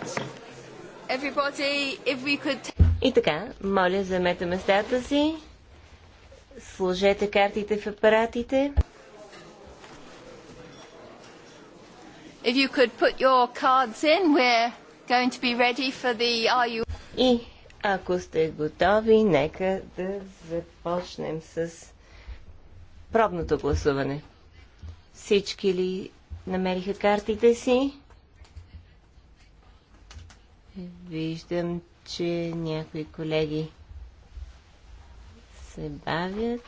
Right. Everybody, if we could... И така, моля, вземете местата си. Сложете картите в апаратите. If you could put your cards in, we're going to be ready for the И ако сте готови, нека да започнем с пробното гласуване. Всички ли намериха картите си? Виждам, че някои колеги се бавят.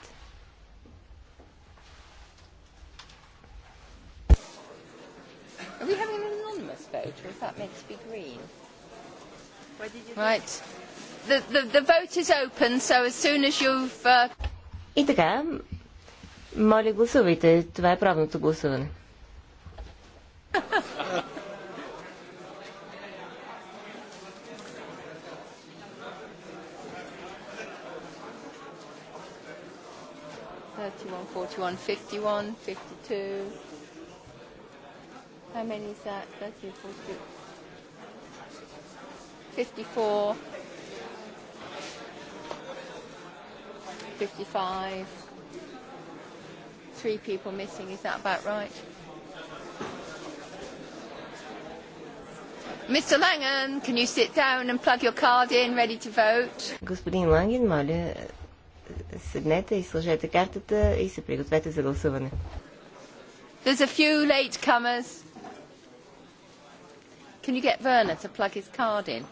Are we having an anonymous vote, or is that meant to be green? Where did you right. The, the, the vote is open, so as soon as you've... Uh... И така, моля гласувайте. Това е правното гласуване. 31, 41, 51, 52. How many is that? 30, 42. 54. 55. Three people missing. Is that about right? Mr. Langen, can you sit down and plug your card in, ready to vote? Господин Ланген, моля, седнете и сложете картата и се пригответе за гласуване. There's a few late comers. Can you get Werner to plug his card in?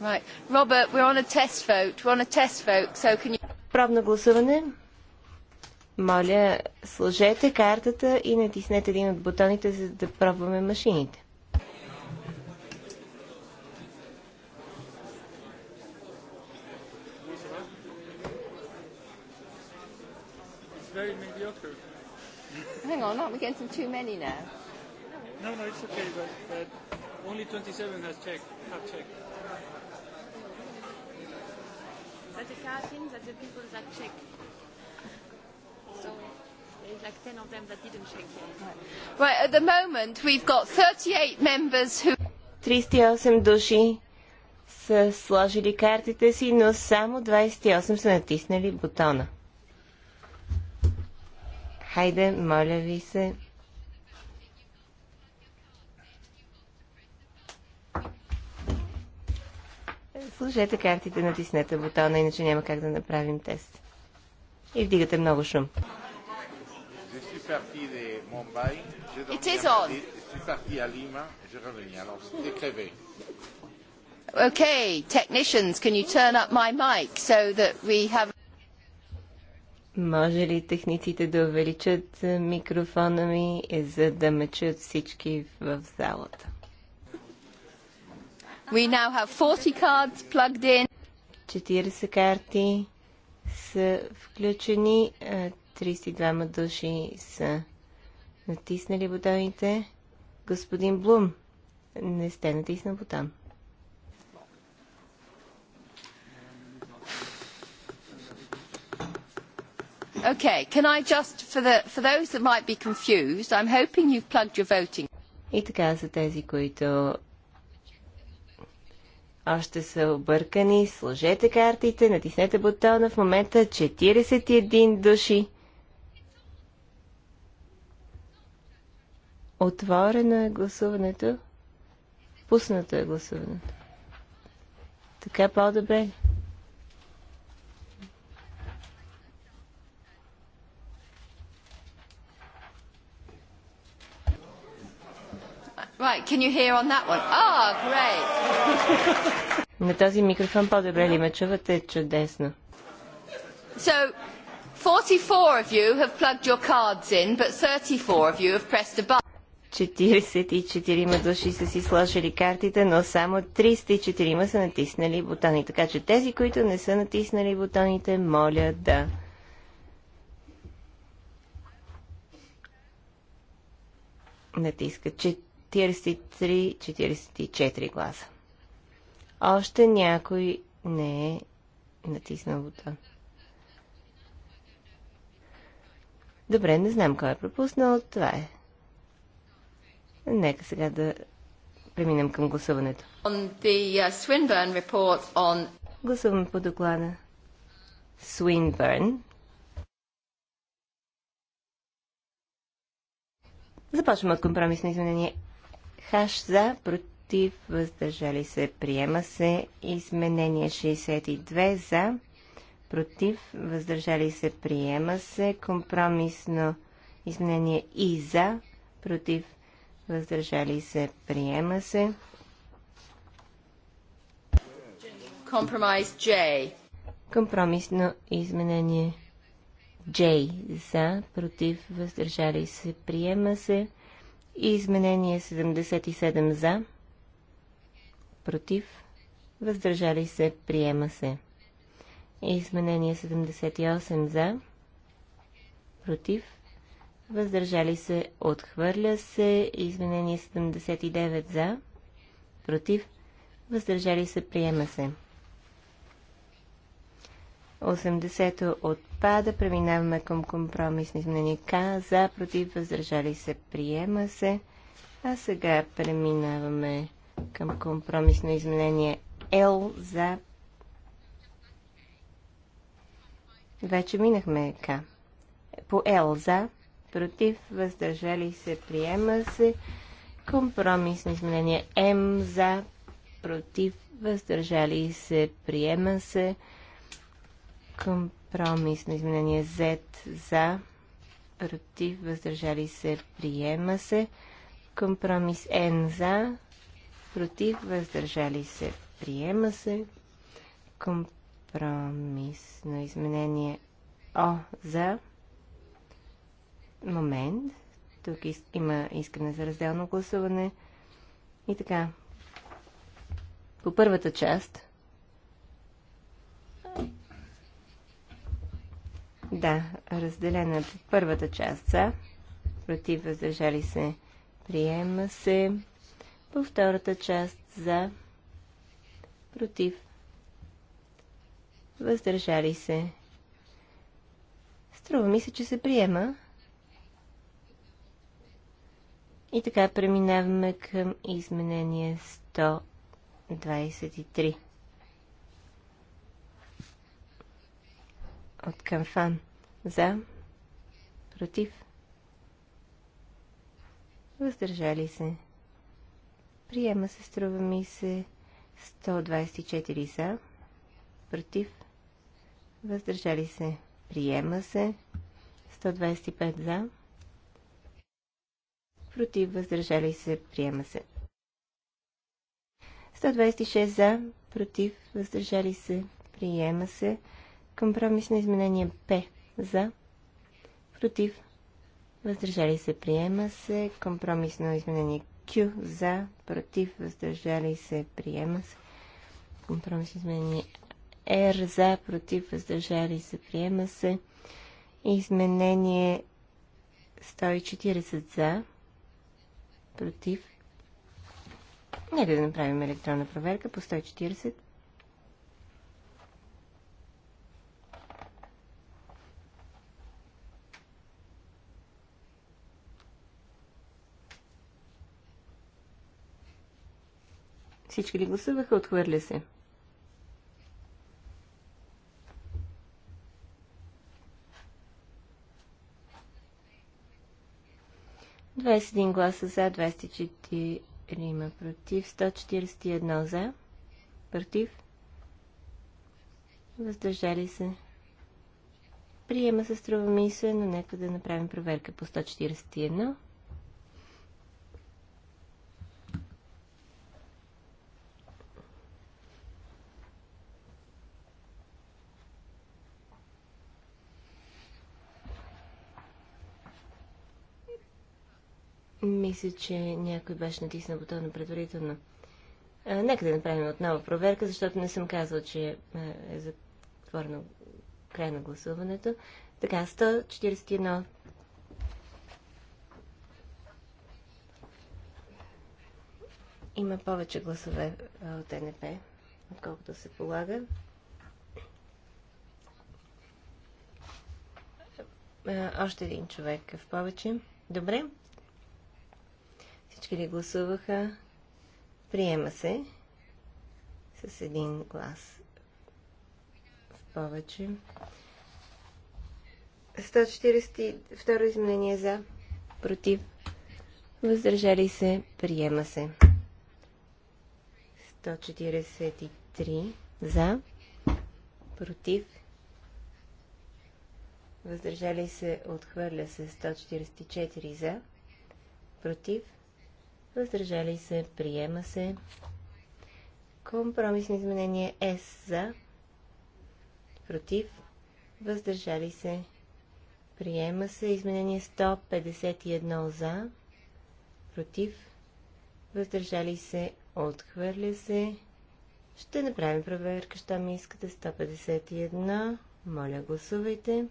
Right. Robert, we're on a test vote. We're on a test vote, so can you... Пробно гласуване. Моля, сложете картата и натиснете един от бутоните, за да пробваме машините. very mediocre. Hang on, aren't we getting too many now? No, no, it's okay, but, but only 27 has checked, have checked. That's the cards in, that's the people that check. Right, at the moment we've got 38 members who... 38 души са сложили картите си, но само 28 са натиснали бутона. Хайде, моля ви се. Сложете картите, натиснете бутона, иначе няма как да направим тест и вдигате много шум. It is on. Okay, technicians, can you turn up my mic so that we have... Може ли техниците да увеличат микрофона ми, е, за да ме чуят всички в залата? We now have 40 cards plugged in. 40 карти са включени. 32 души са натиснали бутоните. Господин Блум, не сте натиснал бутон. Okay, can I just, for, the, for those that might be confused, I'm hoping you've plugged your voting. И така, за тези, които още са объркани. Сложете картите, натиснете бутона. В момента 41 души. Отворено е гласуването. Пуснато е гласуването. Така по-добре. Right, can you hear on that one? Oh, great. На този микрофон по-добре ли ме чувате? Е чудесно. So, 44 of you have plugged your cards in, but 34 of you have pressed a button. 44 ма души са си сложили картите, но само 304 са натиснали бутони. Така че тези, които не са натиснали бутоните, моля да натискат. 44 43-44 гласа. Още някой не е натиснал бутон. Добре, не знам кой е пропуснал, това е. Нека сега да преминем към гласуването. On... Uh, Гласуваме по доклада Свинбърн. Започваме от компромисно изменение Хаш за, против, въздържали се, приема се. Изменение 62 за, против, въздържали се, приема се. Компромисно изменение и за, против, въздържали се, приема се. Компромис J. Компромисно изменение J за, против, въздържали се, приема се. Изменение 77 за, против, въздържали се, приема се. Изменение 78 за, против, въздържали се, отхвърля се. Изменение 79 за, против, въздържали се, приема се. 80-то отпада. Преминаваме към компромисно изменение К. За, против, въздържали се, приема се. А сега преминаваме към компромисно изменение Л за. Вече минахме К. По Л за, против, въздържали се, приема се. Компромисно изменение М за, против, въздържали се, приема се. Компромис на изменение Z за, против, въздържали се, приема се. Компромис N за, против, въздържали се, приема се. Компромис на изменение О за. Момент. Тук има искане за разделно гласуване. И така. По първата част да, разделена е първата част за, против, въздържали се, приема се. По втората част за, против, въздържали се. Струва ми се, че се приема. И така преминаваме към изменение 123. от Канфан. За. Против. Въздържали се. Приема се, струва ми се, 124 за. Против. Въздържали се. Приема се. 125 за. Против. Въздържали се. Приема се. 126 за. Против. Въздържали се. Приема се. Компромисно изменение П за, против, въздържали се, приема се. Компромисно изменение Q за, против, въздържали се, приема се. Компромисно изменение R за, против, въздържали се, приема се. Изменение 140 за, против. Нека да направим електронна проверка по 140. Всички ли гласуваха? Отхвърля се. Двадесет един гласа за, 24 има против, 141 за, против, въздържали се. Приема се струва мисъл, но нека да направим проверка по 141. Мисля, че някой беше натиснал бутона предварително. А, нека да направим отново проверка, защото не съм казал, че е затворено край на гласуването. Така, 141 има повече гласове от НП, отколкото се полага. Още един човек е в повече. Добре. Всички ли гласуваха? Приема се с един глас в повече. 142 изменение за, против, въздържали се, приема се. 143 за, против, въздържали се, отхвърля се 144 за, против, въздържали се, приема се. Компромисно изменение С за, против, въздържали се, приема се. Изменение 151 за, против, въздържали се, отхвърля се. Ще направим проверка, що ми искате 151. Моля, гласувайте.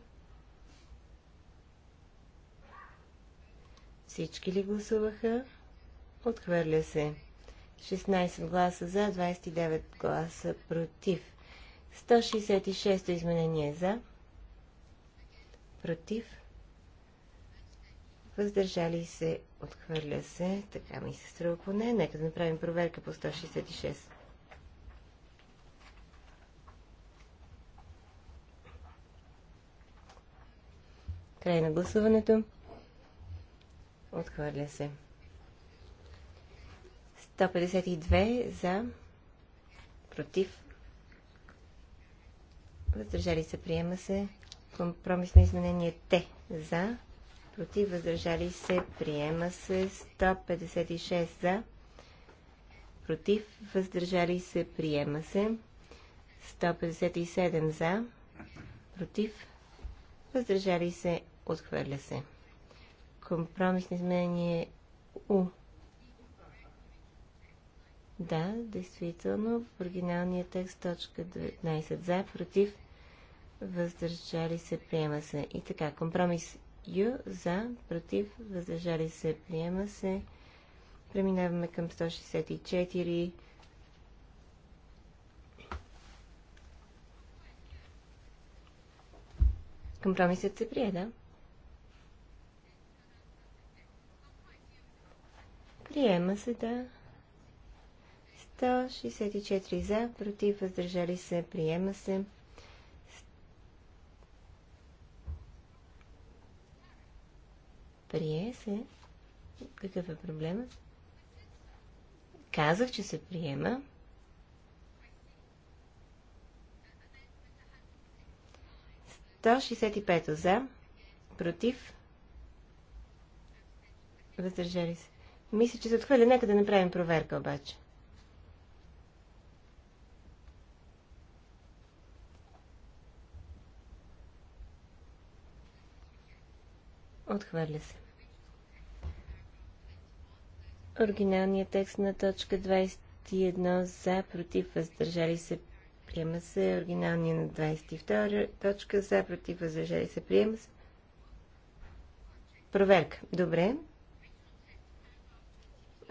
Всички ли гласуваха? Отхвърля се. 16 гласа за, 29 гласа против. 166 изменение за. Против. Въздържали се. Отхвърля се. Така ми се струва поне. Нека да направим проверка по 166. Край на гласуването. Отхвърля се. 152 за, против, въздържали се, приема се. Компромисно изменение Т за, против, въздържали се, приема се. 156 за, против, въздържали се, приема се. 157 за, против, въздържали се, отхвърля се. Компромисно изменение У да, действително, в оригиналния текст точка 19 за, против, въздържали се, приема се. И така, компромис Ю за, против, въздържали се, приема се. Преминаваме към 164. Компромисът се прие, да? Приема се, да. 164 за, против, въздържали се, приема се. Прие се. Какъв е проблема? Казах, че се приема. 65 за, против, въздържали се. Мисля, че се отхвърля. Нека да направим проверка обаче. Отхвърля се. Оригиналният текст на точка 21 за, против, въздържали се, приема се. Оригиналният на 22 точка за, против, въздържали се, приема се. Проверка. Добре.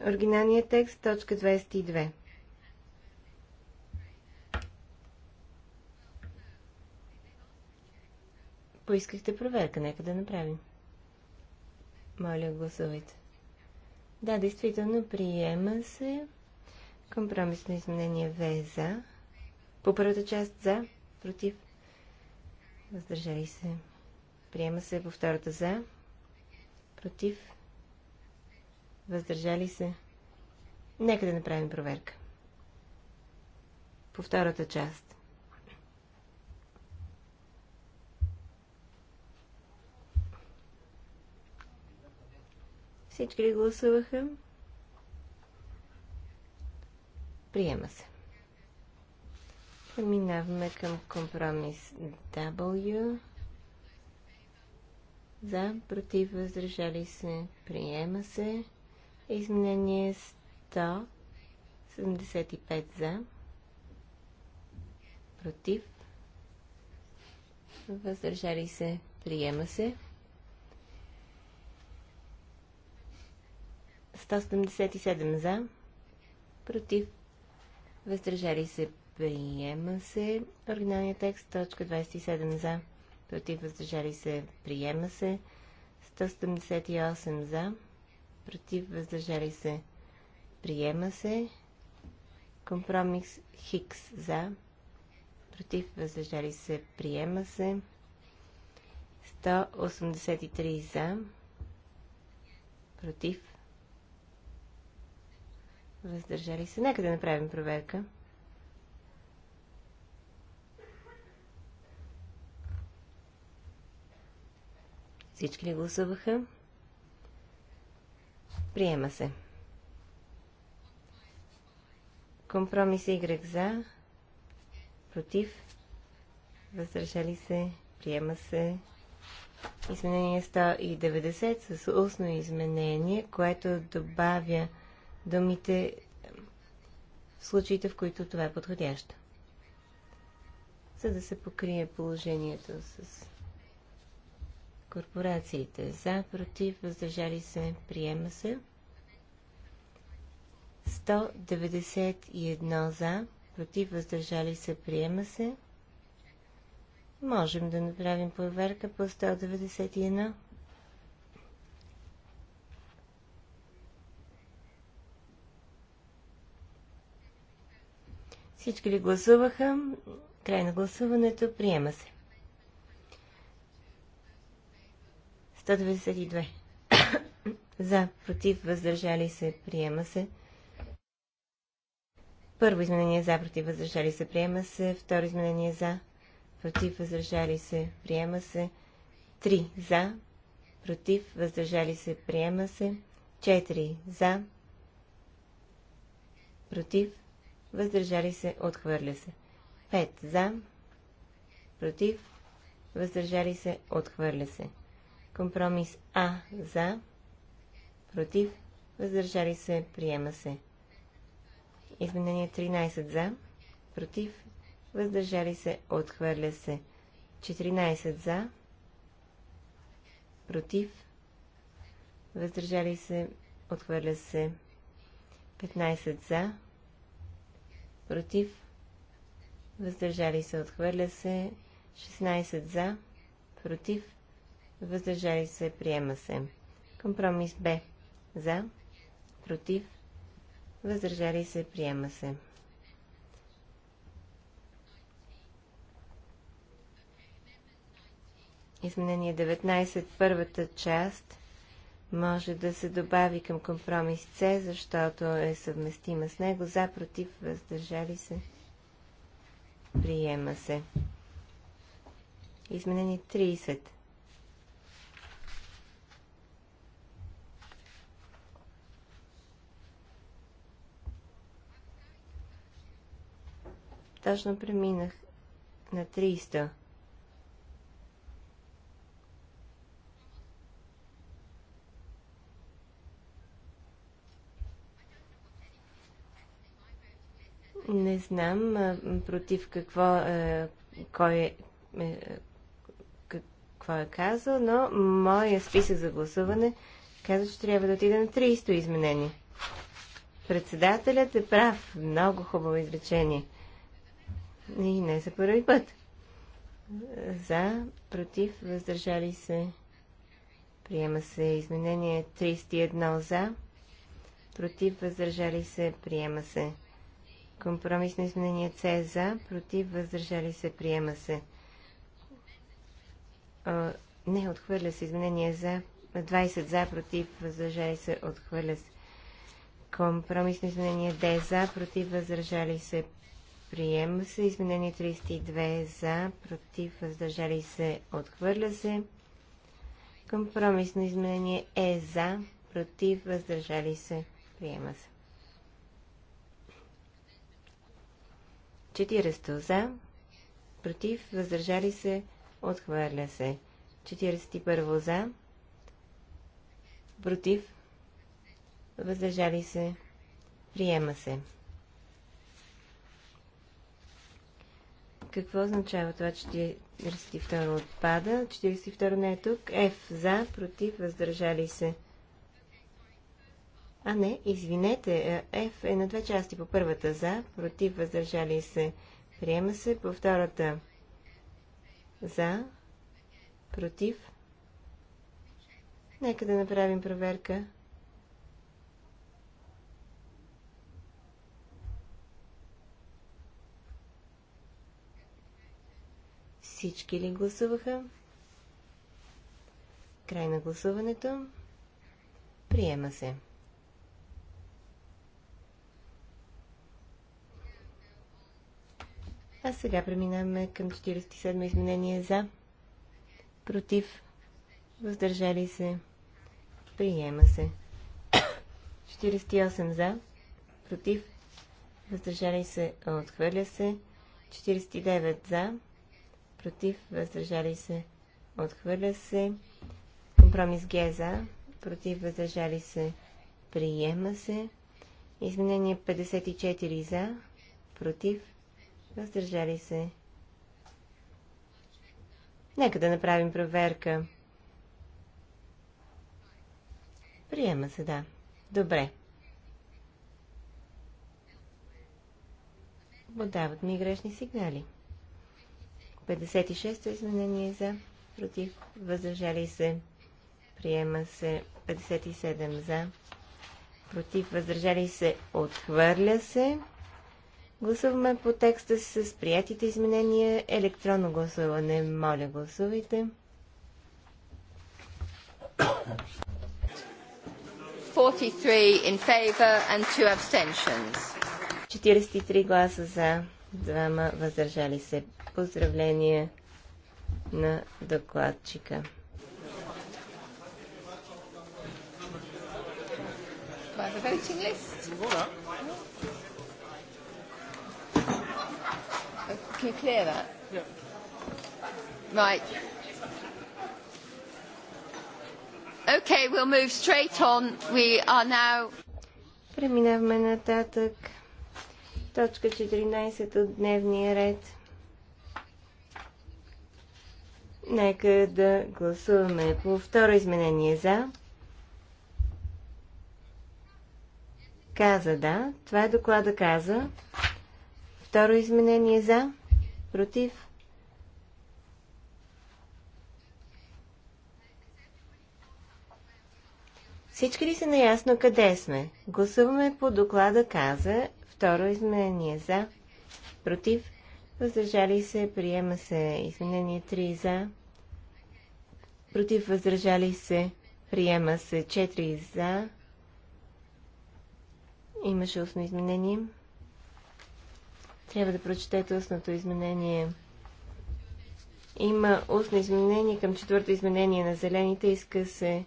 Оригиналният текст, точка 22. Поискахте проверка, нека да направим. Моля, гласувайте. Да, действително приема се компромисно изменение В за. По първата част за, против, въздържали се. Приема се по втората за, против, въздържали се. Нека да направим проверка. По втората част. Всички ли гласуваха? Приема се. Преминаваме към компромис W. За, против, въздържали се, приема се. Изменение 175 за, против, въздържали се, приема се. 177 за, против, въздържали се, приема се. Оригиналния текст, точка 27 за, против, въздържали се, приема се. 178 за, против, въздържали се, приема се. Компромис Хикс за, против, въздържали се, приема се. 183 за, против, Въздържали се. Нека да направим проверка. Всички ли гласуваха? Приема се. Компромис Y за. Против. Въздържали се. Приема се. Изменение 190 с устно изменение, което добавя думите в случаите, в които това е подходящо. За да се покрие положението с корпорациите. За, против, въздържали се, приема се. 191 за, против, въздържали се, приема се. Можем да направим проверка по 191. Всички ли гласуваха? Край на гласуването. Приема се. 192. За, против, въздържали се, приема се. Първо изменение за, против, въздържали се, приема се. Второ изменение за, против, въздържали се, приема се. Три за, против, въздържали се, приема се. Четири за, против, въздържали се, отхвърля се. 5 за, против, въздържали се, отхвърля се. Компромис А за, против, въздържали се, приема се. Изменение 13 за, против, въздържали се, отхвърля се. 14 за, против, въздържали се, отхвърля се. 15 за, против, въздържали се, отхвърля се, 16 за, против, въздържали се, приема се. Компромис Б. За, против, въздържали се, приема се. Изменение 19, първата част – може да се добави към компромис С, защото е съвместима с него. За, против, въздържали се. Приема се. Изменени 30. Точно преминах на 300. знам против какво кой е, е какво е казал, но моя списък за гласуване каза, че трябва да отида на 300 изменение. Председателят е прав. Много хубаво изречение. И не за първи път. За, против, въздържали се. Приема се изменение 31 за. Против, въздържали се. Приема се. Компромисно изменение С за, против, въздържали се, приема се. А, не, отхвърля се изменение за, 20 за, против, въздържали се, отхвърля се. Компромисно изменение Д за, против, въздържали се, приема се. Изменение 32 за, против, въздържали се, отхвърля се. Компромисно изменение Е за, против, въздържали се, приема се. 40 за, против, въздържали се, отхвърля се. 41 за, против, въздържали се, приема се. Какво означава това 42 отпада? 42 не е тук. F за, против, въздържали се, а не, извинете, е, F е на две части. По първата за, против, въздържали се, приема се. По втората за, против. Нека да направим проверка. Всички ли гласуваха? Край на гласуването. Приема се. А сега преминаваме към 47 изменение за, против, въздържали се, приема се. 48 за, против, въздържали се, отхвърля се. 49 за, против, въздържали се, отхвърля се. Компромис Г за, против, въздържали се, приема се. Изменение 54 за, против, въздържали се. Нека да направим проверка. Приема се, да. Добре. Подават ми грешни сигнали. 56-то изменение за, против, въздържали се. Приема се 57 за, против, въздържали се, отхвърля се. Гласуваме по текста с приятите изменения. Електронно гласуване. Моля, гласувайте. 43 гласа за, двама въздържали се. Поздравление на докладчика. By the voting list. Can you clear that? Yeah. Right. Okay, we'll move straight on. We are now... Преминаваме нататък. Точка 14 от дневния ред. Нека да гласуваме по второ изменение за. Каза да. Това е доклада каза. Второ изменение за, против. Всички ли са наясно къде сме? Гласуваме по доклада каза. Второ изменение за, против. Въздържали се, приема се изменение 3 за. Против въздържали се, приема се 4 за. Имаше устно изменение. Трябва да прочетете устното изменение. Има устно изменение към четвърто изменение на зелените. Иска се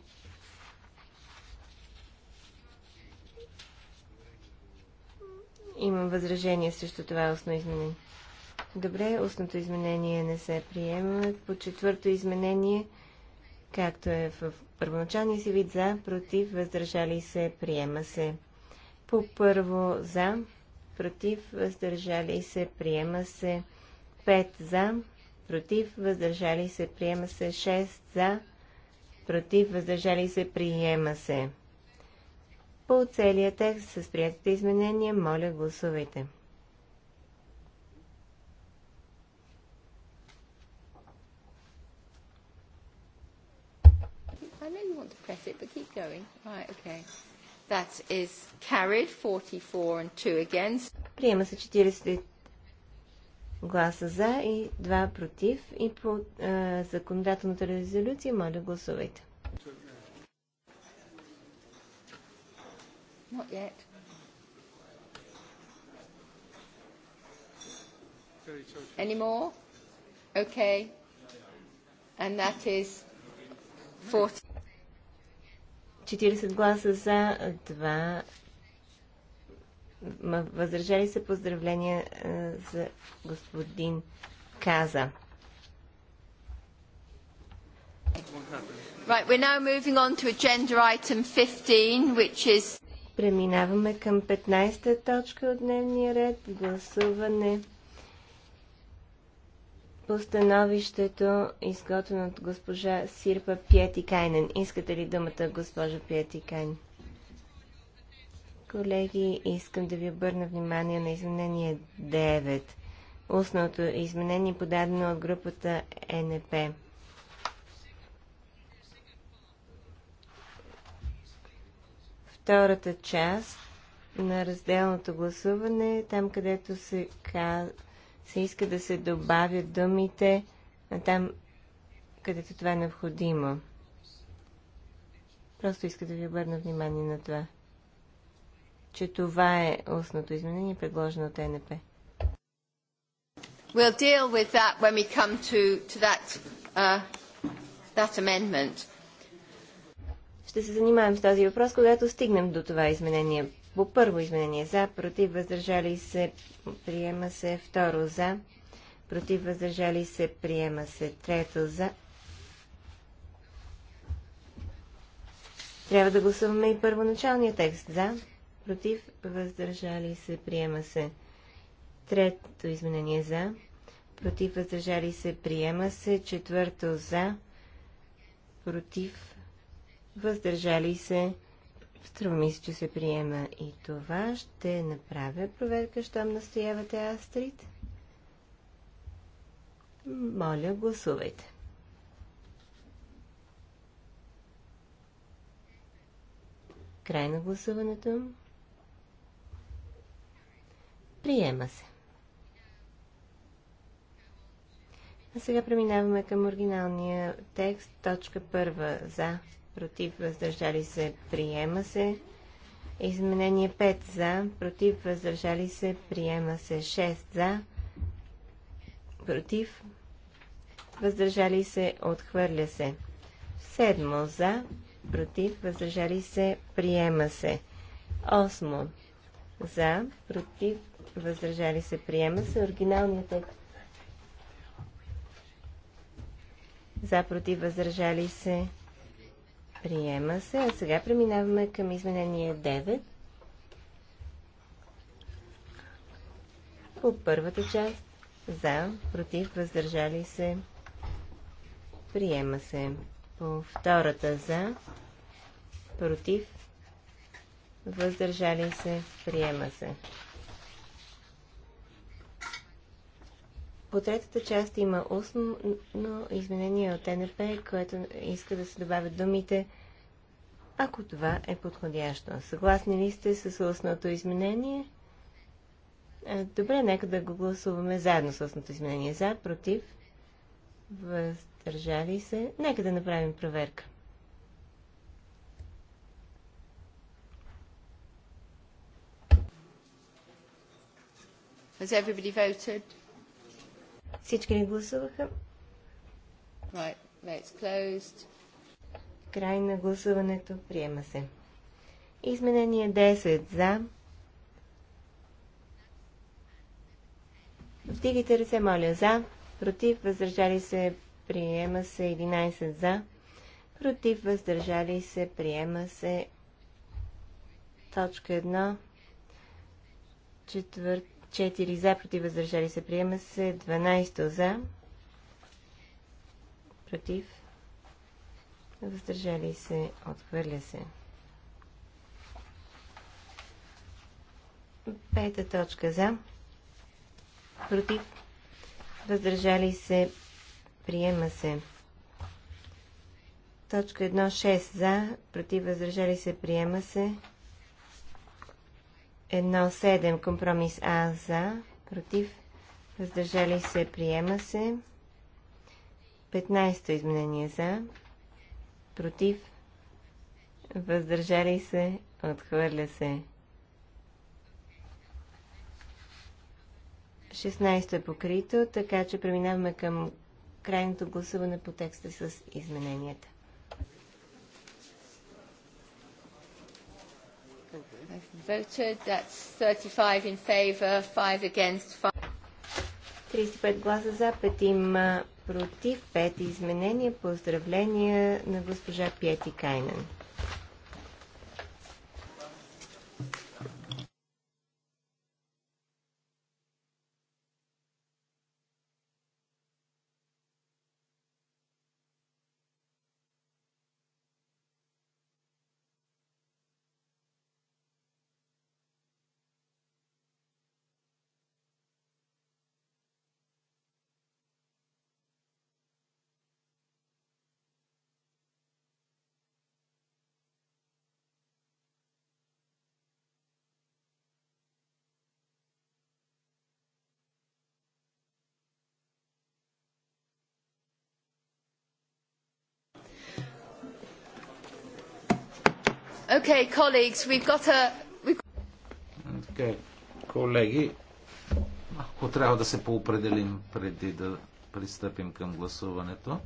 Имам възражение срещу това устно изменение. Добре, устното изменение не се приема. По четвърто изменение, както е в първоначалния си вид за, против, въздържали се, приема се. По първо за, против, въздържали се, приема се 5 за, против, въздържали се, приема се 6 за, против, въздържали се, приема се. По целия текст с приятите изменения, моля гласувайте. I know you want to press it, but keep going. Right, okay. That is carried 44 and 2 against. Приема се 40 гласа за и 2 против. И по е, законодателната резолюция, моля, гласувайте. Not yet. Any more? Okay. And that is 40. 40 гласа за, 2 въздържали се поздравления е, за господин Каза. Right, we're now moving on to agenda item 15, which is... Преминаваме към 15-та точка от дневния ред. Гласуване по становището, изготвено от госпожа Сирпа Пиети Кайнен. Искате ли думата, госпожа Пиети Кайнен? Колеги, искам да ви обърна внимание на изменение 9. Устното изменение подадено от групата НП. Втората част на разделното гласуване, там където се казва се иска да се добавят думите там, където това е необходимо. Просто иска да ви обърна внимание на това, че това е устното изменение, предложено от ЕНП. We'll deal with that when we come to, to that, uh, that amendment. Ще се занимаем с този въпрос, когато стигнем до това изменение. По първо изменение за, против, въздържали се, приема се. Второ за, против, въздържали се, приема се. Трето за. Трябва да гласуваме и първоначалния текст. За, против, въздържали се, приема се. Трето изменение за, против, въздържали се, приема се. Четвърто за, против, въздържали се, приема се Струва ми се, че се приема и това. Ще направя проверка, щом настоявате Астрид. Моля, гласувайте. Край на гласуването. Приема се. А сега преминаваме към оригиналния текст. Точка първа за против, въздържали се, приема се. Изменение 5 за, против, въздържали се, приема се 6 за, против, въздържали се, отхвърля се. 7 за, против, въздържали се, приема се. 8 за, против, въздържали се, приема се. Оригиналният текст. За, против, въздържали се, Приема се. А сега преминаваме към изменение 9. По първата част за, против, въздържали се. Приема се. По втората за, против, въздържали се. Приема се. По третата част има устно изменение от НП, което иска да се добавят думите ако това е подходящо. Съгласни ли сте с устното изменение? Добре, нека да го гласуваме заедно с устното изменение. За, против, въздържали се. Нека да направим проверка. Has everybody voted? Всички ли гласуваха? Right. Край на гласуването. Приема се. Изменение 10 за. Вдигайте ръце, моля, за. Против, въздържали се, приема се 11 за. Против, въздържали се, приема се точка 1. Четвърт 4 за, против, въздържали се, приема се. 12 за, против, въздържали се, отхвърля се. Пета точка за, против, въздържали се, приема се. Точка 1 6 за, против, въздържали се, приема се. 1.7. Компромис А за. Против. Въздържали се. Приема се. 15 изменение за. Против. Въздържали се. Отхвърля се. 16 е покрито, така че преминаваме към крайното гласуване по текста с измененията. voted. That's 35 in 5 against, 35 гласа за, 5 против, 5 изменения. Поздравления на госпожа Пети Кайнен. Okay, colleagues, we've got a... Okay, колеги, ако трябва да се поопределим преди да пристъпим към гласуването.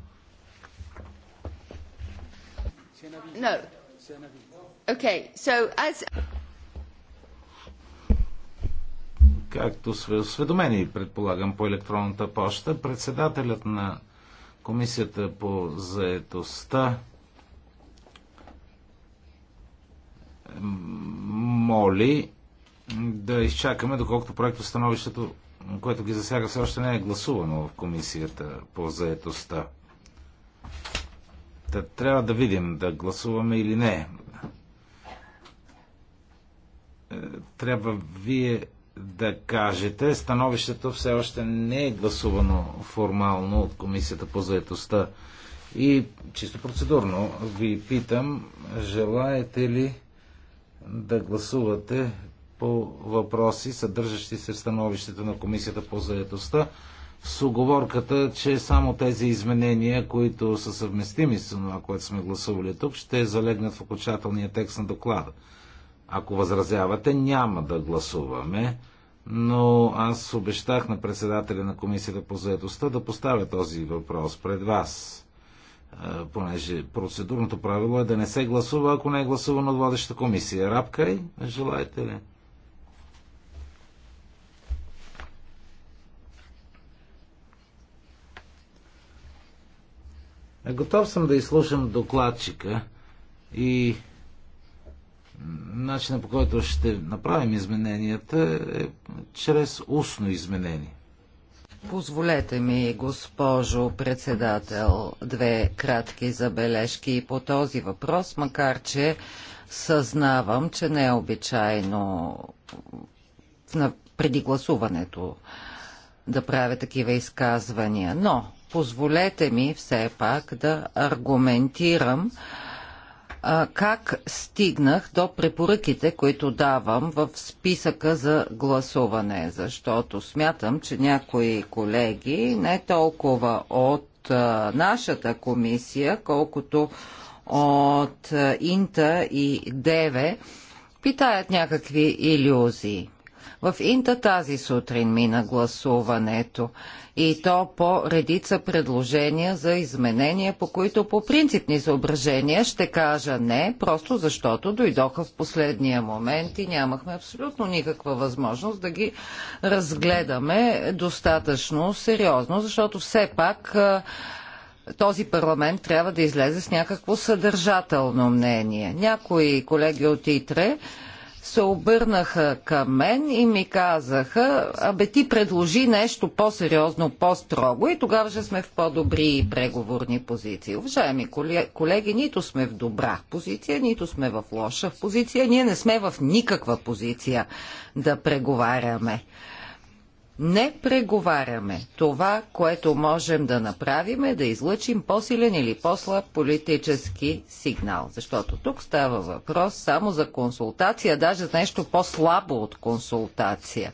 No. Okay, so as... Както сме осведомени, предполагам, по електронната поща, председателят на Комисията по заетостта моли да изчакаме, доколкото проекто становището, което ги засяга, все още не е гласувано в комисията по заетостта. Та, трябва да видим да гласуваме или не. Е, трябва вие да кажете, становището все още не е гласувано формално от комисията по заетостта. И чисто процедурно ви питам, желаете ли да гласувате по въпроси, съдържащи се в становището на Комисията по заедостта, с оговорката, че само тези изменения, които са съвместими с това, което сме гласували тук, ще залегнат в окончателния текст на доклада. Ако възразявате, няма да гласуваме, но аз обещах на председателя на Комисията по заедостта да поставя този въпрос пред вас понеже процедурното правило е да не се гласува, ако не е гласувано от водещата комисия. Рапкай, желаете ли? Е, готов съм да изслушам докладчика и начина по който ще направим измененията е чрез устно изменение. Позволете ми, госпожо председател, две кратки забележки по този въпрос, макар че съзнавам, че не е обичайно преди гласуването да правя такива изказвания. Но позволете ми все пак да аргументирам как стигнах до препоръките, които давам в списъка за гласуване, защото смятам, че някои колеги не толкова от нашата комисия, колкото от Инта и Деве, питаят някакви иллюзии. В Инта тази сутрин мина гласуването и то по редица предложения за изменения, по които по принципни съображения ще кажа не, просто защото дойдоха в последния момент и нямахме абсолютно никаква възможност да ги разгледаме достатъчно сериозно, защото все пак този парламент трябва да излезе с някакво съдържателно мнение. Някои колеги от ИТРЕ се обърнаха към мен и ми казаха, абе ти предложи нещо по-сериозно, по-строго и тогава ще сме в по-добри преговорни позиции. Уважаеми колеги, нито сме в добра позиция, нито сме в лоша позиция, ние не сме в никаква позиция да преговаряме не преговаряме. Това, което можем да направим е да излъчим по-силен или по-слаб политически сигнал. Защото тук става въпрос само за консултация, даже за нещо по-слабо от консултация.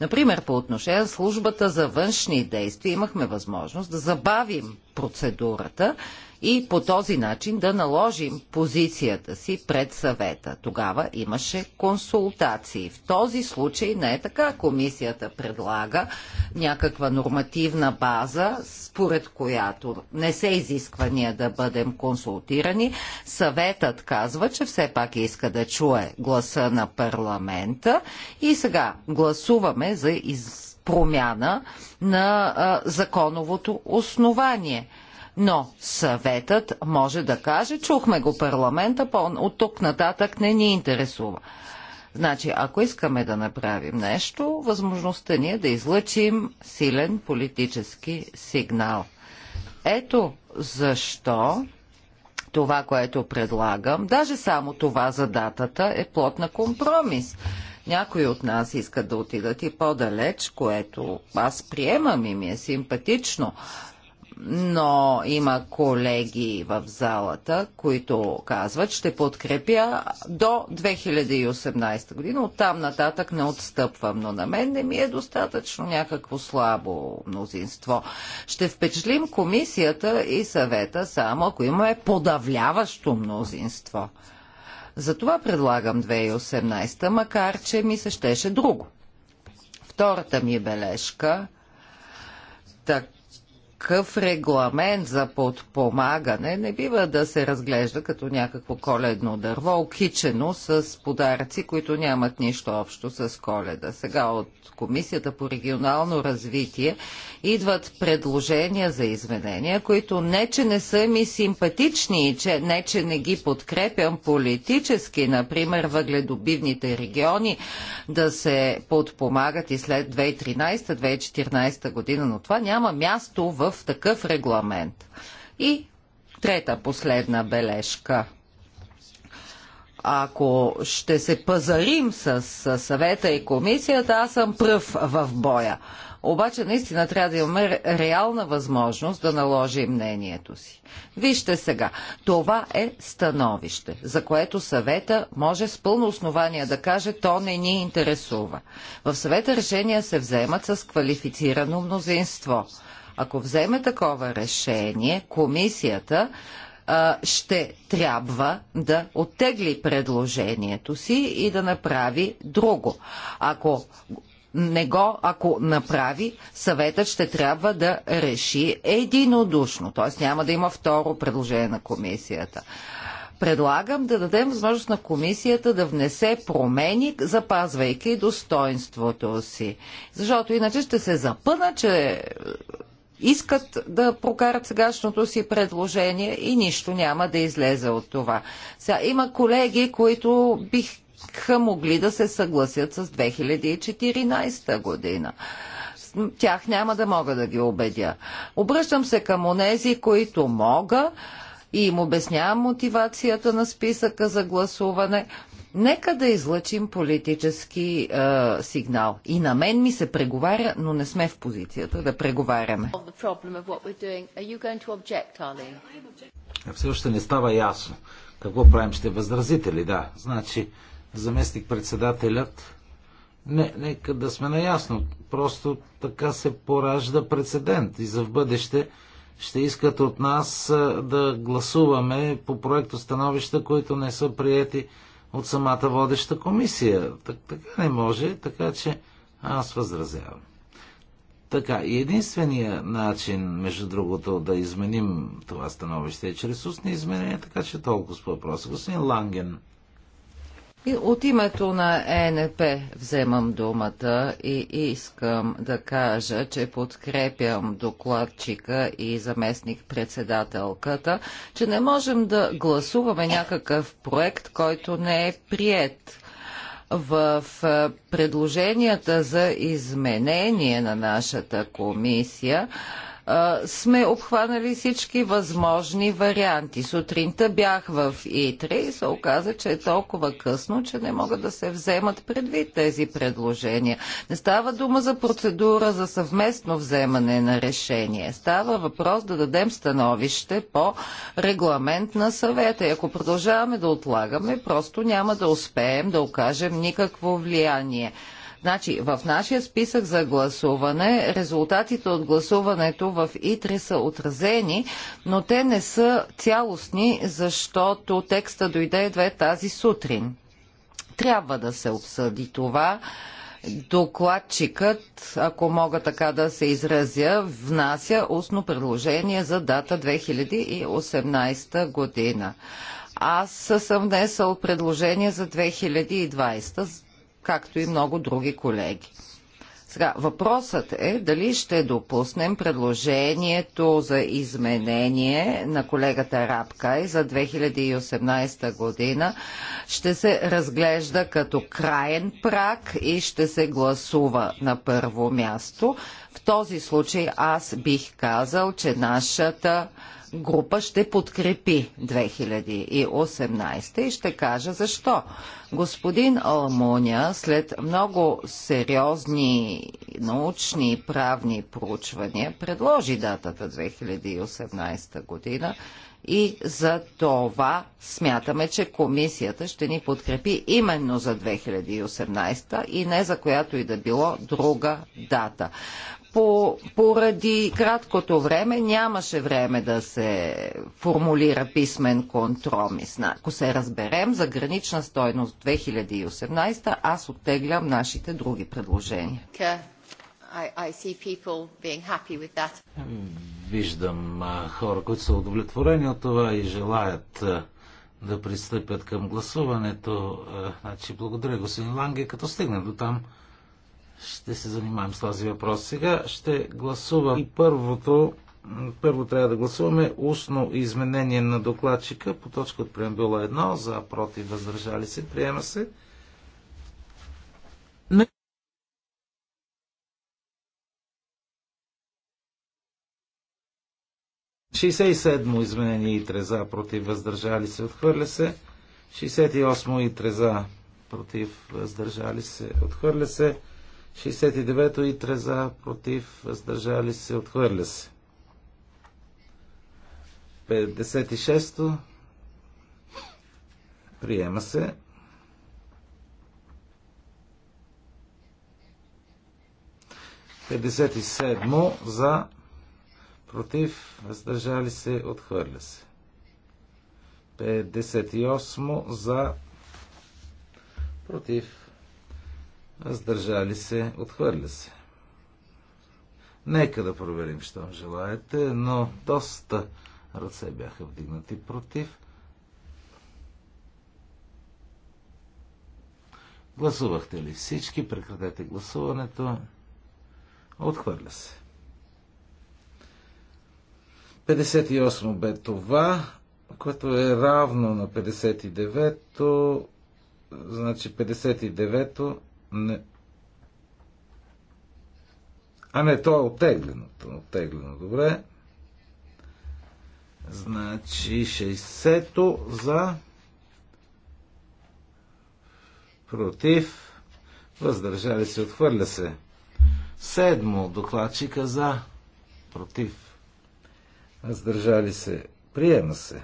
Например, по отношение на службата за външни действия имахме възможност да забавим процедурата, и по този начин да наложим позицията си пред съвета. Тогава имаше консултации. В този случай не е така. Комисията предлага някаква нормативна база, според която не се изисква ние да бъдем консултирани. Съветът казва, че все пак иска да чуе гласа на парламента и сега гласуваме за из... промяна на а, законовото основание – но съветът може да каже, чухме го парламента, от тук нататък не ни интересува. Значи, ако искаме да направим нещо, възможността ни е да излъчим силен политически сигнал. Ето защо това, което предлагам, даже само това за датата е плод на компромис. Някои от нас искат да отидат и по-далеч, което аз приемам и ми е симпатично, но има колеги в залата, които казват, ще подкрепя до 2018 година. Оттам нататък не отстъпвам, но на мен не ми е достатъчно някакво слабо мнозинство. Ще впечатлим комисията и съвета само ако имаме подавляващо мнозинство. Затова предлагам 2018, макар че ми се щеше друго. Втората ми бележка – Так, такъв регламент за подпомагане не бива да се разглежда като някакво коледно дърво, окичено с подаръци, които нямат нищо общо с коледа. Сега от Комисията по регионално развитие идват предложения за изменения, които не, че не са ми симпатични и че, не, че не ги подкрепям политически, например въгледобивните региони да се подпомагат и след 2013-2014 година, но това няма място в в такъв регламент. И трета последна бележка – ако ще се пазарим с съвета и комисията, аз съм пръв в боя. Обаче наистина трябва да имаме реална възможност да наложим мнението си. Вижте сега, това е становище, за което съвета може с пълно основание да каже, то не ни интересува. В съвета решения се вземат с квалифицирано мнозинство. Ако вземе такова решение, комисията ще трябва да оттегли предложението си и да направи друго. Ако не го, ако направи, съветът ще трябва да реши единодушно. Т.е. няма да има второ предложение на комисията. Предлагам да дадем възможност на комисията да внесе промени, запазвайки достоинството си. Защото иначе ще се запъна, че искат да прокарат сегашното си предложение и нищо няма да излезе от това. Сега има колеги, които биха могли да се съгласят с 2014 година тях няма да мога да ги убедя. Обръщам се към онези, които мога и им обяснявам мотивацията на списъка за гласуване. Нека да излъчим политически е, сигнал. И на мен ми се преговаря, но не сме в позицията да преговаряме. Все още не става ясно. Какво правим? Ще възразите ли? Да. Значи, заместник председателят не, нека да сме наясно. Просто така се поражда прецедент и за в бъдеще ще искат от нас да гласуваме по проекто становища, които не са приети от самата водеща комисия. Так, така не може, така че аз възразявам. Така, и единствения начин, между другото, да изменим това становище е чрез устни изменения, така че толкова с въпроса. Господин Ланген, и от името на ЕНП вземам думата и искам да кажа, че подкрепям докладчика и заместник председателката, че не можем да гласуваме някакъв проект, който не е прият в е, предложенията за изменение на нашата комисия сме обхванали всички възможни варианти. Сутринта бях в Итри и се оказа, че е толкова късно, че не могат да се вземат предвид тези предложения. Не става дума за процедура за съвместно вземане на решение. Става въпрос да дадем становище по регламент на съвета. И ако продължаваме да отлагаме, просто няма да успеем да окажем никакво влияние. Значи, в нашия списък за гласуване резултатите от гласуването в ИТРИ са отразени, но те не са цялостни, защото текста дойде едва тази сутрин. Трябва да се обсъди това докладчикът, ако мога така да се изразя, внася устно предложение за дата 2018 година. Аз съм внесъл предложение за 2020 както и много други колеги. Сега, въпросът е дали ще допуснем предложението за изменение на колегата Рапкай за 2018 година. Ще се разглежда като краен прак и ще се гласува на първо място. В този случай аз бих казал, че нашата група ще подкрепи 2018 и ще кажа защо. Господин Алмуня след много сериозни научни и правни проучвания предложи датата 2018 година и за това смятаме, че комисията ще ни подкрепи именно за 2018 и не за която и да било друга дата по, поради краткото време нямаше време да се формулира писмен контромис. Ако се разберем за гранична стойност 2018, аз оттеглям нашите други предложения. Виждам хора, които са удовлетворени от това и желаят да пристъпят към гласуването. Значи, благодаря, господин Ланге. Като стигна до там, ще се занимаем с този въпрос. Сега ще гласувам и първото. Първо трябва да гласуваме устно изменение на докладчика по точка от преамбюла 1 за против въздържали се. Приема се. Шестдесет 67 седмо изменение и треза против въздържали се. Отхвърля се. 68 и треза против въздържали се. Отхвърля се. 69-то и треза за, против, въздържали се, отхвърля се. 56-то приема се. 57 и за против, въздържали се, отхвърля се. 58 за против, Сдържали се, отхвърля се. Нека да проверим, щом желаете, но доста ръце бяха вдигнати против. Гласувахте ли всички? Прекратете гласуването. Отхвърля се. 58 бе това, което е равно на 59-то. Значи 59-то не. А не, то е оттегленото. Е оттеглено, добре. Значи 60-то за против въздържали се, отхвърля се. Седмо докладчика за против въздържали се, приема се.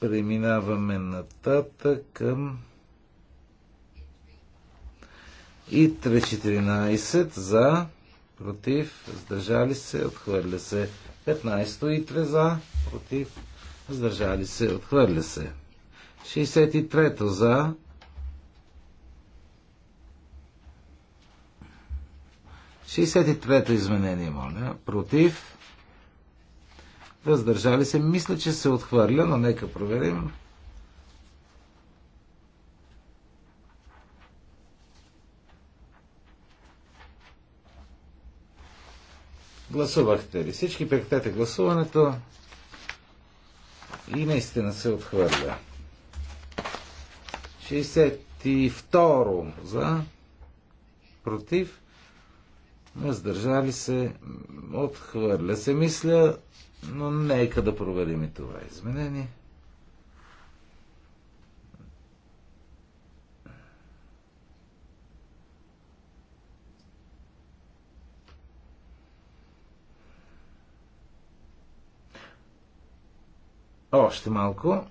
Преминаваме нататък към и 3.14 за, против, Сдържали се, отхвърля се. 15 и 3 за, против, сдържали се, отхвърля се. 63 за, Шестдесет и трето изменение, моля. Против въздържали се. Мисля, че се отхвърля, но нека проверим. Гласувахте ли? Всички прекратете гласуването и наистина се отхвърля. 62 за против въздържали се отхвърля се мисля но нека да проверим и това изменение. Още малко.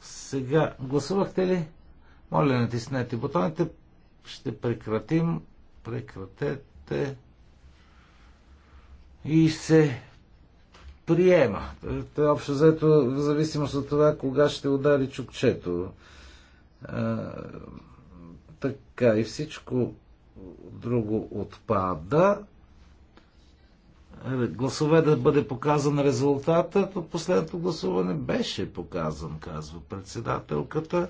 Сега гласувахте ли? Моля, натиснете бутоните. Ще прекратим. Прекратете. И се приема. Та е, е общо взето, в зависимост от това, кога ще удари чукчето. А, е, така, и всичко друго отпада. Гласове да бъде показан резултатът от последното гласуване беше показан, казва председателката.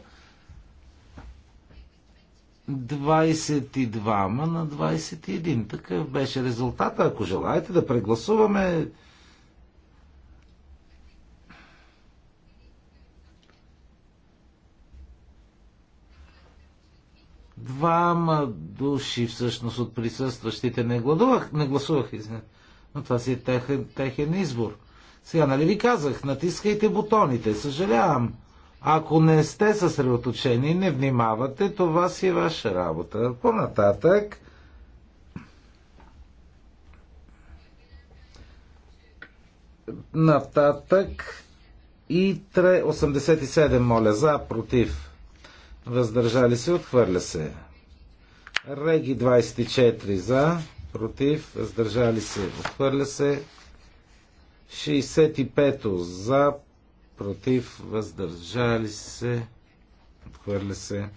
22 на 21. Такъв беше резултата. Ако желаете да прегласуваме, двама души всъщност от присъстващите не, гладувах, не гласувах, но това си е техен, техен избор. Сега, нали ви казах, натискайте бутоните, съжалявам. Ако не сте съсредоточени, не внимавате, това си е ваша работа. По-нататък... Нататък и 3, 87, моля, за, против въздържали се, отхвърля се. Реги 24 за, против, въздържали се, отхвърля се. 65 за, против, въздържали се, отхвърля се.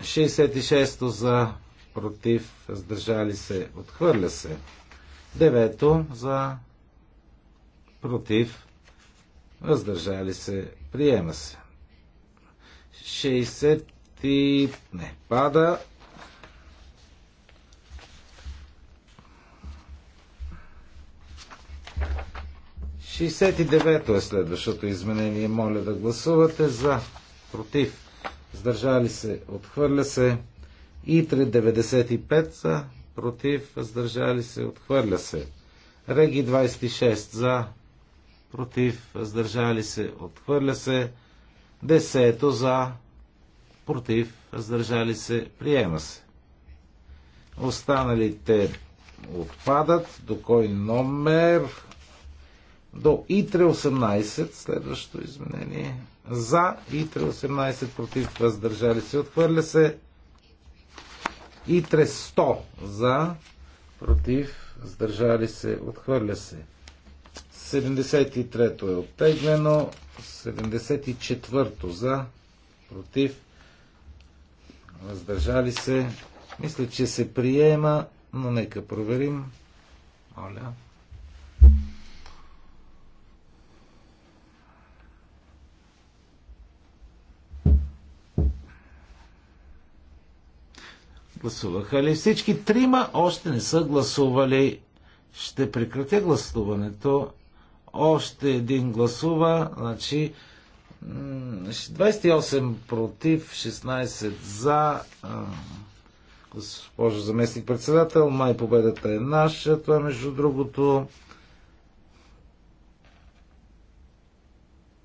66 за, против, въздържали се, отхвърля се. 9 за, против, въздържали се, приема се. 60 и... не, пада. Шестдесет и девето е следващото изменение. Моля да гласувате за, против, Сдържали се, отхвърля се. Итре 95 за, против, въздържали се, отхвърля се. Реги 26 за, против, въздържали се, отхвърля се. Десето за, против, въздържали се, приема се. Останалите отпадат. До кой номер? До ИТРЕ 18, следващото изменение. За ИТРЕ 18, против, въздържали се, отхвърля се. ИТРЕ 100 за, против, въздържали се, отхвърля се. 73-то е оттеглено. 74-то за, против, въздържали се. Мисля, че се приема, но нека проверим. Оля. Гласуваха ли всички? Трима още не са гласували. Ще прекратя гласуването още един гласува, значи 28 против, 16 за. Госпожо заместник председател, май победата е наша. Това между другото.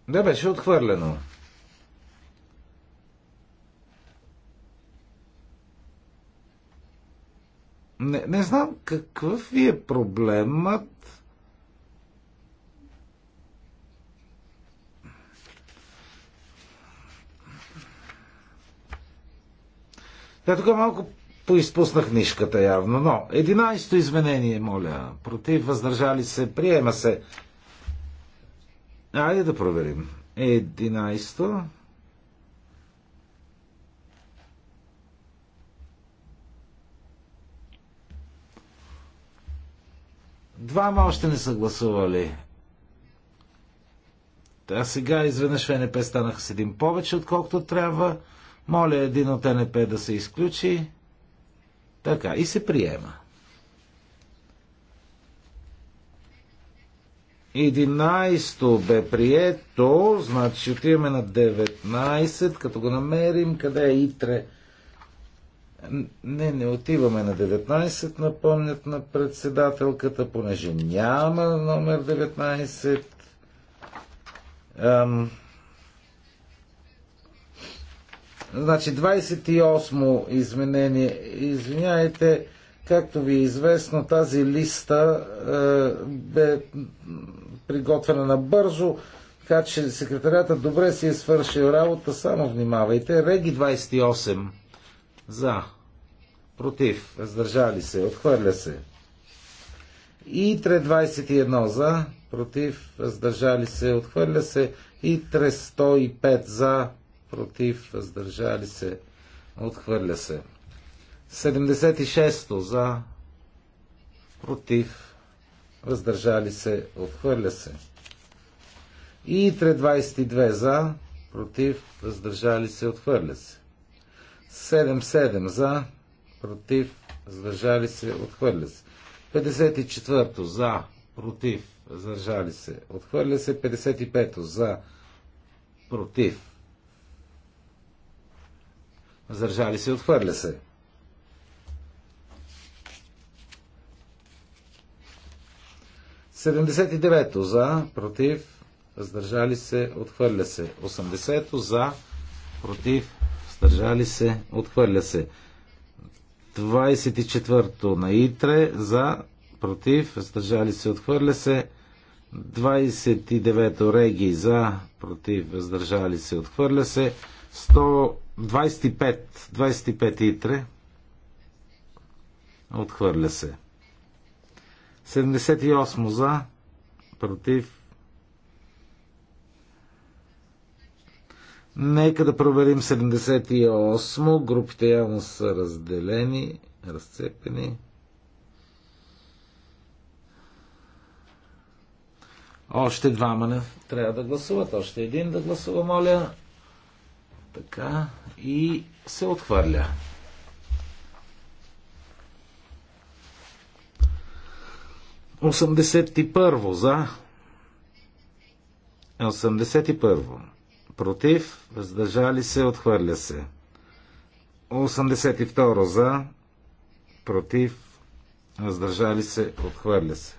Да, беше отхвърлено. Не, не знам какъв ви е проблемът. Да, тук малко поизпуснах нишката явно, но 11-то изменение, моля. Против, въздържали се, приема се. Айде да проверим. 11-то. Двама още не са гласували. А сега изведнъж ВНП станаха с един повече, отколкото трябва. Моля един от НП да се изключи. Така, и се приема. 11-то бе прието, значи отиваме на 19, като го намерим, къде е Итре? Не, не отиваме на 19, напомнят на председателката, понеже няма номер 19. Ам, Значи 28 изменение. Извиняйте, както ви е известно, тази листа е, бе приготвена набързо, така че секретарята добре си е свършил работа, само внимавайте. Реги 28. За. Против. Въздържали се. Отхвърля се. Итре 21 за, против, въздържали се, отхвърля се. Итре 105 за, против, въздържали се, отхвърля се. 76-то за, против, въздържали се, отхвърля се. И 322 за, против, въздържали се, отхвърля се. 77 за, против, въздържали се, отхвърля се. 54-то за, против, въздържали се, отхвърля се. 55-то за, против, Въздържали се, отхвърля се. Седемдесет и девето за, против, въздържали се, отхвърля се. 80 за, против, въздържали се, отхвърля се. 24 четвърто на Итре за, против, въздържали се, отхвърля се. 29 девето Реги за, против, въздържали се, отхвърля се. 100 25, 25 итре. Отхвърля се. 78 за, против. Нека да проверим 78. Групите явно са разделени, разцепени. Още двама не трябва да гласуват. Още един да гласува, моля. Така и се отхвърля. Осемдесет и първо за. Осемдесет и първо. Против, въздържали се, отхвърля се. 82 за, против, въздържали се, отхвърля се.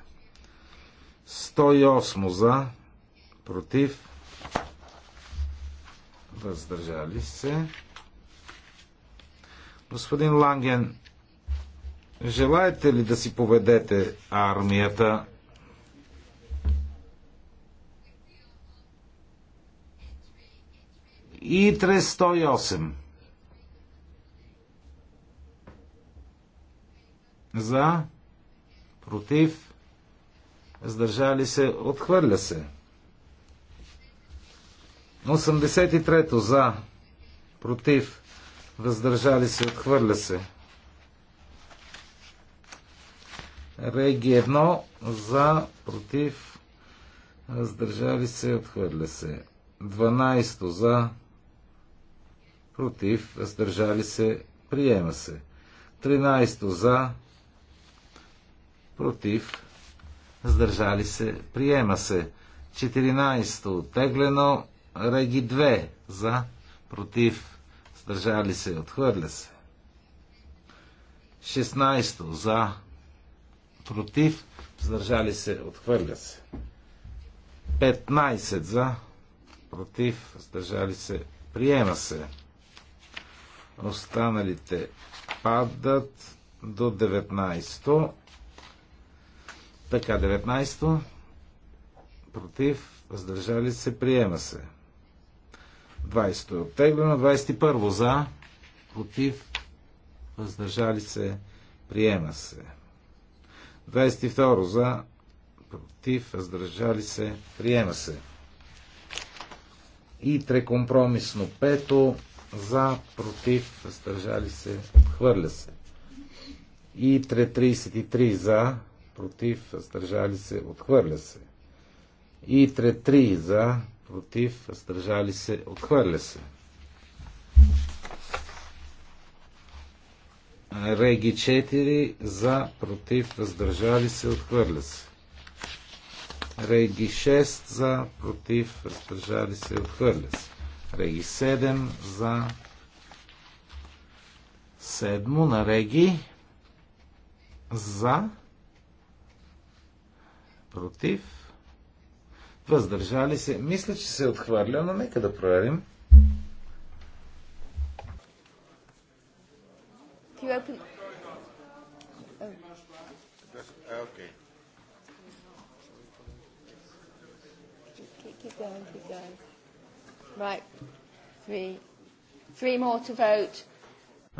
108 за, против, въздържали се. Господин Ланген, желаете ли да си поведете армията? Итре 108. За, против, Сдържали се, отхвърля се. 83-то за, против, въздържали се, отхвърля се. Реги 1 за, против, въздържали се, отхвърля се. 12 за, против, въздържали се, приема се. 13 за, против, въздържали се, приема се. 14 оттеглено, Реги 2 за, против, сдържали се, отхвърля се. 16 за, против, сдържали се, отхвърля се. 15 за, против, сдържали се, приема се. Останалите падат до 19. Така, 19. то Против, въздържали се, приема се. 20 е оттеглено. 21 за, против, въздържали се, приема се. 22 за, против, въздържали се, приема се. И трекомпромисно пето за, против, въздържали се, отхвърля се. И 333 за, против, въздържали се, отхвърля се. И 3 за, против, въздържали се, отхвърля се. Реги 4 за, против, въздържали се, отхвърля се. Реги 6 за, против, въздържали се, отхвърля се. Реги 7 за, седмо на Реги за, против, въздържали се. Мисля, че се е отхвърля, но нека да проверим.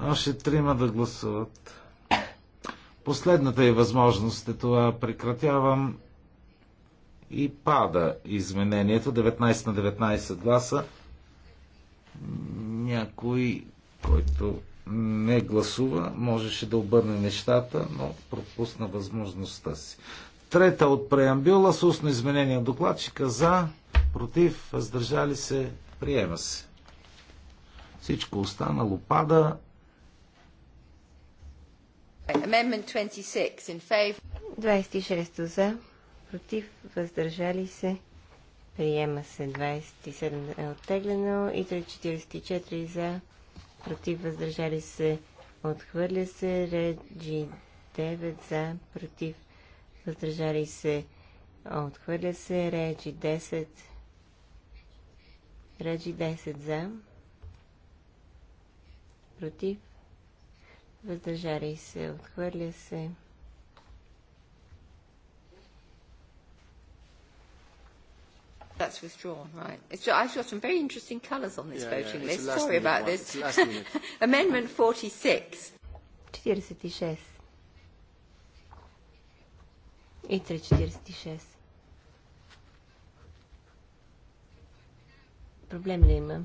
Още трима да гласуват. Последната е възможност, е това прекратявам и пада изменението 19 на 19 гласа. Някой, който не гласува, можеше да обърне нещата, но пропусна възможността си. Трета от преамбюла с устно изменение от докладчика за, против, въздържали се, приема се. Всичко останало пада. 26 за, против, въздържали се, приема се 27 е оттеглено и 344 за, против, въздържали се, отхвърля се, реджи 9 за, против, въздържали се, отхвърля се, реджи 10, реджи 10 за, против, въздържали се, отхвърля се. That's withdrawn, right. It's, I've got some very interesting colours on this yeah, voting yeah, list. Sorry about one. this. Amendment 46. 46. И 46. Проблем ли има?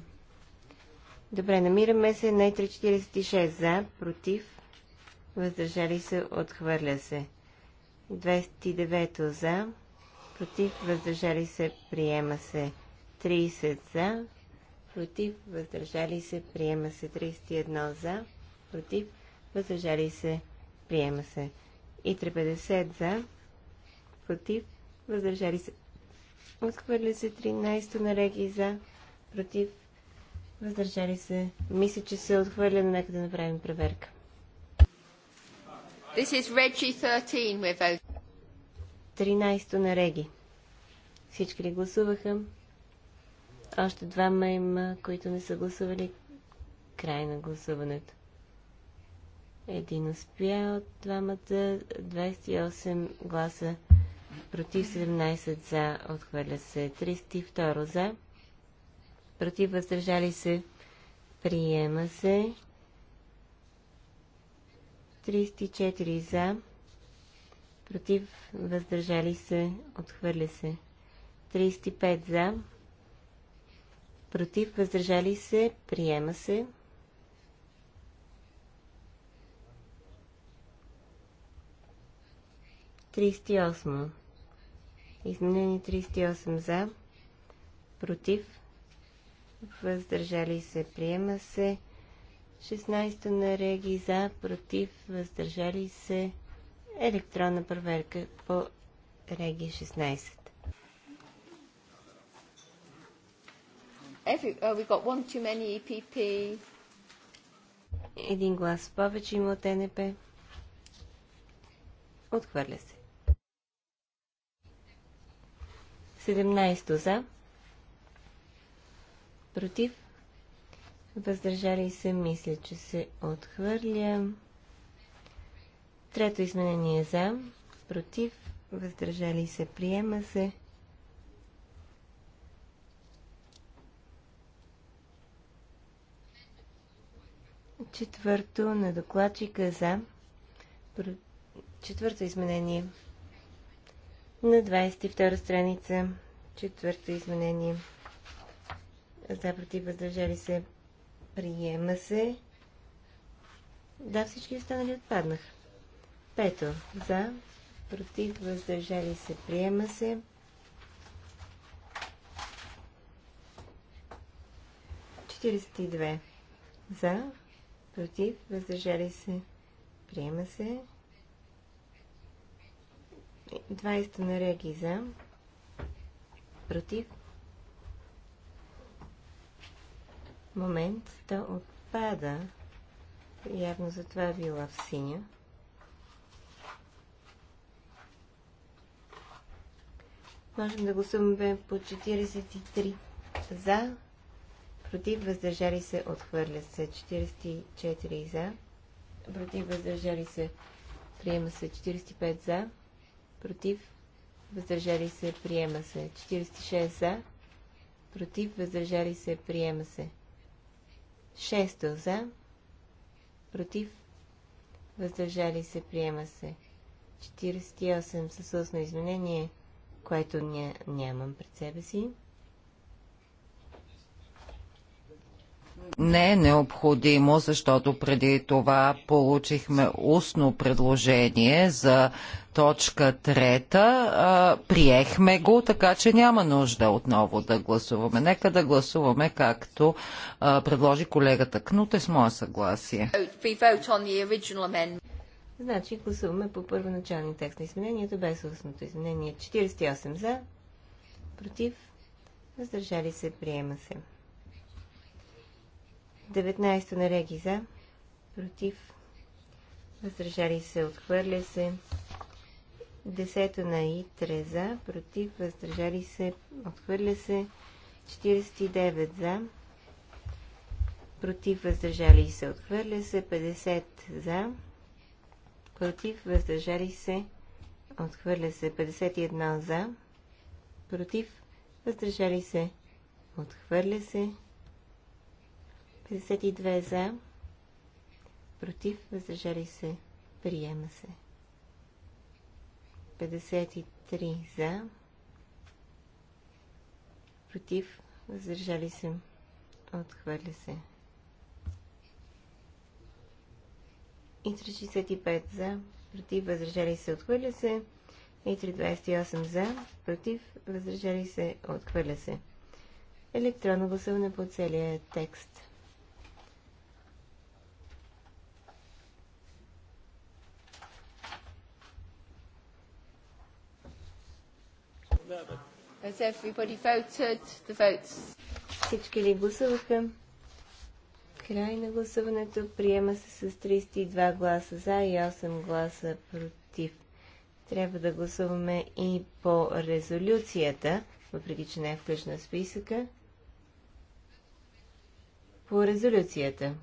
Добре, намираме се на 46 за, против, въздържали се, отхвърля се. 29 за, против, въздържали се, приема се 30 за, против, въздържали се, приема се 31 за, против, въздържали се, приема се и 350 за, против, въздържали се, отхвърля се 13 на реги за, против, въздържали се, мисля, че се отхвърля, но нека да направим проверка. This is Reggie 13 13-то на Реги. Всички ли гласуваха? Още двама има, които не са гласували. Край на гласуването. Един успя от двамата, 28 гласа против 17 за, отхвърля се 32 за, против въздържали се, приема се 34 за, против, въздържали се, отхвърля се. 35 за, против, въздържали се, приема се. 38. Изменени 38 за, против, въздържали се, приема се. 16 на реги за, против, въздържали се, електронна проверка по Реги 16. Every, uh, oh, we got one too many EPP. Един глас повече има от НП. Отхвърля се. 17 за. Против. Въздържали се, мисля, че се отхвърля. Трето изменение за, против, въздържали се, приема се. Четвърто на докладчика за. Четвърто изменение. На 22 страница. Четвърто изменение. За против въздържали се. Приема се. Да, всички останали отпаднаха. Пето. За. Против. Въздържали се. Приема се. Четиридесет и две. За. Против. Въздържали се. Приема се. 20 на реги за. Против. Момент да отпада. Явно затова била в синя. Можем да гласуваме по 43 за, против, въздържали се, отхвърля се. 44 за, против, въздържали се, приема се. 45 за, против, въздържали се, приема се. 46 за, против, въздържали се, приема се. 6 за, против, въздържали се, приема се. 48 със устно изменение – което ня, нямам пред себе си. Не е необходимо, защото преди това получихме устно предложение за точка трета. А, приехме го, така че няма нужда отново да гласуваме. Нека да гласуваме както а, предложи колегата Кнуте с мое съгласие. Значи гласуваме по първоначалния текст на изменението без устното изменение. 48 за, против, въздържали се, приема се. 19 на Реги за, против, въздържали се, отхвърля се. 10 на Итре за, против, въздържали се, отхвърля се. 49 за, против, въздържали се, отхвърля се. 50 за, против, въздържали се, отхвърля се 51 за, против, въздържали се, отхвърля се 52 за, против, въздържали се, приема се 53 за, против, въздържали се, отхвърля се и 65 за, против, въздържали се, отхвърля се. И 28 за, против, въздържали се, отхвърля се. Електронно гласуване по целия текст. everybody voted, the votes. Всички ли гласуваха? Край на гласуването. Приема се с 32 гласа за и 8 гласа против. Трябва да гласуваме и по резолюцията, въпреки че не е включена в списъка. По резолюцията.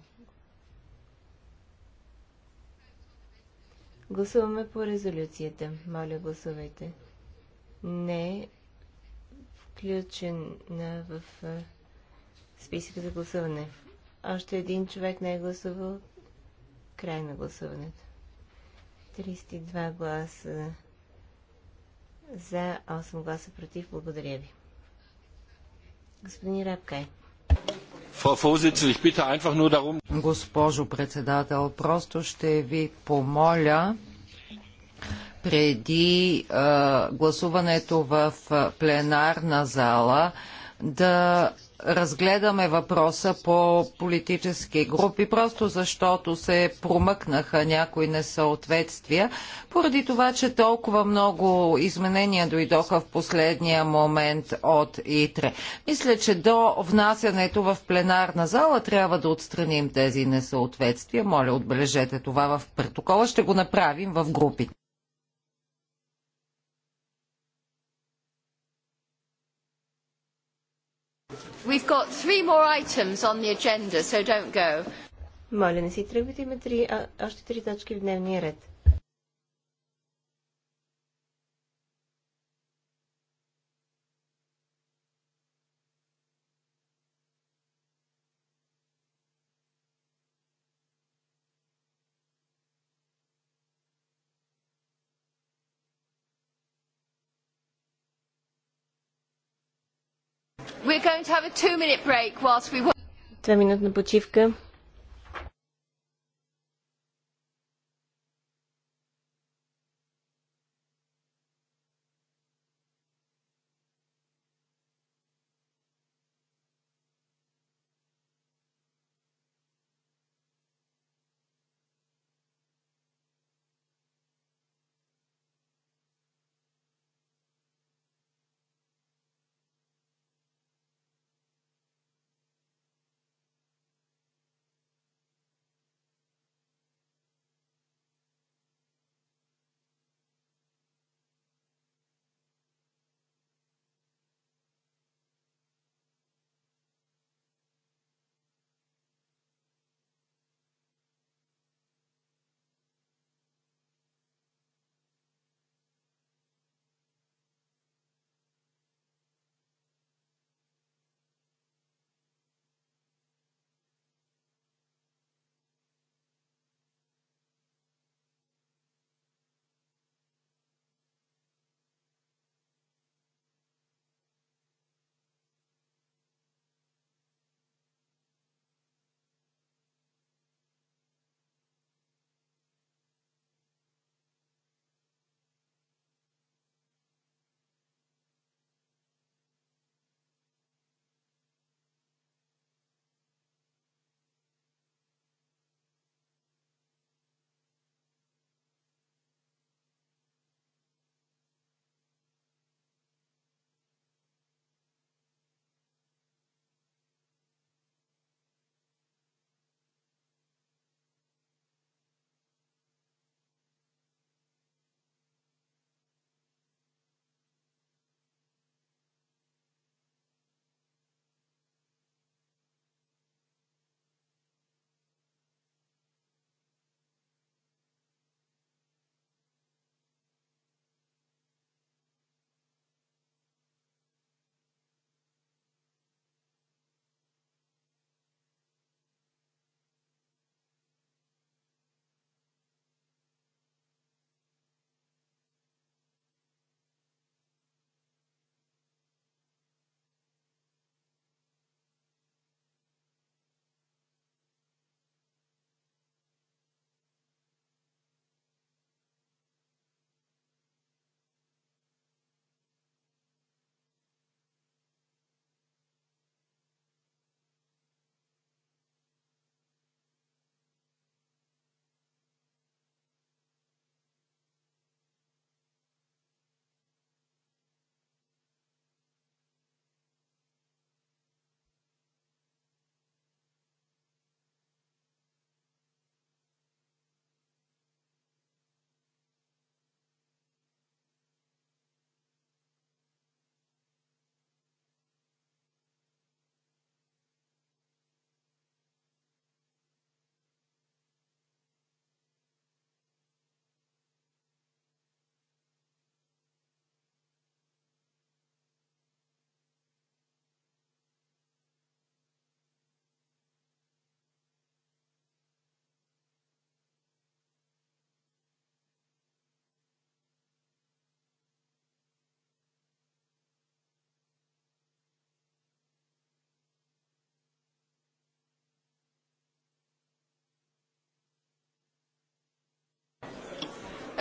Гласуваме по резолюцията. Моля, гласувайте. Не е включена в списъка за гласуване. Още един човек не е гласувал. Край на гласуването. 32 гласа за, 8 гласа против. Благодаря ви. Господин Рапкай. Госпожо председател, просто ще ви помоля преди гласуването в пленарна зала да разгледаме въпроса по политически групи, просто защото се промъкнаха някои несъответствия, поради това, че толкова много изменения дойдоха в последния момент от ИТРЕ. Мисля, че до внасянето в пленарна зала трябва да отстраним тези несъответствия. Моля, отбележете това в протокола. Ще го направим в групите. We've got three more items on the agenda, so don't go. Моля, не си тръгвайте, има три, а, още три точки в дневния ред. Две минутна почивка.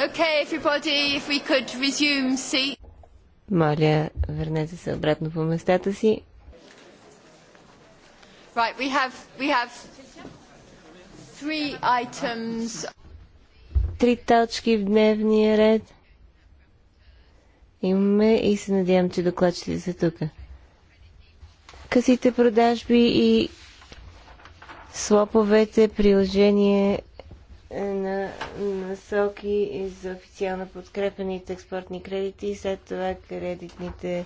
Okay, everybody, if we could resume seat. Моля, върнете се обратно по местата си. Right, we have, we have three items. Три точки в дневния ред. Имаме и се надявам, че докладчите са тук. Късите продажби и слоповете, приложение е на насоки за официално подкрепените експортни кредити и след това кредитните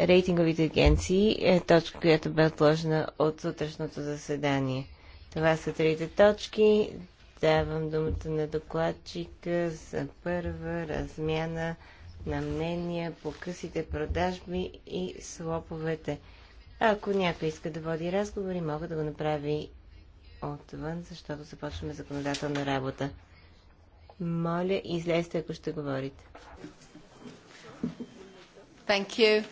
рейтинговите агенции е точка, която бе отложена от сутрешното заседание. Това са трите точки. Давам думата на докладчика за първа размяна на мнения по късите продажби и слоповете. Ако някой иска да води разговори, мога да го направи отвън, защото започваме законодателна работа. Моля, излезте, ако ще говорите. Thank you.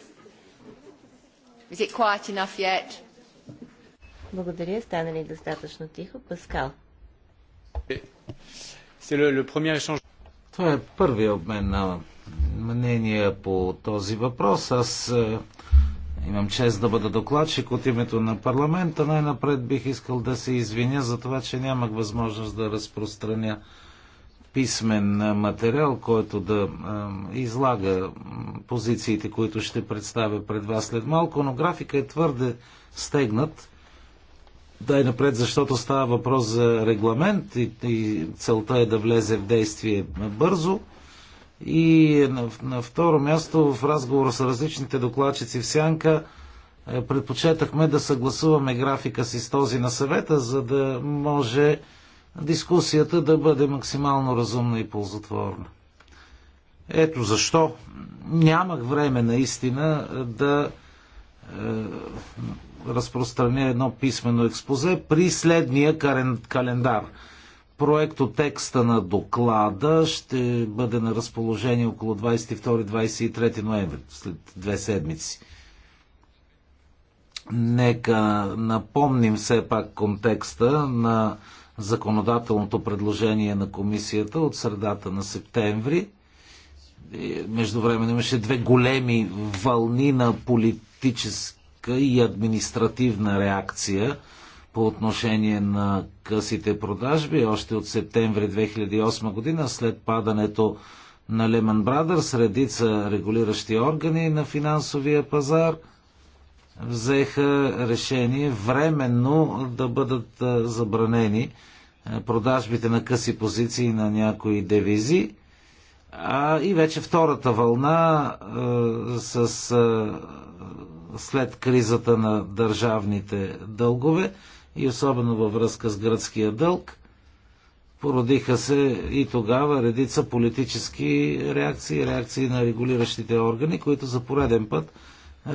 Is it quiet enough yet? Благодаря. Стана ли достатъчно тихо? Паскал. Това е първият обмен на мнения по този въпрос. Аз е, Имам чест да бъда докладчик от името на парламента. Най-напред бих искал да се извиня за това, че нямах възможност да разпространя писмен материал, който да излага позициите, които ще представя пред вас след малко, но графика е твърде стегнат. Дай напред, защото става въпрос за регламент и, и целта е да влезе в действие бързо. И на, на второ място в разговора с различните докладчици в Сянка е, предпочетахме да съгласуваме графика си с този на съвета, за да може дискусията да бъде максимално разумна и ползотворна. Ето защо нямах време наистина да е, разпространя едно писмено експозе при следния календар – Проекто текста на доклада ще бъде на разположение около 22-23 ноември, след две седмици. Нека напомним все пак контекста на законодателното предложение на комисията от средата на септември. между време имаше две големи вълни на политическа и административна реакция – по отношение на късите продажби още от септември 2008 година след падането на Lehman Brothers, редица регулиращи органи на финансовия пазар взеха решение временно да бъдат забранени продажбите на къси позиции на някои девизи. А и вече втората вълна с, след кризата на държавните дългове и особено във връзка с гръцкия дълг, породиха се и тогава редица политически реакции, реакции на регулиращите органи, които за пореден път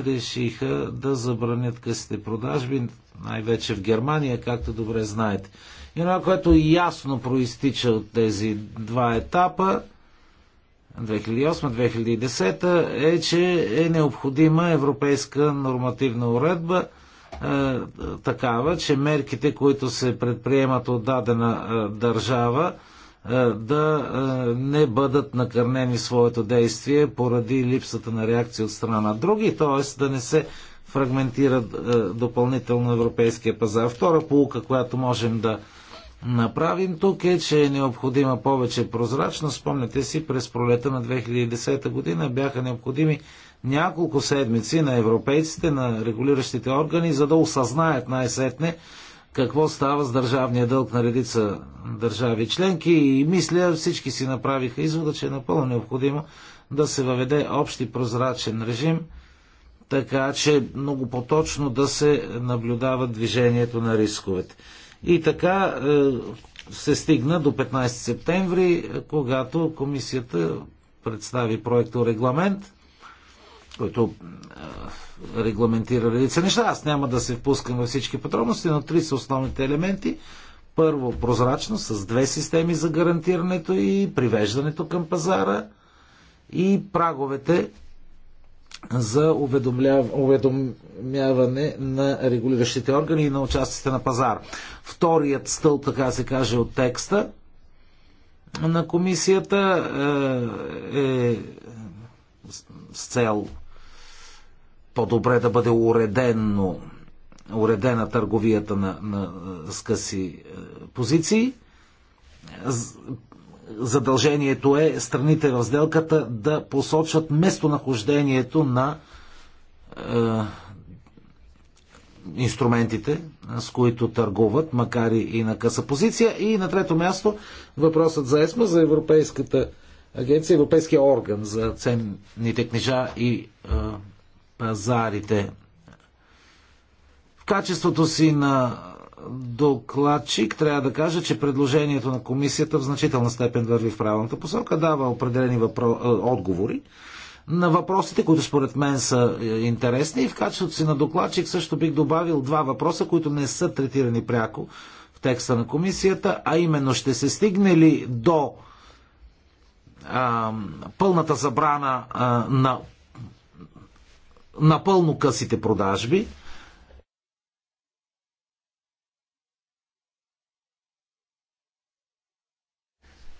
решиха да забранят късите продажби, най-вече в Германия, както добре знаете. И това, което ясно проистича от тези два етапа, 2008-2010, е, че е необходима европейска нормативна уредба – е, такава, че мерките, които се предприемат от дадена е, държава, е, да не бъдат накърнени своето действие поради липсата на реакция от страна на други, т.е. да не се фрагментира допълнително европейския пазар. Втора полука, която можем да направим тук е, че е необходима повече прозрачност. Спомняте си, през пролета на 2010 година бяха необходими няколко седмици на европейците, на регулиращите органи, за да осъзнаят най-сетне какво става с държавния дълг на редица държави членки и мисля всички си направиха извода, че е напълно необходимо да се въведе общи прозрачен режим, така че много по-точно да се наблюдава движението на рисковете. И така е, се стигна до 15 септември, когато комисията представи проекто регламент който регламентира редица неща. Аз няма да се впускам във всички подробности, но три са основните елементи. Първо, прозрачно с две системи за гарантирането и привеждането към пазара и праговете за уведомяване на регулиращите органи и на участите на пазара. Вторият стъл, така се каже, от текста на комисията е, е с цел по-добре да бъде уредено, уредена търговията на, на скъси е, позиции. Задължението е страните в сделката да посочат местонахождението на е, инструментите, с които търгуват, макар и на къса позиция. И на трето място въпросът за ЕСМА, за Европейската агенция, Европейския орган за ценните книжа и е, пазарите. В качеството си на докладчик трябва да кажа, че предложението на комисията в значителна степен върви в правилната посока, дава определени въпро... Е, отговори на въпросите, които според мен са е, интересни и в качеството си на докладчик също бих добавил два въпроса, които не са третирани пряко в текста на комисията, а именно ще се стигне ли до а, пълната забрана а, на напълно късите продажби.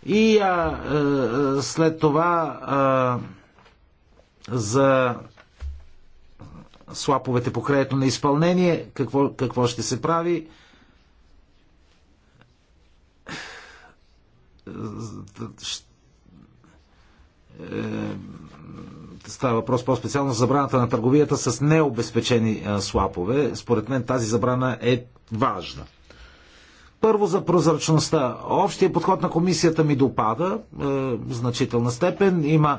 И а, а, е, е, след това а, за слаповете по кредито на изпълнение, какво, какво ще се прави? Ще става е въпрос по-специално за забраната на търговията с необезпечени слапове. Според мен тази забрана е важна. Първо за прозрачността. Общия подход на комисията ми допада в значителна степен. Има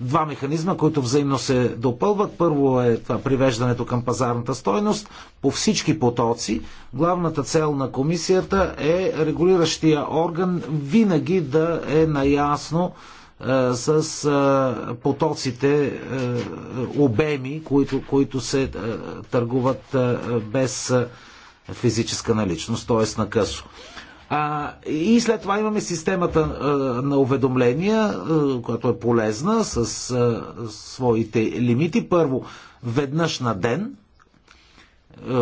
два механизма, които взаимно се допълват. Първо е това привеждането към пазарната стойност по всички потоци. Главната цел на комисията е регулиращия орган винаги да е наясно с потоците обеми, които, които се търгуват без физическа наличност, т.е. на късо. А, и след това имаме системата а, на уведомления, а, която е полезна с а, своите лимити. Първо, веднъж на ден, а,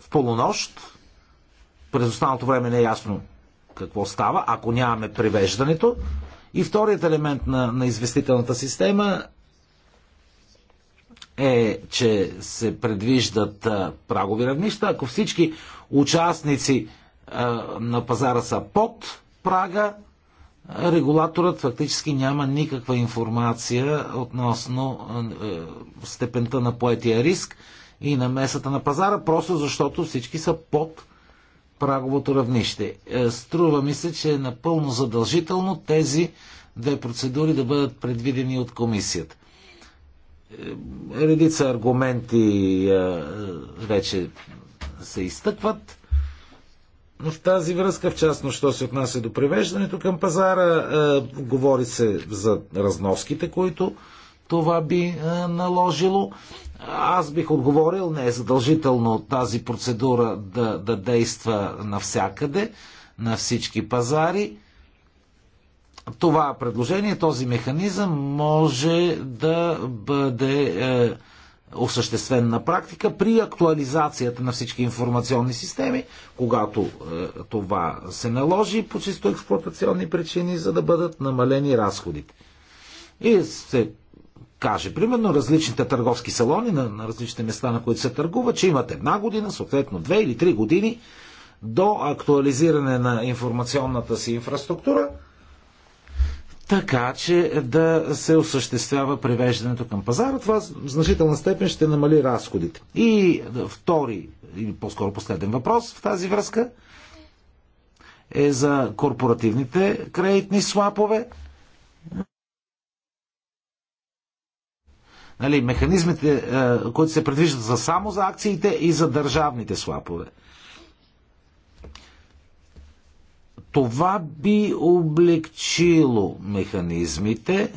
в полунощ, през останалото време не е ясно какво става, ако нямаме привеждането, и вторият елемент на, на известителната система е, че се предвиждат а, прагови равнища. Ако всички участници а, на пазара са под прага, регулаторът фактически няма никаква информация относно а, степента на поетия риск и намесата на пазара, просто защото всички са под праговото равнище. Е, струва ми се, че е напълно задължително тези две процедури да бъдат предвидени от комисията. Е, редица аргументи е, вече се изтъкват. Но в тази връзка, в частност, що се отнася до привеждането към пазара, говори се за разноските, които това би е, наложило. Аз бих отговорил, не е задължително тази процедура да, да действа навсякъде, на всички пазари. Това предложение, този механизъм може да бъде е, осъществен на практика при актуализацията на всички информационни системи, когато е, това се наложи по чисто експлуатационни причини, за да бъдат намалени разходите. И се каже, примерно, различните търговски салони на, на различните места, на които се търгува, че имат една година, съответно две или три години до актуализиране на информационната си инфраструктура, така че да се осъществява привеждането към пазара. Това в значителна степен ще намали разходите. И втори, или по-скоро последен въпрос в тази връзка е за корпоративните кредитни слапове. Нали, механизмите, е, които се предвиждат за само за акциите и за държавните слапове. Това би облегчило механизмите.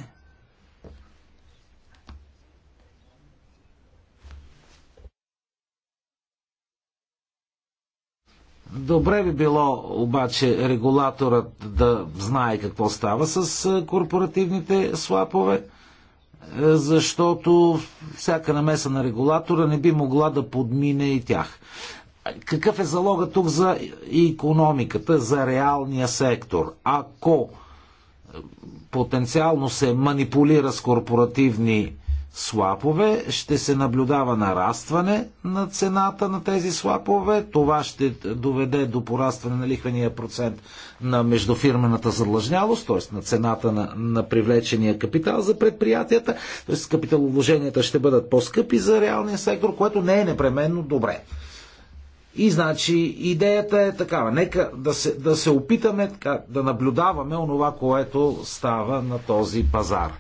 Добре би било обаче регулаторът да знае какво става с е, корпоративните слапове защото всяка намеса на регулатора не би могла да подмине и тях. Какъв е залога тук за економиката, за реалния сектор? Ако потенциално се манипулира с корпоративни слапове, ще се наблюдава нарастване на цената на тези слапове. Това ще доведе до порастване на лихвения процент на междуфирмената задлъжнялост, т.е. на цената на, на привлечения капитал за предприятията, т.е. капиталовложенията ще бъдат по-скъпи за реалния сектор, което не е непременно добре. И значи идеята е такава. Нека да се, да се опитаме така, да наблюдаваме онова, което става на този пазар.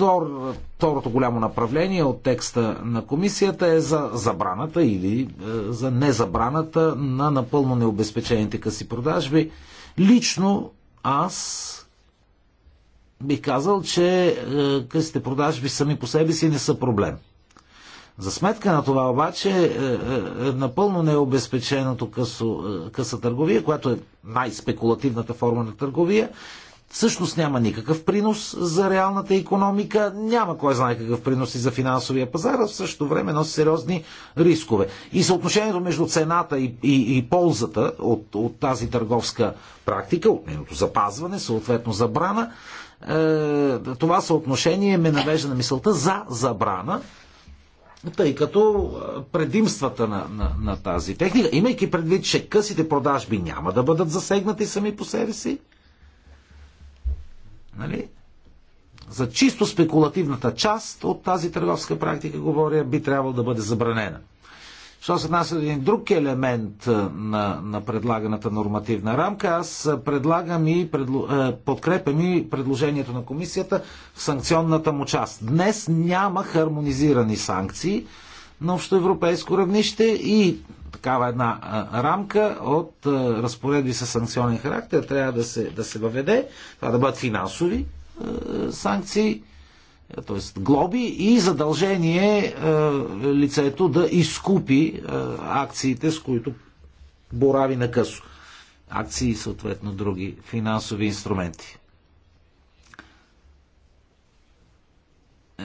Втор, второто голямо направление от текста на комисията е за забраната или е, за незабраната на напълно необезпечените къси продажби. Лично аз бих казал, че е, късите продажби сами по себе си не са проблем. За сметка на това обаче, е, напълно необезпеченото късо, къса търговия, която е най-спекулативната форма на търговия, всъщност няма никакъв принос за реалната економика, няма кой знае какъв принос и за финансовия пазар, а в същото време носи сериозни рискове. И съотношението между цената и, и, и ползата от, от тази търговска практика, от нейното запазване, съответно забрана, е, това съотношение ме навежда на мисълта за забрана, тъй като е, предимствата на, на, на тази техника, имайки предвид, че късите продажби няма да бъдат засегнати сами по себе си, Нали? За чисто спекулативната част от тази търговска практика, говоря, би трябвало да бъде забранена. Що се отнася до един друг елемент е, на, на предлаганата нормативна рамка, аз предлагам и предло, е, подкрепям и предложението на комисията в санкционната му част. Днес няма хармонизирани санкции на общоевропейско равнище и такава една рамка от разпоредби с санкционен характер трябва да се, да се въведе, това да бъдат финансови санкции, т.е. глоби и задължение лицето да изкупи акциите, с които борави на късо. Акции и съответно други финансови инструменти.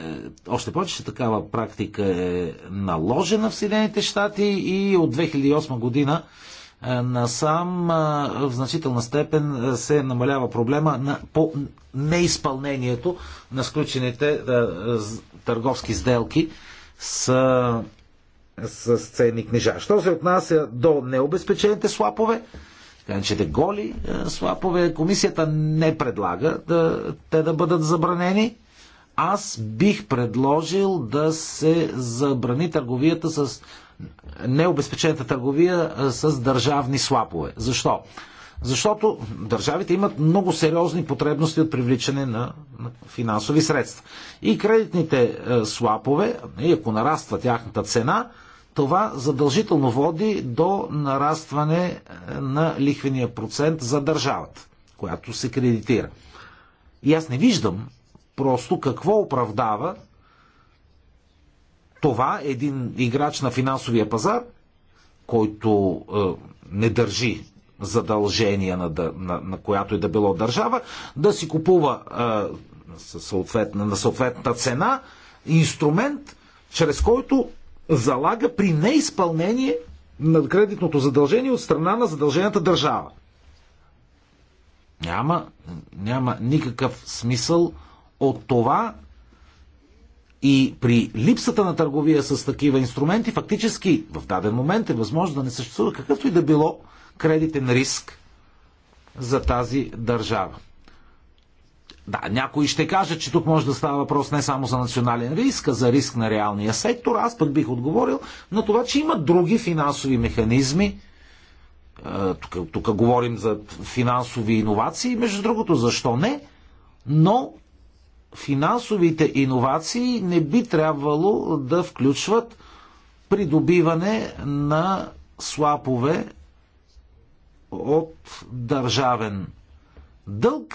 Е, още повече, че такава практика е наложена в Съединените щати и от 2008 година е, насам е, в значителна степен се намалява проблема на, по неизпълнението на сключените търговски сделки с, с ценни книжа. Що се отнася до необезпечените слапове, Канчете голи слапове, комисията не предлага да, те да бъдат забранени. Аз бих предложил да се забрани търговията с необезпечената търговия с държавни слапове. Защо? Защото държавите имат много сериозни потребности от привличане на, финансови средства. И кредитните е, слапове, и ако нараства тяхната цена, това задължително води до нарастване е, на лихвения процент за държавата, която се кредитира. И аз не виждам просто какво оправдава това един играч на финансовия пазар, който е, не държи задължения на, на, на която и е да било държава, да си купува е, съответна, на съответната цена инструмент, чрез който залага при неизпълнение на кредитното задължение от страна на задължената държава. Няма, няма никакъв смисъл от това и при липсата на търговия с такива инструменти, фактически в даден момент е възможно да не съществува какъвто и да било кредитен риск за тази държава. Да, някой ще каже, че тук може да става въпрос не само за национален риск, а за риск на реалния сектор. Аз пък бих отговорил на това, че има други финансови механизми. Е, тук, тук говорим за финансови иновации, между другото, защо не? Но финансовите иновации не би трябвало да включват придобиване на слапове от държавен дълг,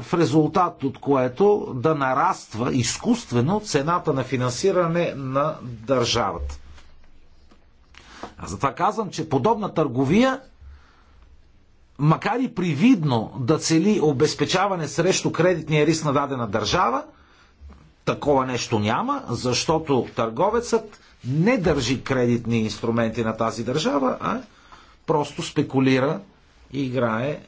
в резултат от което да нараства изкуствено цената на финансиране на държавата. А затова казвам, че подобна търговия макар и привидно да цели обезпечаване срещу кредитния риск на дадена държава, такова нещо няма, защото търговецът не държи кредитни инструменти на тази държава, а просто спекулира и играе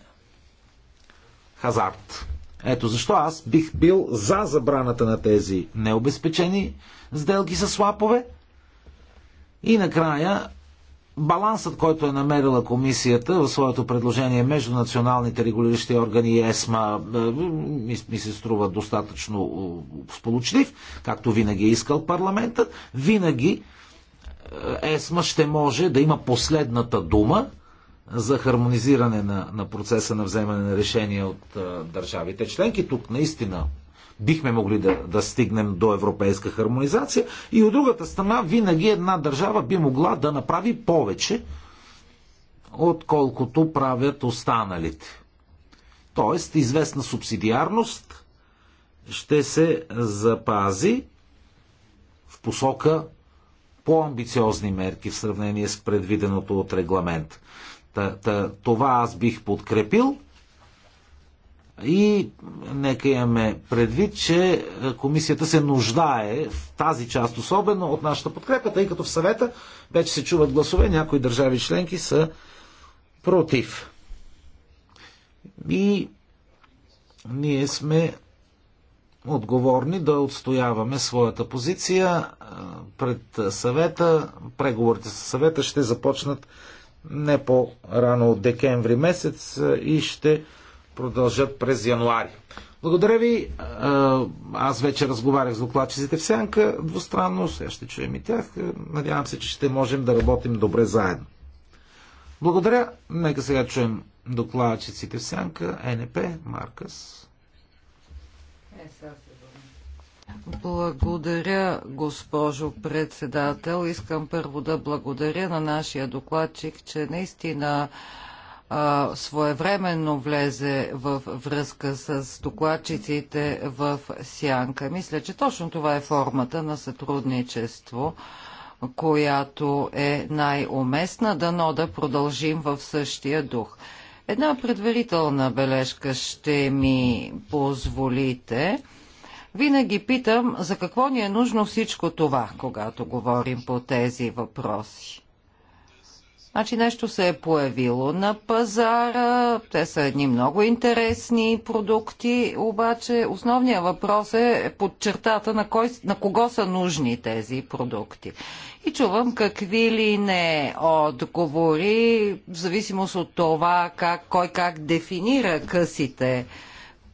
хазарт. Ето защо аз бих бил за забраната на тези необезпечени сделки с лапове. И накрая балансът, който е намерила комисията в своето предложение между националните регулиращи органи и ЕСМА е, ми се струва достатъчно е, сполучлив, както винаги е искал парламентът. Винаги е, ЕСМА ще може да има последната дума за хармонизиране на, на процеса на вземане на решения от а, държавите членки. Тук наистина бихме могли да, да стигнем до европейска хармонизация. И от другата страна, винаги една държава би могла да направи повече, отколкото правят останалите. Тоест, известна субсидиарност ще се запази в посока по-амбициозни мерки в сравнение с предвиденото от регламент. Та, та, това аз бих подкрепил и нека имаме предвид, че комисията се нуждае в тази част особено от нашата подкрепа, тъй като в съвета вече се чуват гласове, някои държави членки са против. И ние сме отговорни да отстояваме своята позиция пред съвета. Преговорите с съвета ще започнат не по-рано от декември месец и ще продължат през януари. Благодаря ви. Аз вече разговарях с докладчиците в Сянка двустранно. Сега ще чуем и тях. Надявам се, че ще можем да работим добре заедно. Благодаря. Нека сега чуем докладчиците в Сянка. НП, Маркас. Благодаря, госпожо председател. Искам първо да благодаря на нашия докладчик, че наистина своевременно влезе в връзка с докладчиците в Сянка. Мисля, че точно това е формата на сътрудничество, която е най-уместна, дано да продължим в същия дух. Една предварителна бележка ще ми позволите. Винаги питам за какво ни е нужно всичко това, когато говорим по тези въпроси. Значи нещо се е появило на пазара, те са едни много интересни продукти, обаче основният въпрос е под чертата на, кой, на кого са нужни тези продукти. И чувам какви ли не отговори, в зависимост от това как, кой как дефинира късите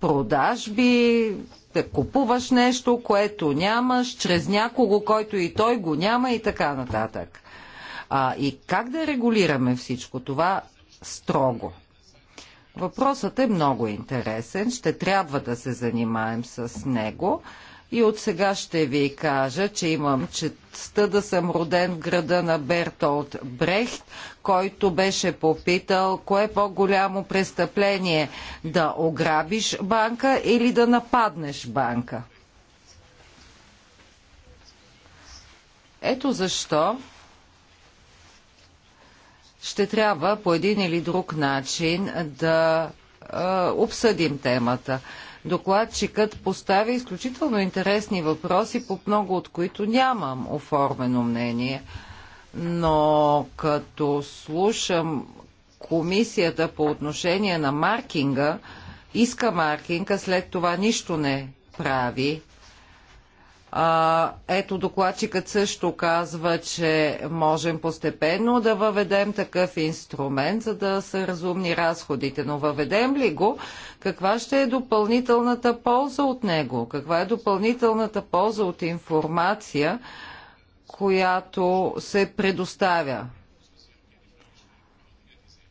продажби, да купуваш нещо, което нямаш, чрез някого, който и той го няма и така нататък. А и как да регулираме всичко това строго? Въпросът е много интересен. Ще трябва да се занимаем с него. И от сега ще ви кажа, че имам честа да съм роден в града на Бертолд Брехт, който беше попитал кое е по-голямо престъпление да ограбиш банка или да нападнеш банка. Ето защо ще трябва по един или друг начин да а, обсъдим темата. Докладчикът поставя изключително интересни въпроси, по много от които нямам оформено мнение. Но като слушам комисията по отношение на маркинга, иска маркинга, след това нищо не прави. А, ето докладчикът също казва, че можем постепенно да въведем такъв инструмент, за да са разумни разходите. Но въведем ли го, каква ще е допълнителната полза от него? Каква е допълнителната полза от информация, която се предоставя?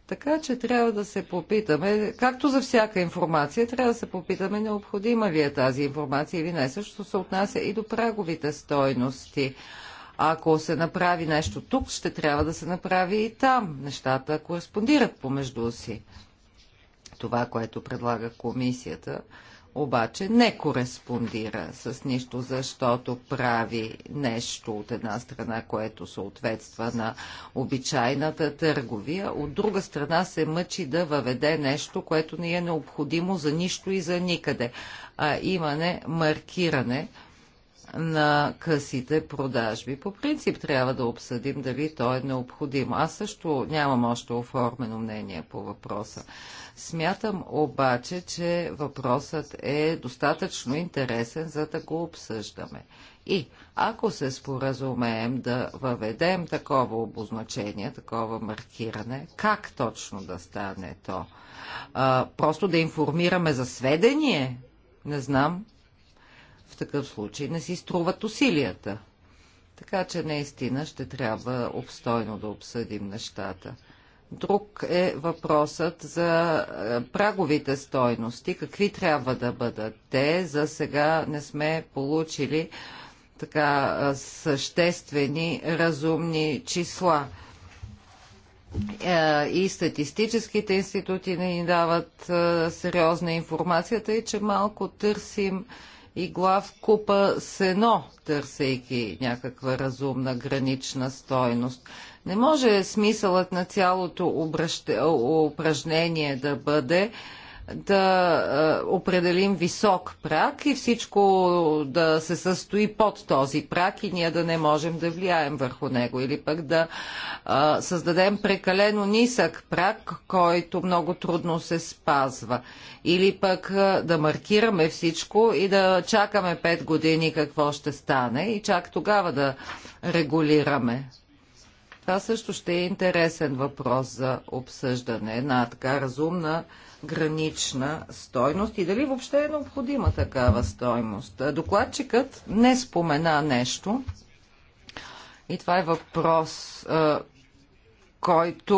Така че трябва да се попитаме, както за всяка информация, трябва да се попитаме необходима ли е тази информация или не. Също се отнася и до праговите стойности. Ако се направи нещо тук, ще трябва да се направи и там. Нещата кореспондират помежду си. Това, което предлага комисията, обаче не кореспондира с нищо, защото прави нещо от една страна, което съответства на обичайната търговия, от друга страна се мъчи да въведе нещо, което не е необходимо за нищо и за никъде, а имане маркиране на късите продажби. По принцип трябва да обсъдим дали то е необходимо. Аз също нямам още оформено мнение по въпроса. Смятам обаче, че въпросът е достатъчно интересен, за да го обсъждаме. И ако се споразумеем да въведем такова обозначение, такова маркиране, как точно да стане то? А, просто да информираме за сведение? Не знам. В такъв случай не си струват усилията. Така че наистина ще трябва обстойно да обсъдим нещата. Друг е въпросът за е, праговите стойности. Какви трябва да бъдат те? За сега не сме получили така е, съществени, разумни числа. Е, и статистическите институти не ни дават сериозна информацията и че малко търсим и глав купа сено, търсейки някаква разумна гранична стойност. Не може смисълът на цялото упражнение да бъде да е, определим висок прак и всичко да се състои под този прак и ние да не можем да влияем върху него или пък да а, е, създадем прекалено нисък прак, който много трудно се спазва или пък а, е, да маркираме всичко и да чакаме 5 години какво ще стане и чак тогава да регулираме. Това също ще е интересен въпрос за обсъждане. Една така разумна гранична стойност и дали въобще е необходима такава стойност. Докладчикът не спомена нещо и това е въпрос, който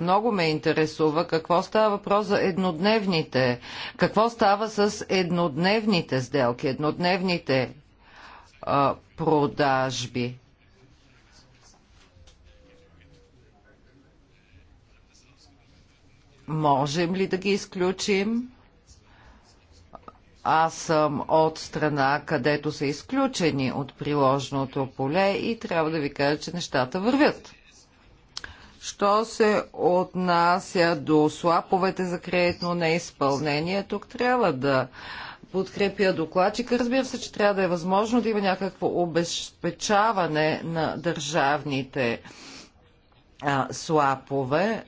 много ме интересува. Какво става въпрос за еднодневните? Какво става с еднодневните сделки, еднодневните продажби? можем ли да ги изключим? Аз съм от страна, където са изключени от приложното поле и трябва да ви кажа, че нещата вървят. Що се отнася до слаповете за кредитно неизпълнение, тук трябва да подкрепя докладчика. Разбира се, че трябва да е възможно да има някакво обезпечаване на държавните а, слапове,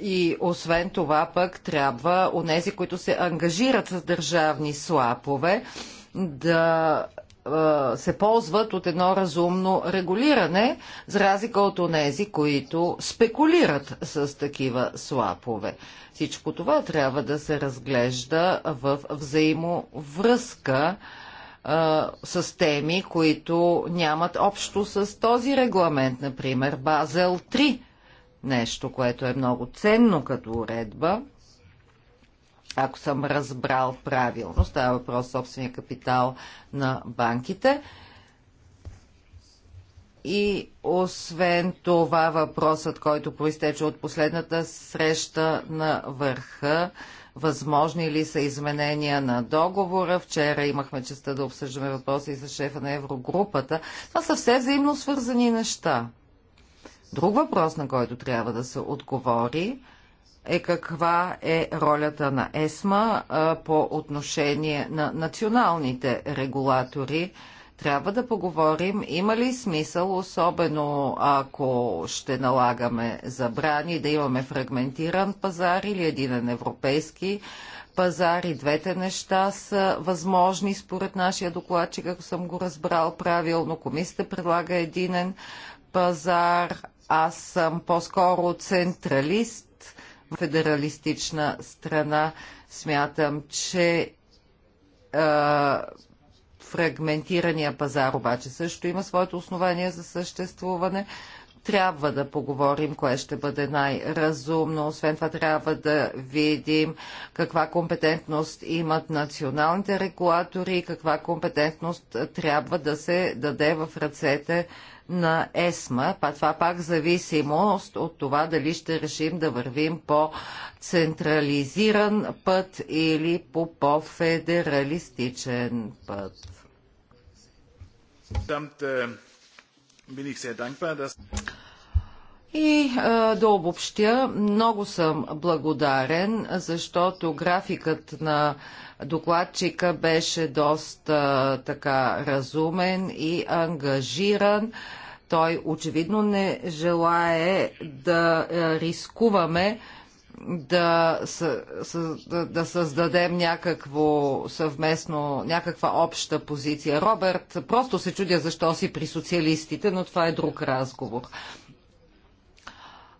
и освен това пък трябва нези, които се ангажират с държавни слапове, да се ползват от едно разумно регулиране, за разлика от онези, които спекулират с такива слапове. Всичко това трябва да се разглежда в взаимовръзка а, с теми, които нямат общо с този регламент, например Базел 3 нещо, което е много ценно като уредба. Ако съм разбрал правилно, става въпрос собствения капитал на банките. И освен това въпросът, който проистече от последната среща на върха, възможни ли са изменения на договора. Вчера имахме честа да обсъждаме въпроса и за шефа на Еврогрупата. Това са все взаимно свързани неща. Друг въпрос, на който трябва да се отговори, е каква е ролята на ЕСМА по отношение на националните регулатори. Трябва да поговорим има ли смисъл, особено ако ще налагаме забрани, да имаме фрагментиран пазар или един европейски пазар. И двете неща са възможни според нашия докладчик, ако съм го разбрал правилно. Комисията предлага единен пазар, аз съм по-скоро централист в федералистична страна. Смятам, че фрагментирания пазар обаче също има своето основание за съществуване. Трябва да поговорим кое ще бъде най-разумно. Освен това трябва да видим каква компетентност имат националните регулатори и каква компетентност трябва да се даде в ръцете на ЕСМА. Това пак зависимост от това дали ще решим да вървим по централизиран път или по по-федералистичен път. И да обобщя, много съм благодарен, защото графикът на Докладчика беше доста така разумен и ангажиран. Той очевидно не желае да рискуваме да, да създадем някакво съвместно, някаква обща позиция. Роберт, просто се чудя защо си при социалистите, но това е друг разговор.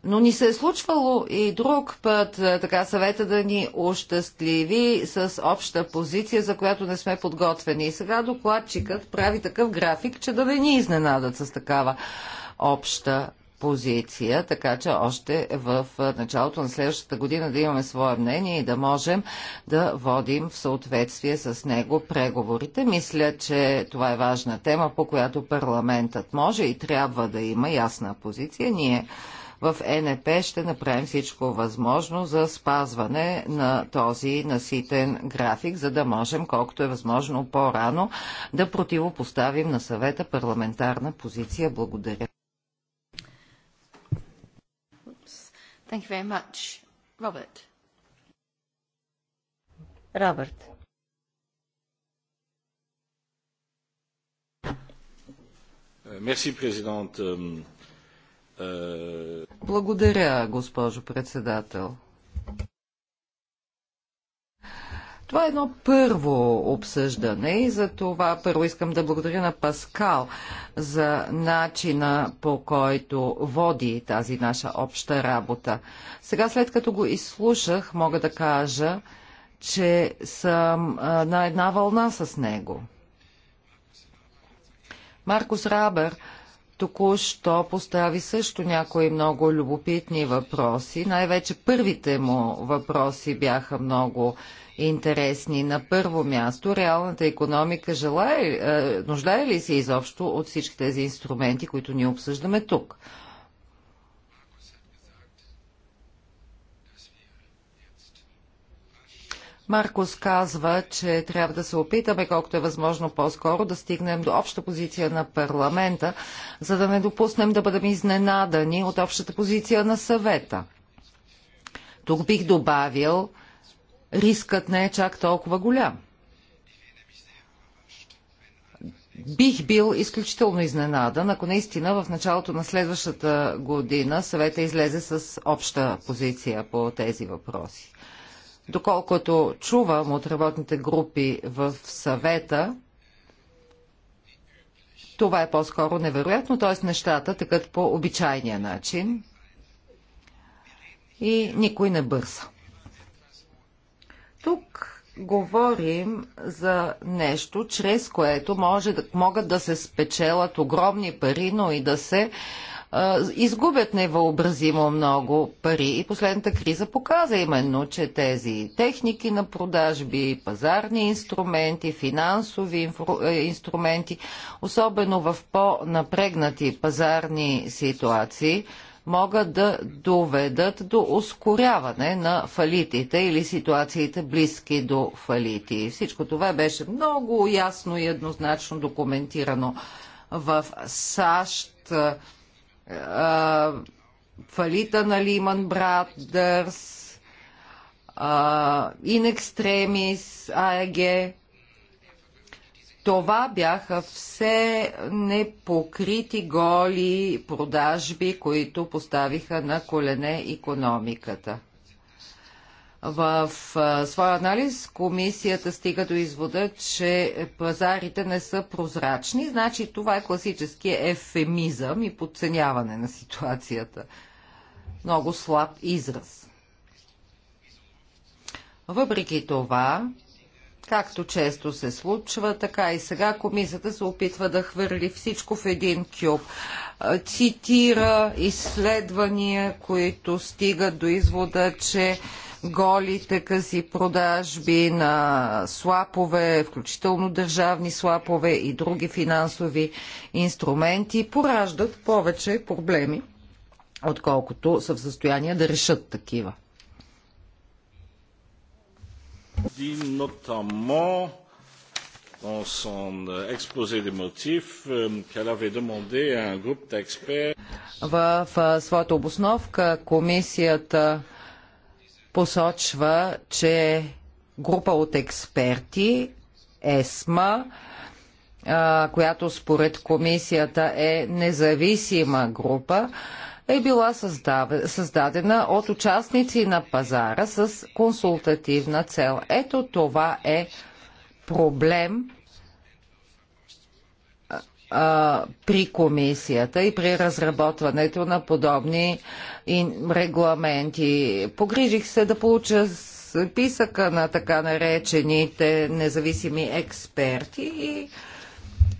Но ни се е случвало и друг път е, така съвета да ни ощастливи с обща позиция, за която не сме подготвени. И сега докладчикът прави такъв график, че да не ни изненадат с такава обща позиция, така че още в е, началото на следващата година да имаме свое мнение и да можем да водим в съответствие с него преговорите. Мисля, че това е важна тема, по която парламентът може и трябва да има ясна позиция. Ние в ЕНП ще направим всичко възможно за спазване на този наситен график, за да можем колкото е възможно по-рано да противопоставим на съвета парламентарна позиция. Благодаря. Thank you very much. Robert. Мерси, президент. Euh, е, благодаря, госпожо председател. Това е едно първо обсъждане и за това първо искам да благодаря на Паскал за начина по който води тази наша обща работа. Сега след като го изслушах, мога да кажа, че съм на една вълна с него. Маркус Рабер току-що постави също някои много любопитни въпроси. Най-вече първите му въпроси бяха много интересни. На първо място, реалната економика желая е, нуждае ли се изобщо от всички тези инструменти, които ние обсъждаме тук? Маркос казва, че трябва да се опитаме колкото е възможно по-скоро да стигнем до обща позиция на парламента, за да не допуснем да бъдем изненадани от общата позиция на съвета. Тук бих добавил, рискът не е чак толкова голям. Бих бил изключително изненадан, ако наистина в началото на следващата година съвета излезе с обща позиция по тези въпроси. Доколкото чувам от работните групи в съвета, това е по-скоро невероятно, т.е. нещата такът по обичайния начин и никой не бърза. Тук говорим за нещо, чрез което може могат да се спечелят огромни пари, но и да се изгубят невъобразимо много пари. И последната криза показа именно, че тези техники на продажби, пазарни инструменти, финансови е, инструменти, особено в по-напрегнати пазарни ситуации, могат да доведат до ускоряване на фалитите или ситуациите близки до фалити. Всичко това беше много ясно и еднозначно документирано в САЩ фалита на Лиман Брадърс, Ин екстремис, АЕГ. Това бяха все непокрити голи продажби, които поставиха на колене економиката. В своя анализ комисията стига до извода, че пазарите не са прозрачни, значи това е класически ефемизъм и подценяване на ситуацията. Много слаб израз. Въпреки това, както често се случва, така и сега комисията се опитва да хвърли всичко в един кюб. Цитира изследвания, които стигат до извода, че голите къси продажби на слапове, включително държавни слапове и други финансови инструменти, пораждат повече проблеми, отколкото са в състояние да решат такива. dans son euh, exposé des motifs euh, qu'elle avait demandé à un groupe d'experts. В euh, своята обосновка комисията посочва, че група от експерти ЕСМА, която според комисията е независима група, е била създадена от участници на пазара с консултативна цел. Ето това е проблем, а, при комисията и при разработването на подобни регламенти. Погрижих се да получа списъка на така наречените независими експерти и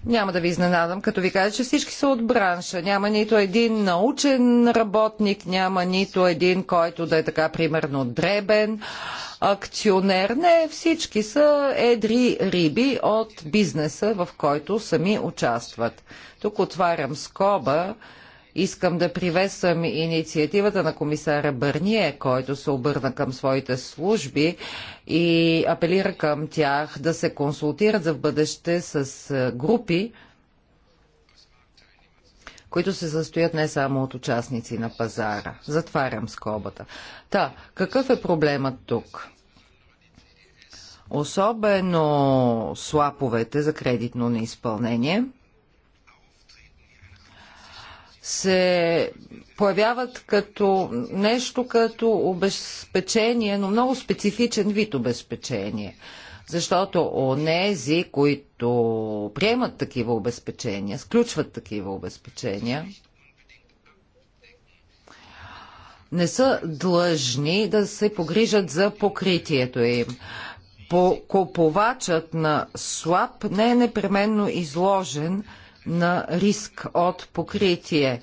няма да ви изненадам, като ви кажа, че всички са от бранша. Няма нито един научен работник, няма нито един, който да е така, примерно, дребен акционер. Не, всички са едри риби от бизнеса, в който сами участват. Тук отварям скоба Искам да приветствам инициативата на комисара Бърние, който се обърна към своите служби и апелира към тях да се консултират за в бъдеще с групи, които се състоят не само от участници на пазара. Затварям скобата. Та, какъв е проблемът тук? Особено слаповете за кредитно неизпълнение – се появяват като нещо като обезпечение, но много специфичен вид обезпечение. Защото онези, които приемат такива обезпечения, сключват такива обезпечения, не са длъжни да се погрижат за покритието им. купувачът на слаб не е непременно изложен на риск от покритие.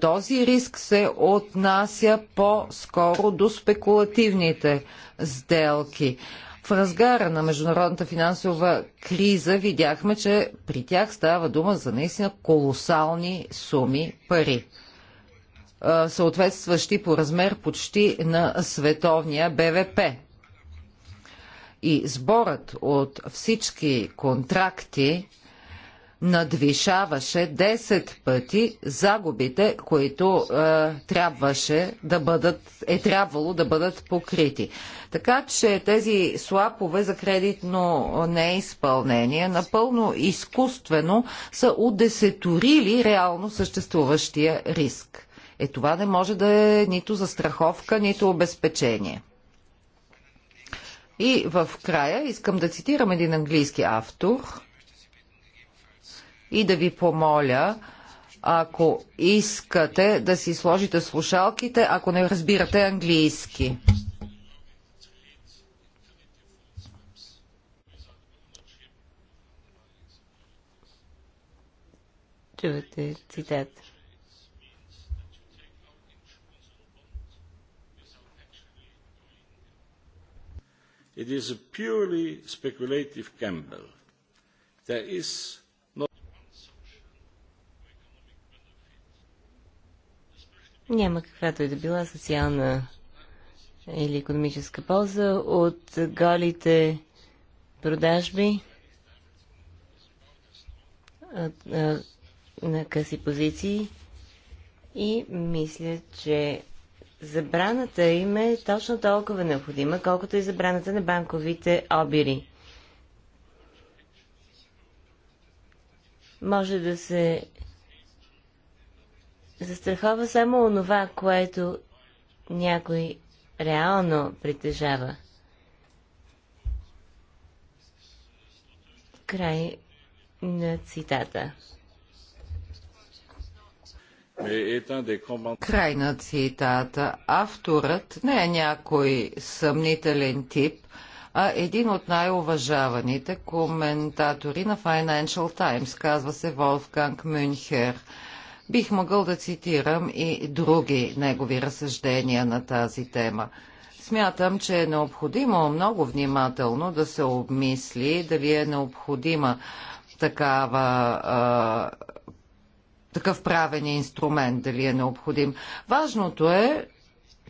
Този риск се отнася по-скоро до спекулативните сделки. В разгара на международната финансова криза видяхме, че при тях става дума за наистина колосални суми пари, съответстващи по размер почти на световния БВП. И сборът от всички контракти, надвишаваше 10 пъти загубите, които е, трябваше да бъдат, е трябвало да бъдат покрити. Така че тези слапове за кредитно неизпълнение напълно изкуствено са удесеторили реално съществуващия риск. Е това не може да е нито застраховка, нито обезпечение. И в края искам да цитирам един английски автор – и да ви помоля, ако искате да си сложите слушалките, ако не разбирате английски. Чувате цитат. It is a purely speculative gamble. There is няма каквато и да била социална или економическа полза от голите продажби на къси позиции и мисля, че забраната им е точно толкова необходима, колкото и забраната на банковите обири. Може да се застрахова само онова, което някой реално притежава. Край на цитата. Край на цитата. Авторът не е някой съмнителен тип, а един от най-уважаваните коментатори на Financial Times, казва се Волфганг Мюнхер. Бих могъл да цитирам и други негови разсъждения на тази тема. Смятам, че е необходимо много внимателно да се обмисли дали е необходима такава а, такъв правен инструмент, дали е необходим. Важното е,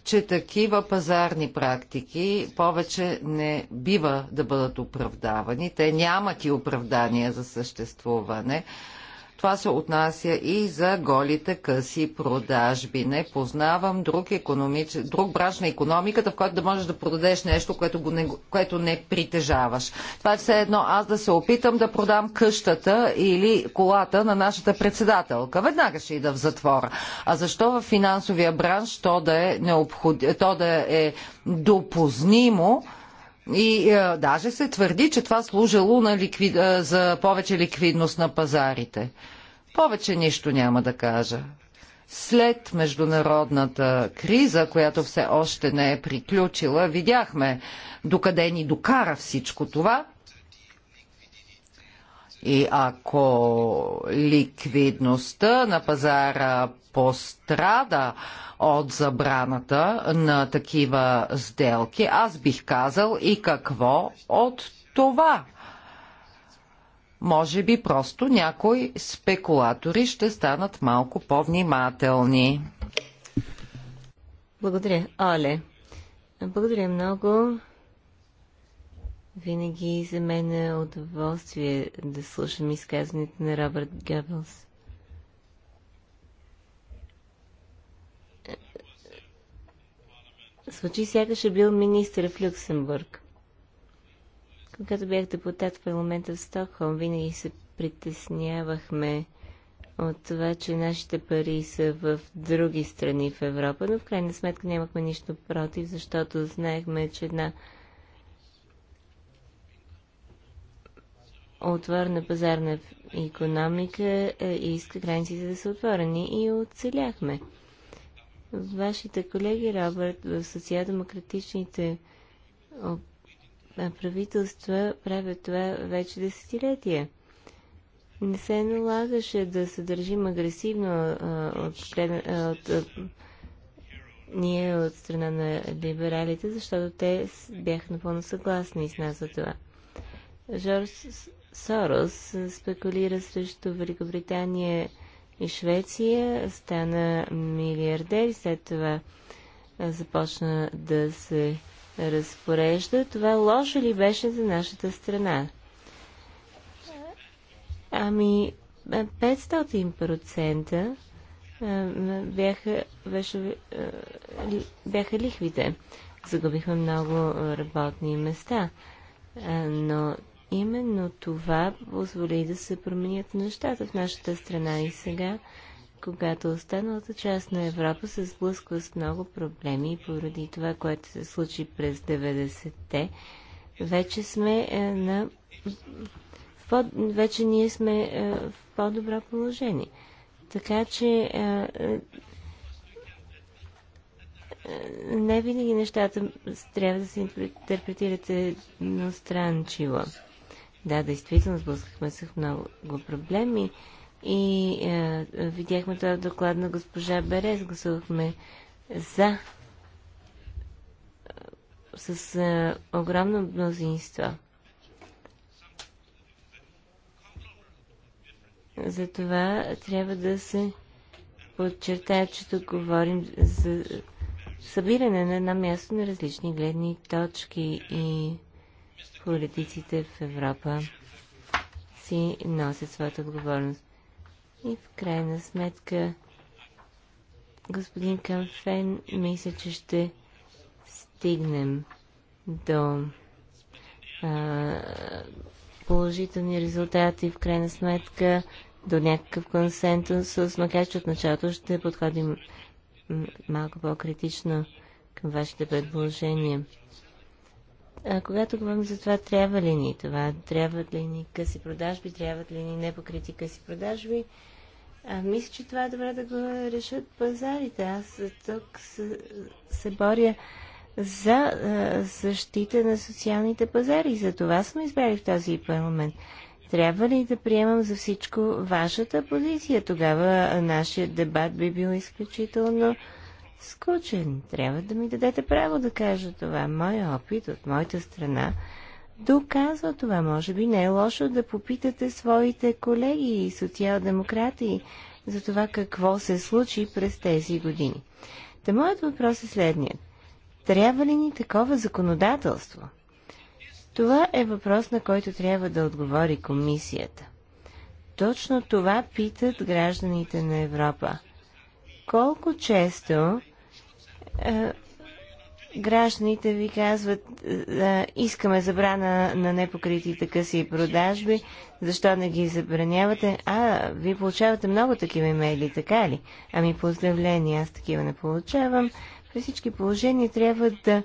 че такива пазарни практики повече не бива да бъдат оправдавани. Те нямат и оправдания за съществуване. Това се отнася и за голите къси продажби. Не познавам друг, економич... друг бранш на економиката, в който да можеш да продадеш нещо, което, го не... което не притежаваш. Това е все едно аз да се опитам да продам къщата или колата на нашата председателка. Веднага ще ида в затвора. А защо в финансовия бранш то да е, необход... то да е допознимо? И е, даже се твърди, че това служило на ликвид, е, за повече ликвидност на пазарите. Повече нищо няма да кажа. След международната криза, която все още не е приключила, видяхме докъде ни докара всичко това – и ако ликвидността на пазара пострада от забраната на такива сделки, аз бих казал и какво от това. Може би просто някои спекулатори ще станат малко по-внимателни. Благодаря, Оле. Благодаря много. Винаги за мен е удоволствие да слушам изказването на Робърт Гъбълс. Случи сякаш е бил министър в Люксембург. Когато бях депутат в парламента в Стокхолм, винаги се притеснявахме от това, че нашите пари са в други страни в Европа, но в крайна сметка нямахме нищо против, защото знаехме, че една отворена пазарна економика е, и иска границите да са отворени и оцеляхме. Вашите колеги, Робърт, в социал-демократичните правителства правят това вече десетилетия. Не се налагаше да се държим агресивно от, от, от, от, ние от страна на либералите, защото те бяха напълно съгласни с нас за това. Жорж Сорос спекулира срещу Великобритания и Швеция, стана милиардер и след това започна да се разпорежда. Това лошо ли беше за нашата страна? Ами, 500% бяха, беше, бяха лихвите. Загубихме много работни места, но Именно това позволи да се променят нещата в нашата страна и сега, когато останалата част на Европа се сблъсква с много проблеми и поради това, което се случи през 90-те, вече сме е, на... Вече ние сме е, в по-добро положение. Така че е, не винаги нещата трябва да се интерпретират едностранчиво. Да, действително сблъскахме се в много проблеми и е, видяхме това доклад на госпожа Берез. Гласувахме за е, с е, огромно мнозинство. Затова трябва да се подчертая, че тук говорим за събиране на едно място на различни гледни точки и политиците в Европа си носят своята отговорност. И в крайна сметка господин Камфен мисля, че ще стигнем до а, положителни резултати в крайна сметка до някакъв консенсус, макар че от началото ще подходим малко по-критично към вашите предложения. А когато говорим за това, трябва ли ни това? Трябват ли ни къси продажби? Трябват ли ни непокрити къси продажби? А, мисля, че това е добре да го решат пазарите. Аз тук се, се боря за а, защита на социалните пазари. За това сме избрали в този парламент. Трябва ли да приемам за всичко вашата позиция? Тогава нашия дебат би бил изключително скучен. Трябва да ми дадете право да кажа това. Моя опит от моята страна доказва това. Може би не е лошо да попитате своите колеги и социал-демократи за това какво се случи през тези години. Та моят въпрос е следният. Трябва ли ни такова законодателство? Това е въпрос, на който трябва да отговори комисията. Точно това питат гражданите на Европа – колко често е, гражданите ви казват е, е, искаме забрана на непокритите къси продажби, защо не ги забранявате? А, ви получавате много такива имейли, така ли? Ами поздравления, аз такива не получавам. При всички положения трябва да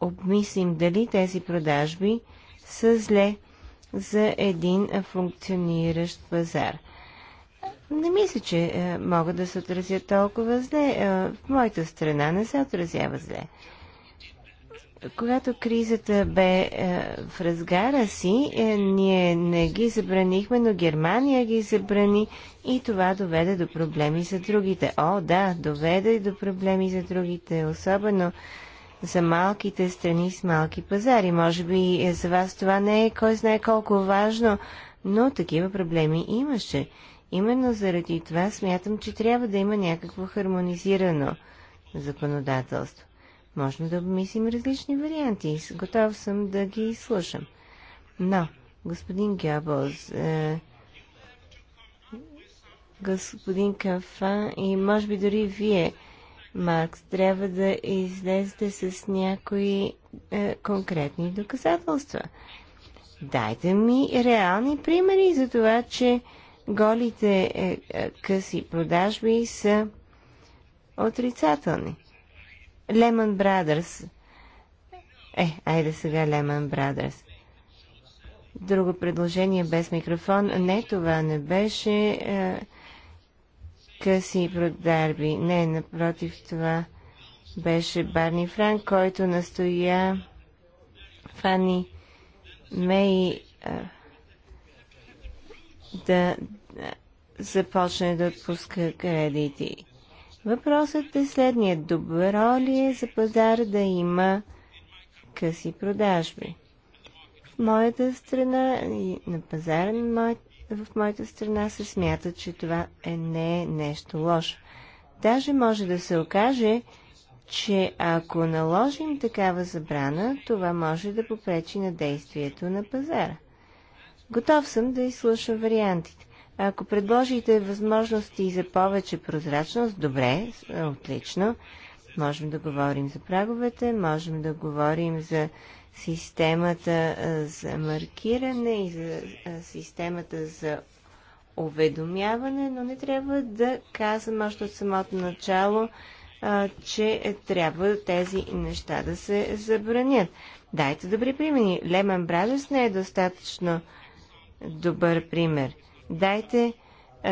обмислим дали тези продажби са зле за един функциониращ пазар не мисля, че е, могат да се отразят толкова зле. Е, в моята страна не се отразява зле. Когато кризата бе е, в разгара си, е, ние не ги забранихме, но Германия ги забрани и това доведе до проблеми за другите. О, да, доведе и до проблеми за другите, особено за малките страни с малки пазари. Може би за вас това не е кой знае колко важно, но такива проблеми имаше. Именно заради това смятам, че трябва да има някакво хармонизирано законодателство. Можно да обмислим различни варианти. Готов съм да ги слушам. Но, господин Гябълз, е, господин Кафа и може би дори вие, Маркс, трябва да излезете с някои е, конкретни доказателства. Дайте ми реални примери за това, че голите е, е, къси продажби са отрицателни. Лемън Брадърс. Е, айде сега Лемън Брадърс. Друго предложение без микрофон. Не, това не беше е, къси продажби. Не, напротив това беше Барни Франк, който настоя Фани Мей. Е, да започне да отпуска кредити. Въпросът е следният. Добро ли е за пазар да има къси продажби? В моята страна и на пазара в моята страна се смята, че това е не е нещо лошо. Даже може да се окаже, че ако наложим такава забрана, това може да попречи на действието на пазара. Готов съм да изслуша вариантите. Ако предложите възможности за повече прозрачност, добре, е, отлично. Можем да говорим за праговете, можем да говорим за системата е, за маркиране и за е, системата за уведомяване, но не трябва да казвам още от самото начало, че трябва тези неща да се забранят. Дайте добри примени. Леман Бразерс не е достатъчно добър пример. Дайте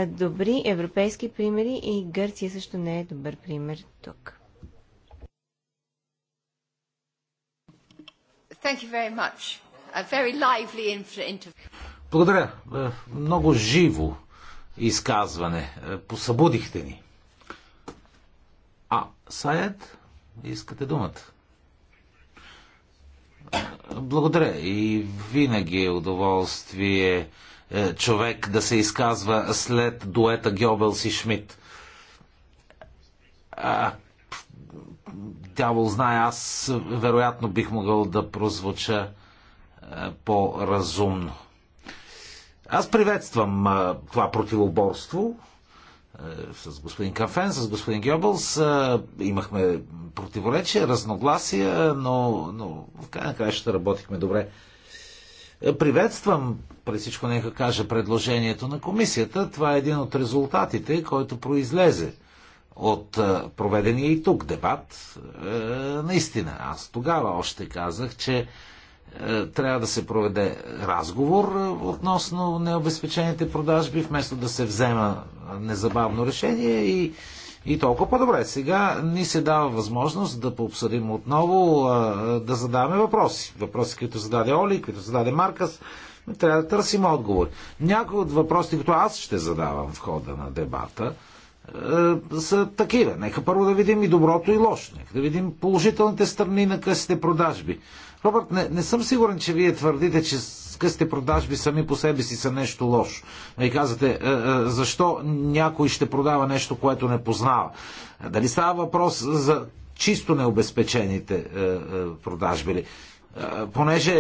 добри европейски примери и Гърция също не е добър пример тук. Thank you very much. A very lively Благодаря. Е, много живо изказване. Е, посъбудихте ни. А, Саед, искате думата? Благодаря. И винаги е удоволствие е, човек да се изказва след дуета Гьобелс и Шмидт. А, дявол знае, аз вероятно бих могъл да прозвуча е, по-разумно. Аз приветствам а, е, това противоборство, е, с господин Кафен, с господин Гьобълс. Е, имахме противоречия, разногласия, но, но в крайна краща работихме добре. Е, приветствам, при всичко нека кажа, предложението на комисията. Това е един от резултатите, който произлезе от проведения и тук дебат. Наистина, аз тогава още казах, че трябва да се проведе разговор относно необезпечените продажби, вместо да се взема незабавно решение и, и толкова по-добре. Сега ни се дава възможност да пообсъдим отново, да задаваме въпроси. Въпроси, които зададе Оли, които зададе Маркас. Трябва да търсим отговори. Някои от въпросите, които аз ще задавам в хода на дебата, са такива. Нека първо да видим и доброто и лошо. Нека да видим положителните страни на късите продажби. Робърт, не, не съм сигурен, че вие твърдите, че късите продажби сами по себе си са нещо лошо. И нали, казвате, е, е, защо някой ще продава нещо, което не познава? Дали става въпрос за чисто необезпечените е, продажби ли? понеже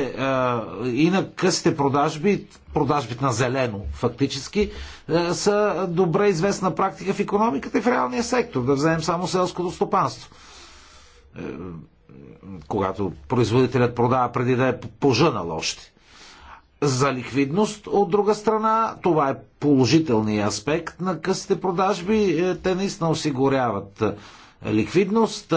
и на късите продажби, продажбите на зелено фактически, са добре известна практика в економиката и в реалния сектор. Да вземем само селското стопанство когато производителят продава преди да е пожънал още. За ликвидност, от друга страна, това е положителният аспект на късите продажби. Е, те наистина осигуряват е, ликвидност, е,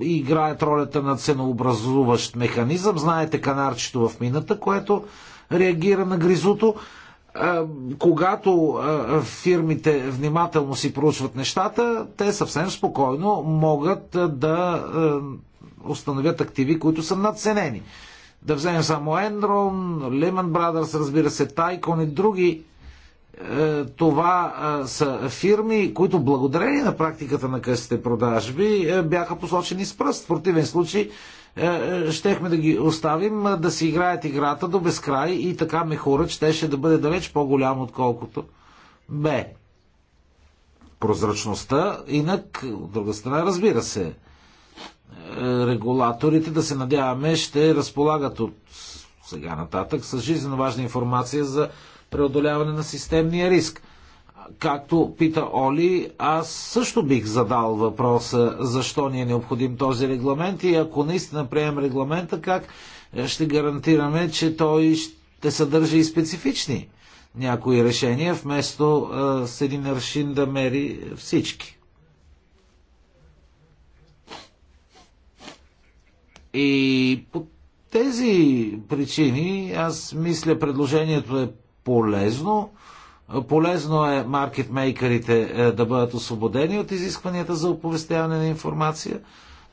играят ролята на ценообразуващ механизъм. Знаете канарчето в мината, което реагира на гризото когато фирмите внимателно си проучват нещата, те съвсем спокойно могат да установят активи, които са надценени. Да вземем само Ендрон, Lehman Brothers, разбира се, Тайкон и други. Е, това е, са фирми, които благодарение на практиката на късите продажби е, бяха посочени с пръст. В противен случай щехме да ги оставим да си играят играта до безкрай и така мехурът щеше да бъде далеч по-голям, отколкото бе. Прозрачността, инак, от друга страна, разбира се, регулаторите, да се надяваме, ще разполагат от сега нататък с жизненно важна информация за преодоляване на системния риск. Както пита Оли, аз също бих задал въпроса защо ни е необходим този регламент и ако наистина приемем регламента, как е, ще гарантираме, че той ще съдържа и специфични някои решения, вместо е, с един аршин да мери всички. И по тези причини аз мисля предложението е полезно. Полезно е маркетмейкерите е, да бъдат освободени от изискванията за оповестяване на информация.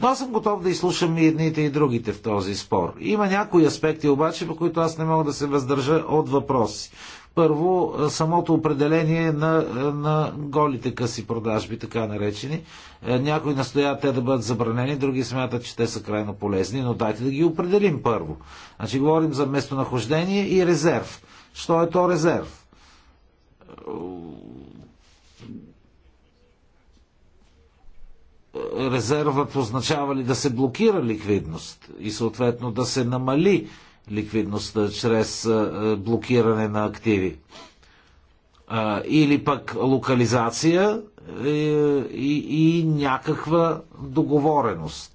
Но аз съм готов да изслушам и едните и другите в този спор. Има някои аспекти обаче, по които аз не мога да се въздържа от въпроси. Първо, е, самото определение на, е, на голите къси продажби, така наречени. Е, някои настояват те да бъдат забранени, други смятат, че те са крайно полезни, но дайте да ги определим първо. Значи говорим за местонахождение и резерв. Що е то резерв? Резервът означава ли да се блокира ликвидност и съответно да се намали ликвидността чрез блокиране на активи. Или пък локализация е, и, и някаква договореност.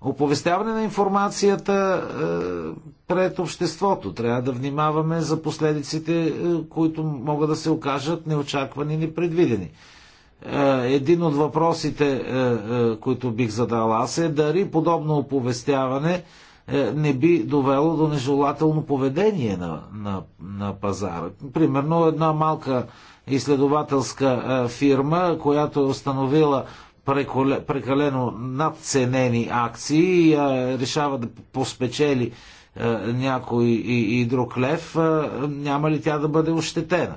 Оповестяване на информацията е, пред обществото. Трябва да внимаваме за последиците, е, които могат да се окажат неочаквани и непредвидени един от въпросите, които бих задал аз е дали подобно оповестяване е, не би довело до нежелателно поведение на, на, на пазара. Примерно една малка изследователска е, фирма, която е установила прекалено надценени акции, и е, решава да поспечели някой и, и друг лев, няма ли тя да бъде ощетена?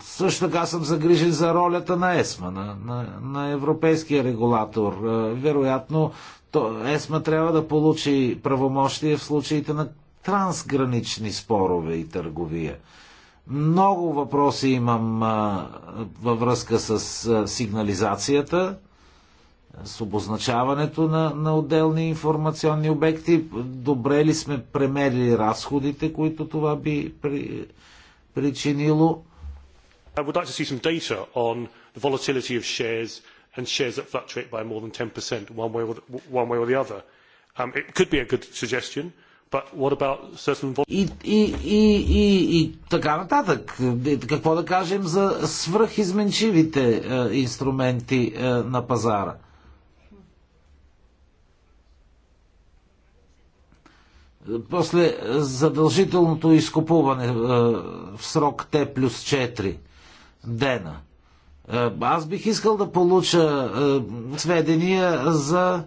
Също така съм загрижен за ролята на ЕСМА, на, на, на европейския регулатор. Вероятно, то ЕСМА трябва да получи правомощие в случаите на трансгранични спорове и търговия. Много въпроси имам а, във връзка с а, сигнализацията, с обозначаването на, на отделни информационни обекти. Добре ли сме премерили разходите, които това би при, причинило? I would like to see some data on the volatility of shares and shares that fluctuate by more than 10% one way or, one way or the other. Um, it could be a good suggestion, but what about certain... И, и, и, и, и така нататък. Е, какво да кажем за свръхизменчивите е, инструменти е, на пазара? После задължителното изкупуване е, в срок Т плюс 4 дена – е, аз бих искал да получа е, сведения за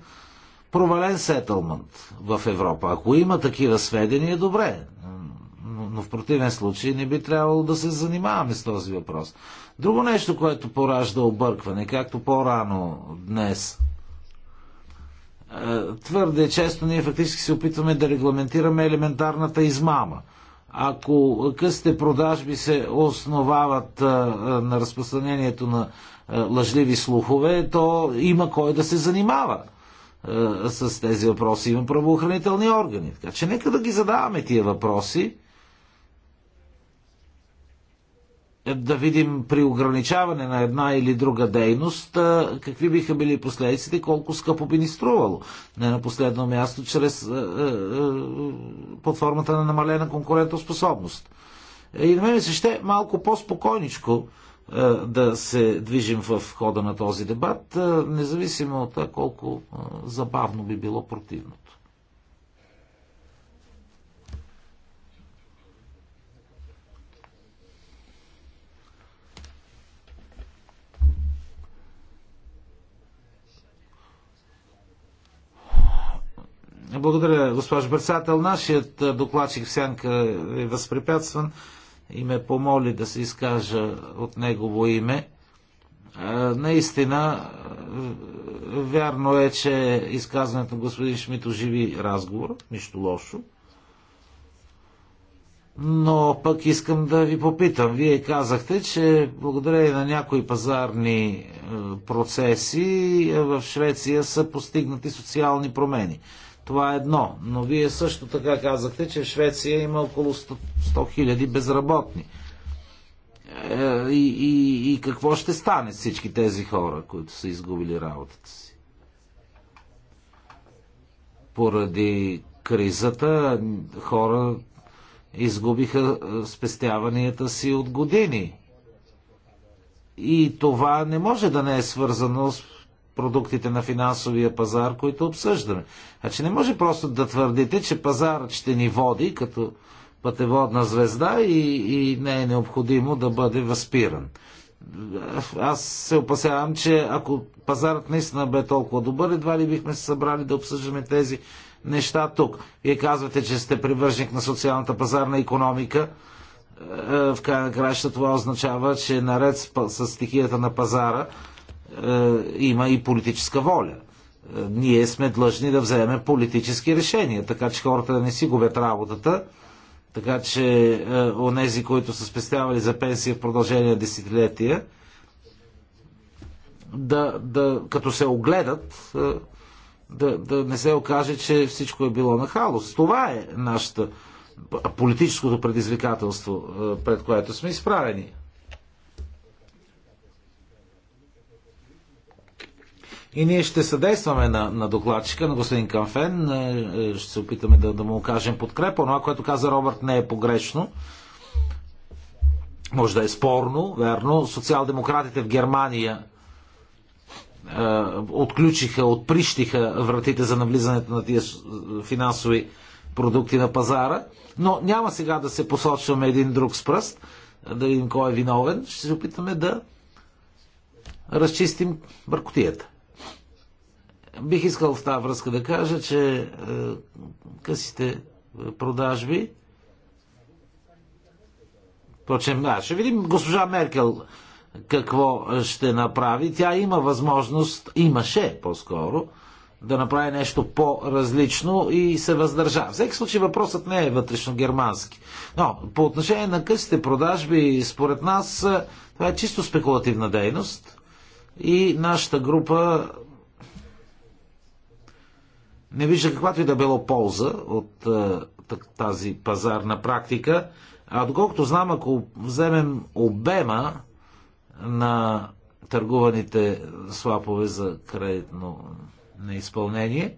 провален сетълмент в Европа. Ако има такива сведения, добре. Но в противен случай не би трябвало да се занимаваме с този въпрос. Друго нещо, което поражда объркване, както по-рано днес. Е, твърде често ние фактически се опитваме да регламентираме елементарната измама – ако късите продажби се основават на разпространението на лъжливи слухове, то има кой да се занимава с тези въпроси. Има правоохранителни органи. Така че нека да ги задаваме тия въпроси да видим при ограничаване на една или друга дейност, какви биха били последиците, колко скъпо би ни струвало. Не на последно място, чрез платформата на намалена конкурентоспособност. И на мен се ще малко по-спокойничко да се движим в хода на този дебат, независимо от това колко забавно би било противното. Благодаря, госпожо председател. Нашият докладчик в сянка е възпрепятстван и ме помоли да се изкажа от негово име. Наистина, вярно е, че изказването на господин Шмито живи разговор, нищо лошо. Но пък искам да ви попитам. Вие казахте, че благодарение на някои пазарни процеси в Швеция са постигнати социални промени. Това е едно. Но вие също така казахте, че в Швеция има около 100 000 безработни. Е, и, и, и какво ще стане с всички тези хора, които са изгубили работата си? Поради кризата хора изгубиха е, спестяванията си от години. И това не може да не е свързано с продуктите на финансовия пазар, които обсъждаме. А значи, че не може просто да твърдите, че пазарът ще ни води като пътеводна звезда и, и не е необходимо да бъде възпиран. Аз се опасявам, че ако пазарът наистина бе толкова добър, едва ли бихме се събрали да обсъждаме тези неща тук. Вие казвате, че сте привържник на социалната пазарна економика. Е, в края на краща това означава, че наред с стихията на пазара, е, има и политическа воля. Е, ние сме длъжни да вземем политически решения, така че хората да не си губят работата, така че е, онези, които са спестявали за пенсия в продължение на десетилетия, да, да, като се огледат, да, да не се окаже, че всичко е било на халос. Това е нашата политическото предизвикателство, пред което сме изправени. И ние ще съдействаме на, на докладчика, на господин Канфен. Е, е, ще се опитаме да, да му окажем подкрепа. но което каза Робърт, не е погрешно. Може да е спорно, верно. Социал-демократите в Германия е, отключиха, отприщиха вратите за навлизането на тия финансови продукти на пазара. Но няма сега да се посочваме един друг с пръст, да видим кой е виновен. Ще се опитаме да разчистим бъркотията. Бих искал в тази връзка да кажа, че е, късите е, продажби. Впрочем, да, ще видим госпожа Меркел какво ще направи. Тя има възможност, имаше по-скоро, да направи нещо по-различно и се въздържа. В всеки случай въпросът не е вътрешно германски. Но по отношение на късите продажби, според нас е, това е чисто спекулативна дейност и нашата група не вижда каквато и да било полза от е, тази пазарна практика. А доколкото знам, ако вземем обема на търгуваните слапове за кредитно неизпълнение,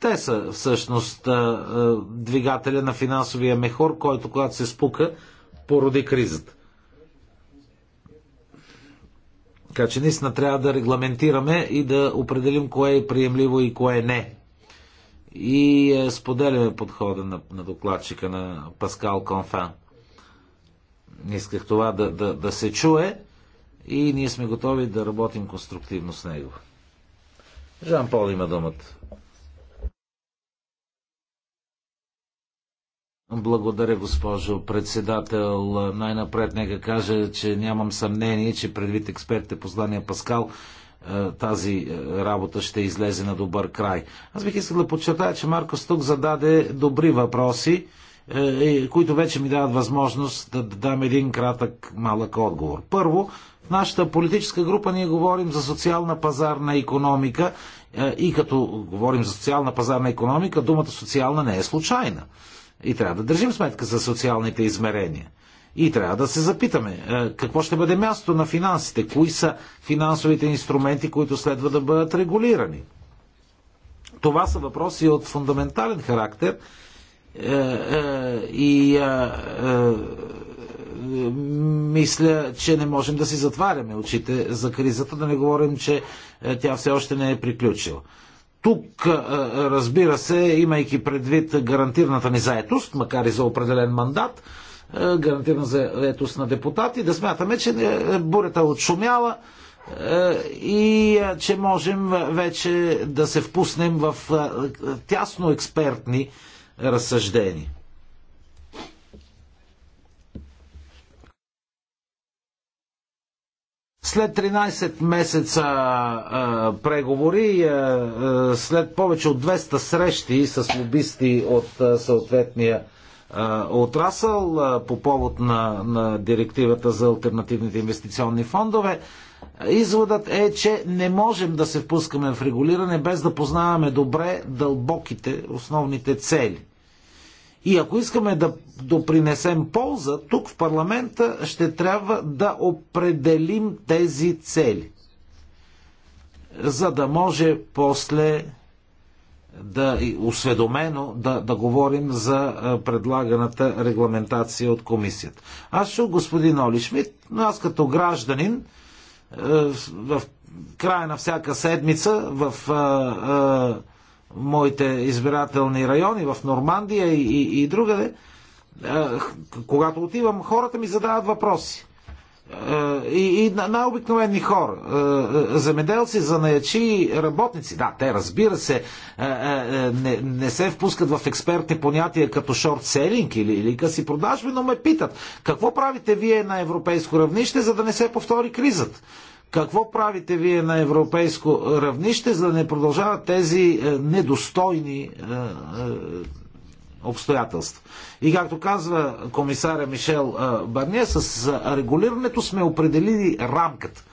те са всъщност е, е, двигателя на финансовия мехор, който когато се спука, породи кризата. Така че наистина трябва да регламентираме и да определим кое е приемливо и кое е не. И е, споделяме подхода на, на докладчика на Паскал Конфан. Исках това да, да, да се чуе и ние сме готови да работим конструктивно с него. Жан Пол има думата. Благодаря, госпожо председател. Най-напред нека кажа, че нямам съмнение, че предвид експертите познания Паскал, е, тази е, работа ще излезе на добър край. Аз бих искал да подчертая, че Маркос тук зададе добри въпроси, е, които вече ми дават възможност да дам един кратък малък отговор. Първо, в нашата политическа група ние говорим за социална пазарна економика и като говорим за социална пазарна економика, думата социална не е случайна. И трябва да държим сметка за социалните измерения. И трябва да се запитаме е, какво ще бъде мястото на финансите, кои са финансовите инструменти, които следва да бъдат регулирани. Това са въпроси от фундаментален характер е, е, и мисля, че не можем да си затваряме очите за кризата, да не говорим, че тя все още не е приключила. Тук, разбира се, имайки предвид гарантираната ни заетост, макар и за определен мандат, гарантирана заетост на депутати, да смятаме, че е, бурята отшумяла е, и е, че можем вече да се впуснем в тясно експертни разсъждения. След 13 месеца а, преговори, а, а, след повече от 200 срещи с лобисти от а, съответния а, отрасъл а, по повод на, на директивата за альтернативните инвестиционни фондове, изводът е, че не можем да се впускаме в регулиране без да познаваме добре дълбоките, основните цели и ако искаме да допринесем полза, тук в парламента ще трябва да определим тези цели, за да може после да осведомено да, да говорим за предлаганата регламентация от комисията. Аз чух господин Оли но аз като гражданин в края на всяка седмица в моите избирателни райони в Нормандия и, и, и другаде, е, когато отивам, хората ми задават въпроси. Е, и, и най-обикновени хора, е, земеделци, занаячи, работници, да, те разбира се, не, не се впускат в експертни понятия като шорт селинг или, или къси продажби, но ме питат, какво правите вие на европейско равнище, за да не се повтори кризата? Какво правите вие на европейско равнище, за да не продължават тези е, недостойни е, е, обстоятелства. И както казва комисаря Мишел Барния, с регулирането сме определили рамката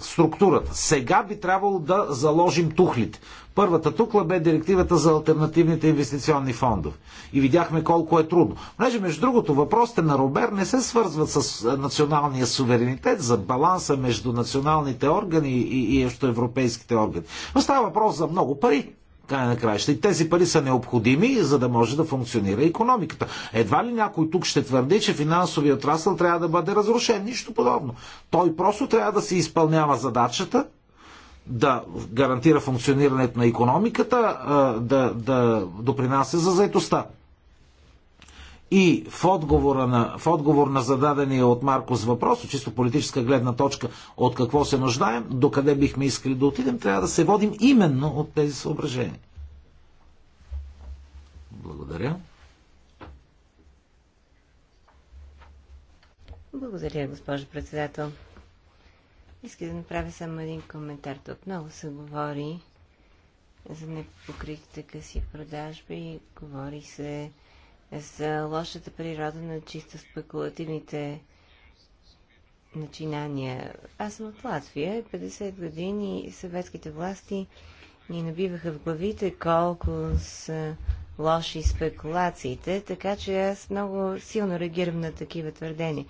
структурата. Сега би трябвало да заложим тухлите. Първата тухла бе директивата за альтернативните инвестиционни фондове. И видяхме колко е трудно. Понеже, между другото, въпросите на Робер не се свързват с е, националния суверенитет, за баланса между националните органи и, и, и европейските органи. Но става въпрос за много пари край на краища. И тези пари са необходими, за да може да функционира економиката. Едва ли някой тук ще твърди, че финансовият отрасъл трябва да бъде разрушен? Нищо подобно. Той просто трябва да си изпълнява задачата, да гарантира функционирането на економиката, да, да допринася за заетостта. И в, отговора на, в отговор на зададения от Маркос въпрос, от чисто политическа гледна точка, от какво се нуждаем, докъде бихме искали да отидем, трябва да се водим именно от тези съображения. Благодаря. Благодаря, госпожо председател. Иска да направя само един коментар. Тук много се говори за непокритите къси продажби. Говори се за лошата природа на чисто спекулативните начинания. Аз съм от Латвия, 50 години съветските власти ни набиваха в главите колко са лоши спекулациите, така че аз много силно реагирам на такива твърдения.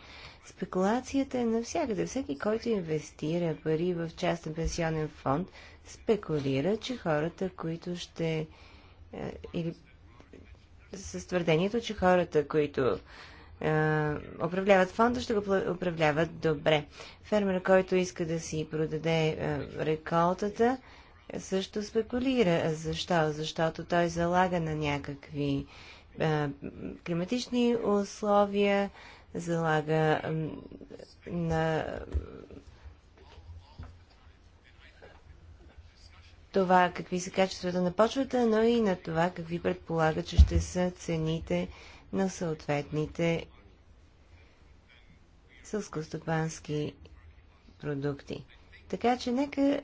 Спекулацията е навсякъде. Всеки, който инвестира пари в частен пенсионен фонд, спекулира, че хората, които ще е, или с твърдението, че хората, които е, управляват фонда, ще го управляват добре. Фермер, който иска да си продаде е, реколтата, също спекулира. Защо? Защото той залага на някакви е, климатични условия, залага е, на това какви са качествата на почвата, но и на това какви предполага, че ще са цените на съответните сълскостопански продукти. Така че нека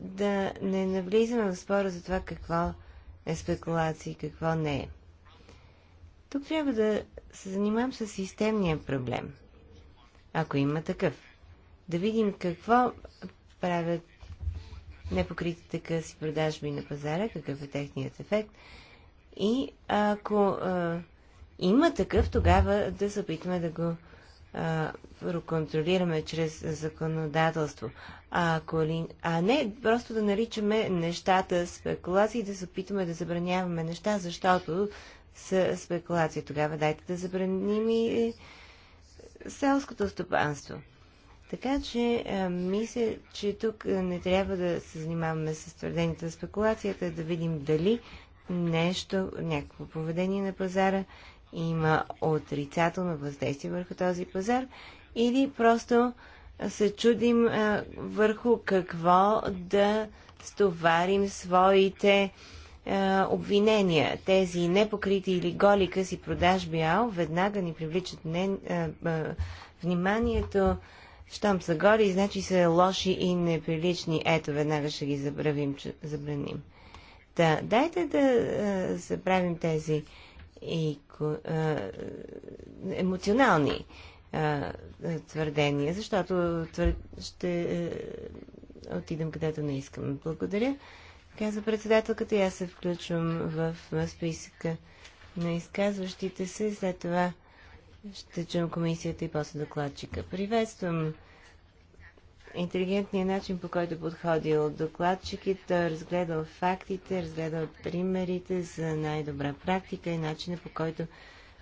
да не навлизаме в спора за това какво е спекулация и какво не е. Тук трябва да се занимавам с системния проблем, ако има такъв. Да видим какво правят непокритите къси продажби на пазара, какъв е техният ефект. И ако а, има такъв, тогава да се опитаме да го а, контролираме чрез законодателство. А, ако ли, а не просто да наричаме нещата спекулации, да се опитаме да забраняваме неща, защото са спекулации. Тогава дайте да забраним и селското стопанство. Така че а, е, мисля, че тук е, не трябва да се занимаваме с твърдените за спекулацията, да видим дали нещо, някакво поведение на пазара има отрицателно въздействие върху този пазар или просто се чудим а, е, върху какво да стоварим своите а, обвинения. Тези непокрити или голи къси продажби АО веднага ни привличат не, а, вниманието щом са гори, значи са лоши и неприлични. Ето, веднага ще ги забравим, забраним. Та, дайте да а, забравим тези и, а, емоционални а, твърдения, защото твър... ще а, отидем където не искам. Благодаря. Каза председателката и аз се включвам в списъка на изказващите се. След това ще чуем комисията и после докладчика. Приветствам интелигентния начин, по който подходил докладчикът, да е разгледал фактите, разгледал примерите за най-добра практика и начина по който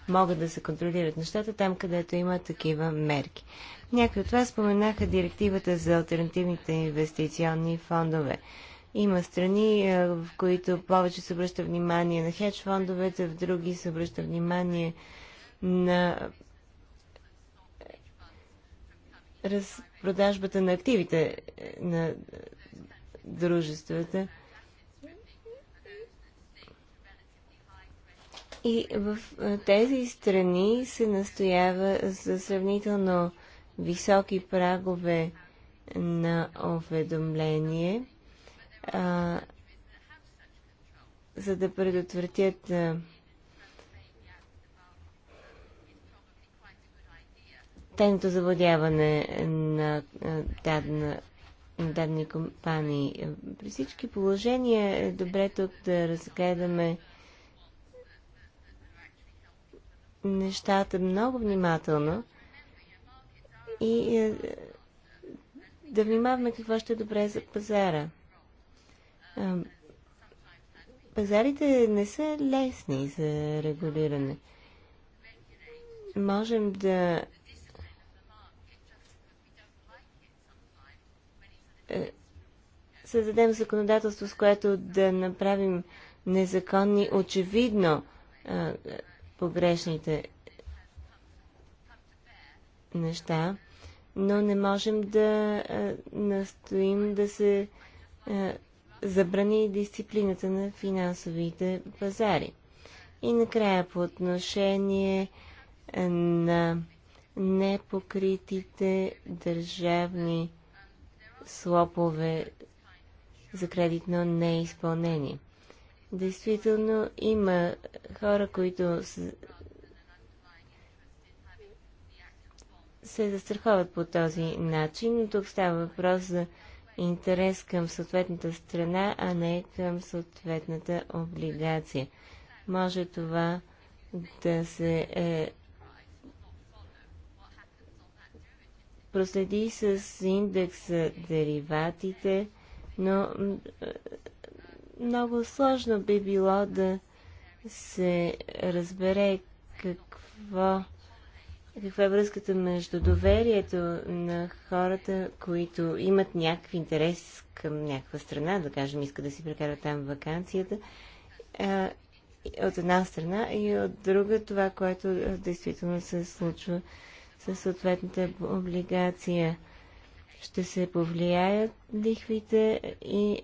могат да се контролират нещата там, където има такива мерки. Някои от вас споменаха директивата за альтернативните инвестиционни фондове. Има страни, е, в които повече се обръща внимание на хедж фондовете, в други се обръща внимание на на разпродажбата на активите на дружествата. И в тези страни се настоява за сравнително високи прагове на уведомление, а, за да предотвратят а, тайното завладяване на, на, на дадени компании. При всички положения е добре тук да разгледаме нещата много внимателно и да внимаваме какво ще е добре за пазара. Пазарите не са лесни за регулиране. Можем да Е, създадем законодателство, с което да направим незаконни, очевидно е, погрешните неща, но не можем да е, настоим да се забрани дисциплината на финансовите пазари. И накрая по отношение на непокритите държавни слопове за кредитно неизпълнение. Действително има хора, които се застраховат по този начин, но тук става въпрос за интерес към съответната страна, а не към съответната облигация. Може това да се е, проследи с индекса дериватите, но много сложно би било да се разбере какво, каква е връзката между доверието на хората, които имат някакъв интерес към някаква страна, да кажем, искат да си прекарат там вакансията, от една страна и от друга това, което действително се случва със съответната облигация. Ще се повлияят лихвите и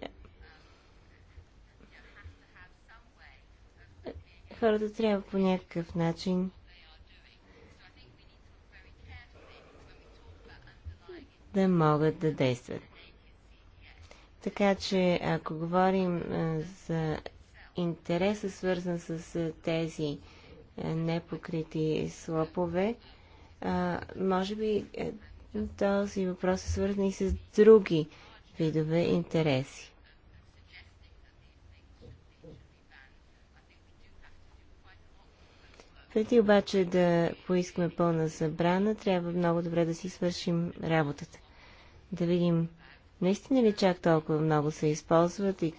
хората трябва по някакъв начин да могат да действат. Така че, ако говорим за интереса, свързан с тези непокрити слопове, може би е, този въпрос е свързан и с други видове интереси. Преди обаче да поискаме пълна забрана, трябва много добре да си свършим работата. Да видим наистина ли чак толкова много се използват и,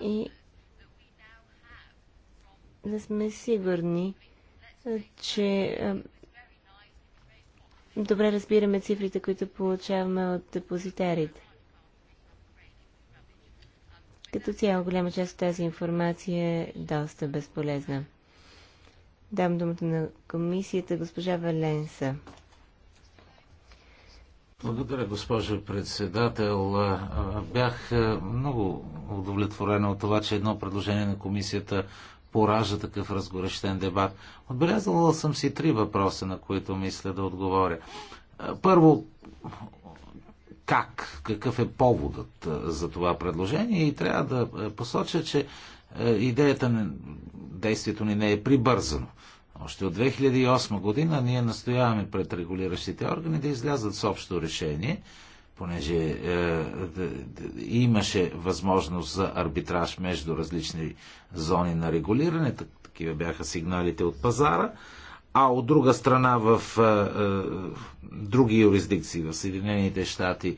и да сме сигурни, че добре разбираме цифрите, които получаваме от депозитарите. Като цяло, голяма част от тази информация е доста безполезна. Дам думата на комисията госпожа Валенса. Благодаря, госпожо председател. Бях много удовлетворена от това, че едно предложение на комисията поража такъв разгорещен дебат. Отбелязала съм си три въпроса, на които мисля да отговоря. Първо, как, какъв е поводът за това предложение и трябва да посоча, че идеята, действието ни не е прибързано. Още от 2008 година ние настояваме пред регулиращите органи да излязат с общо решение – понеже е, имаше възможност за арбитраж между различни зони на регулиране, такива бяха сигналите от пазара, а от друга страна в е, е, други юрисдикции, в Съединените щати,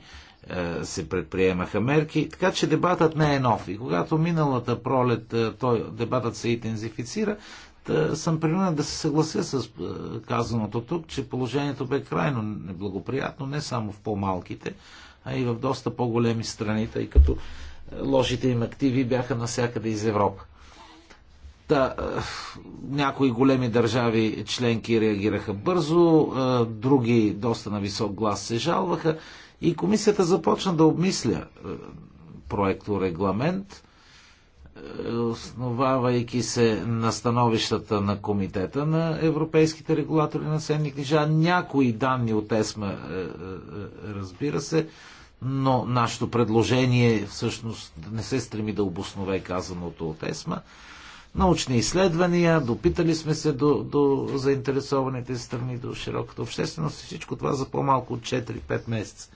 е, се предприемаха мерки. Така че дебатът не е нов. И когато миналата пролет е, той, дебатът се интензифицира, е, съм принуден да се съглася с е, казаното тук, че положението бе крайно неблагоприятно не само в по-малките, а и в доста по-големи страни, тъй като е, лошите им активи бяха навсякъде из Европа. Та, някои големи държави членки реагираха бързо, други доста на висок глас се жалваха и комисията започна да обмисля проекто регламент, основавайки се на становищата на Комитета на европейските регулатори на ценни книжа, някои данни от ЕСМА, е, е, е, разбира се, но нашето предложение всъщност не се стреми да обоснове казаното от ЕСМА. Научни изследвания, допитали сме се до, до заинтересованите страни, до широката общественост и всичко това за по-малко от 4-5 месеца.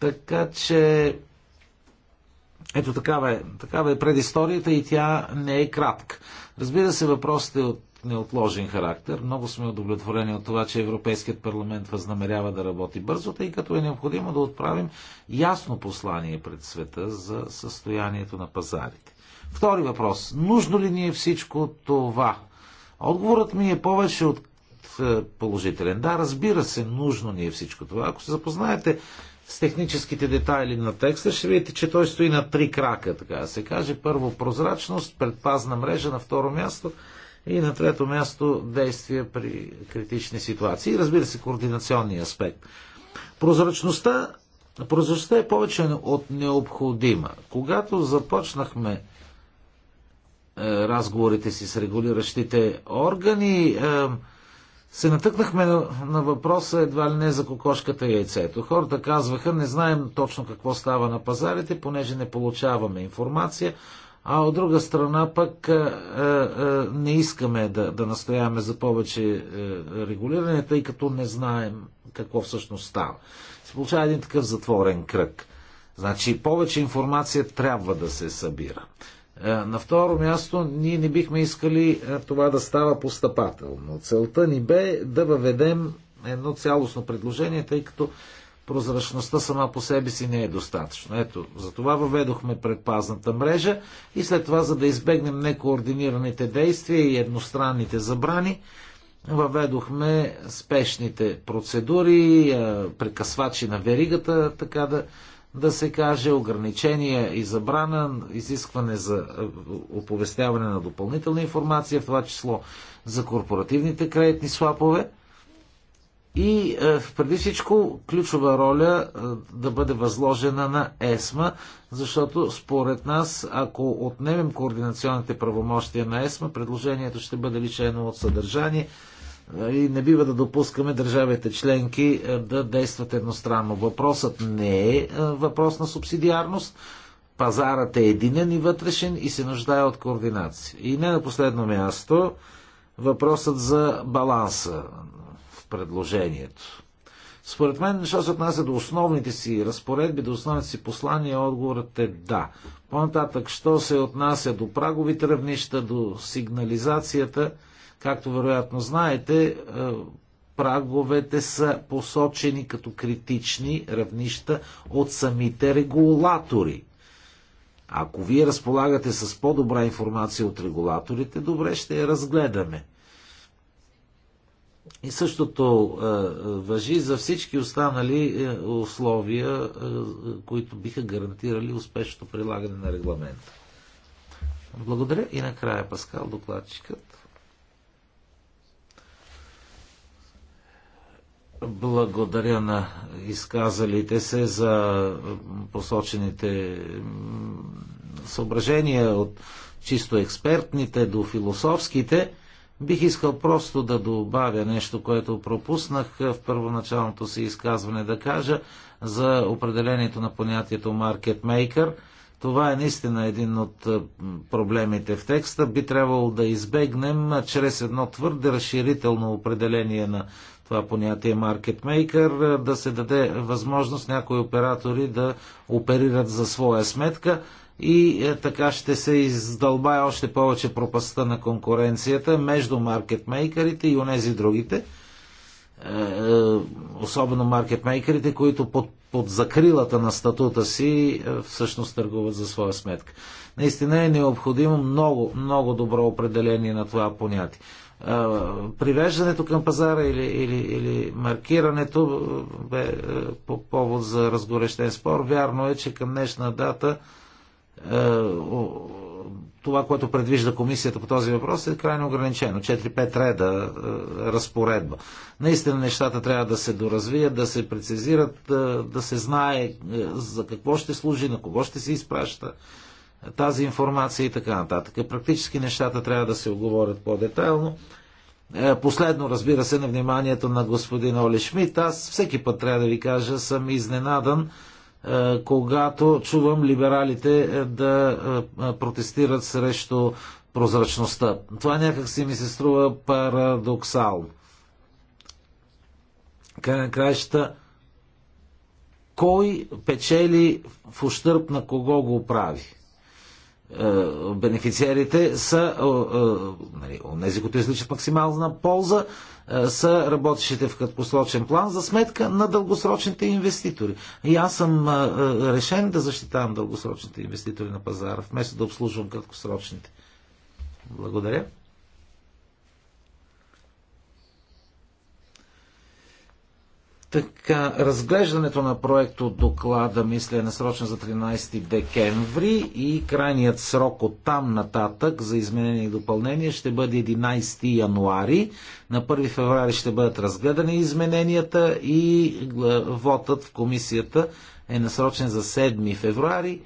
Така че ето такава е, такава е предисторията и тя не е кратка. Разбира се, въпросът е от неотложен характер. Много сме удовлетворени от това, че Европейският парламент възнамерява да работи бързо, тъй като е необходимо да отправим ясно послание пред света за състоянието на пазарите. Втори въпрос. Нужно ли ни е всичко това? Отговорът ми е повече от е, положителен. Да, разбира се, нужно ни е всичко това. Ако се запознаете с техническите детайли на текста, ще видите, че той стои на три крака, така да се каже. Първо прозрачност, предпазна мрежа, на второ място и на трето място действия при критични ситуации. И разбира се, координационния аспект. Прозрачността, прозрачността е повече от необходима. Когато започнахме е, разговорите си с регулиращите органи, е, се натъкнахме на, на въпроса едва ли не за кокошката и яйцето. Хората казваха, не знаем точно какво става на пазарите, понеже не получаваме информация, а от друга страна пък е, е, е не искаме да, да настояваме за повече е, регулиране, тъй като не знаем какво всъщност става. Се получава един такъв затворен кръг. Значи повече информация трябва да се събира. Е, на второ място, ние не бихме искали е, това да става постъпателно. Целта ни бе да въведем едно цялостно предложение, тъй като прозрачността сама по себе си не е достатъчно. Ето, за това въведохме предпазната мрежа и след това, за да избегнем некоординираните действия и едностранните забрани, въведохме спешните процедури, е, прекъсвачи на веригата, така да, да се каже, ограничения и забрана, изискване за е, оповестяване на допълнителна информация, в това число за корпоративните кредитни слапове. И е, преди всичко ключова роля е, да бъде възложена на ЕСМА, защото според нас, ако отнемем координационните правомощия на ЕСМА, предложението ще бъде лишено от съдържание и не бива да допускаме държавите членки да действат едностранно. Въпросът не е въпрос на субсидиарност. Пазарът е единен и вътрешен и се нуждае от координация. И не на последно място, въпросът за баланса в предложението. Според мен, що се отнася до основните си разпоредби, до основните си послания, отговорът е да. По-нататък, що се отнася до праговите равнища, до сигнализацията – Както вероятно знаете, е, праговете са посочени като критични равнища от самите регулатори. Ако вие разполагате с по-добра информация от регулаторите, добре ще я разгледаме. И същото е, въжи за всички останали е, условия, е, които биха гарантирали успешното прилагане на регламента. Благодаря и накрая, Паскал, докладчикът. Благодаря на изказалите се за посочените съображения от чисто експертните до философските. Бих искал просто да добавя нещо, което пропуснах в първоначалното си изказване да кажа за определението на понятието Maker. Това е наистина един от проблемите в текста. Би трябвало да избегнем чрез едно твърде разширително определение на това понятие market maker, да се даде възможност някои оператори да оперират за своя сметка и е, така ще се издълбае още повече пропаста на конкуренцията между маркетмейкерите и онези другите, е, е, особено маркетмейкерите, които под, под закрилата на статута си всъщност търгуват за своя сметка. Наистина е необходимо много, много добро определение на това понятие привеждането към пазара или, или, или маркирането бе е, по повод за разгорещен спор. Вярно е, че към днешна дата е, това, което предвижда комисията по този въпрос е крайно ограничено. 4-5 реда е, разпоредба. Наистина нещата трябва да се доразвият, да се прецизират, да се знае за какво ще служи, на кого ще се изпраща тази информация и така нататък. Практически нещата трябва да се оговорят по-детайлно. Е, последно, разбира се, на вниманието на господин Оли Шмидт. Аз всеки път трябва да ви кажа, съм изненадан, е, когато чувам либералите е, да протестират срещу прозрачността. Това някак си ми се струва парадоксално. Край на краищата, кой печели в ущърп на кого го прави? Е, бенефициерите са е, е, нали, онези, които изличат максимална полза, са работещите в краткосрочен план за сметка на дългосрочните инвеститори. И аз съм решен да защитавам дългосрочните инвеститори на пазара, вместо да обслужвам краткосрочните. Благодаря. Така, разглеждането на проект от доклада, мисля, е насрочен за 13 декември и крайният срок от там нататък за изменение и допълнение ще бъде 11 януари. На 1 феврари ще бъдат разгледани измененията и вотът в комисията е насрочен за 7 февруари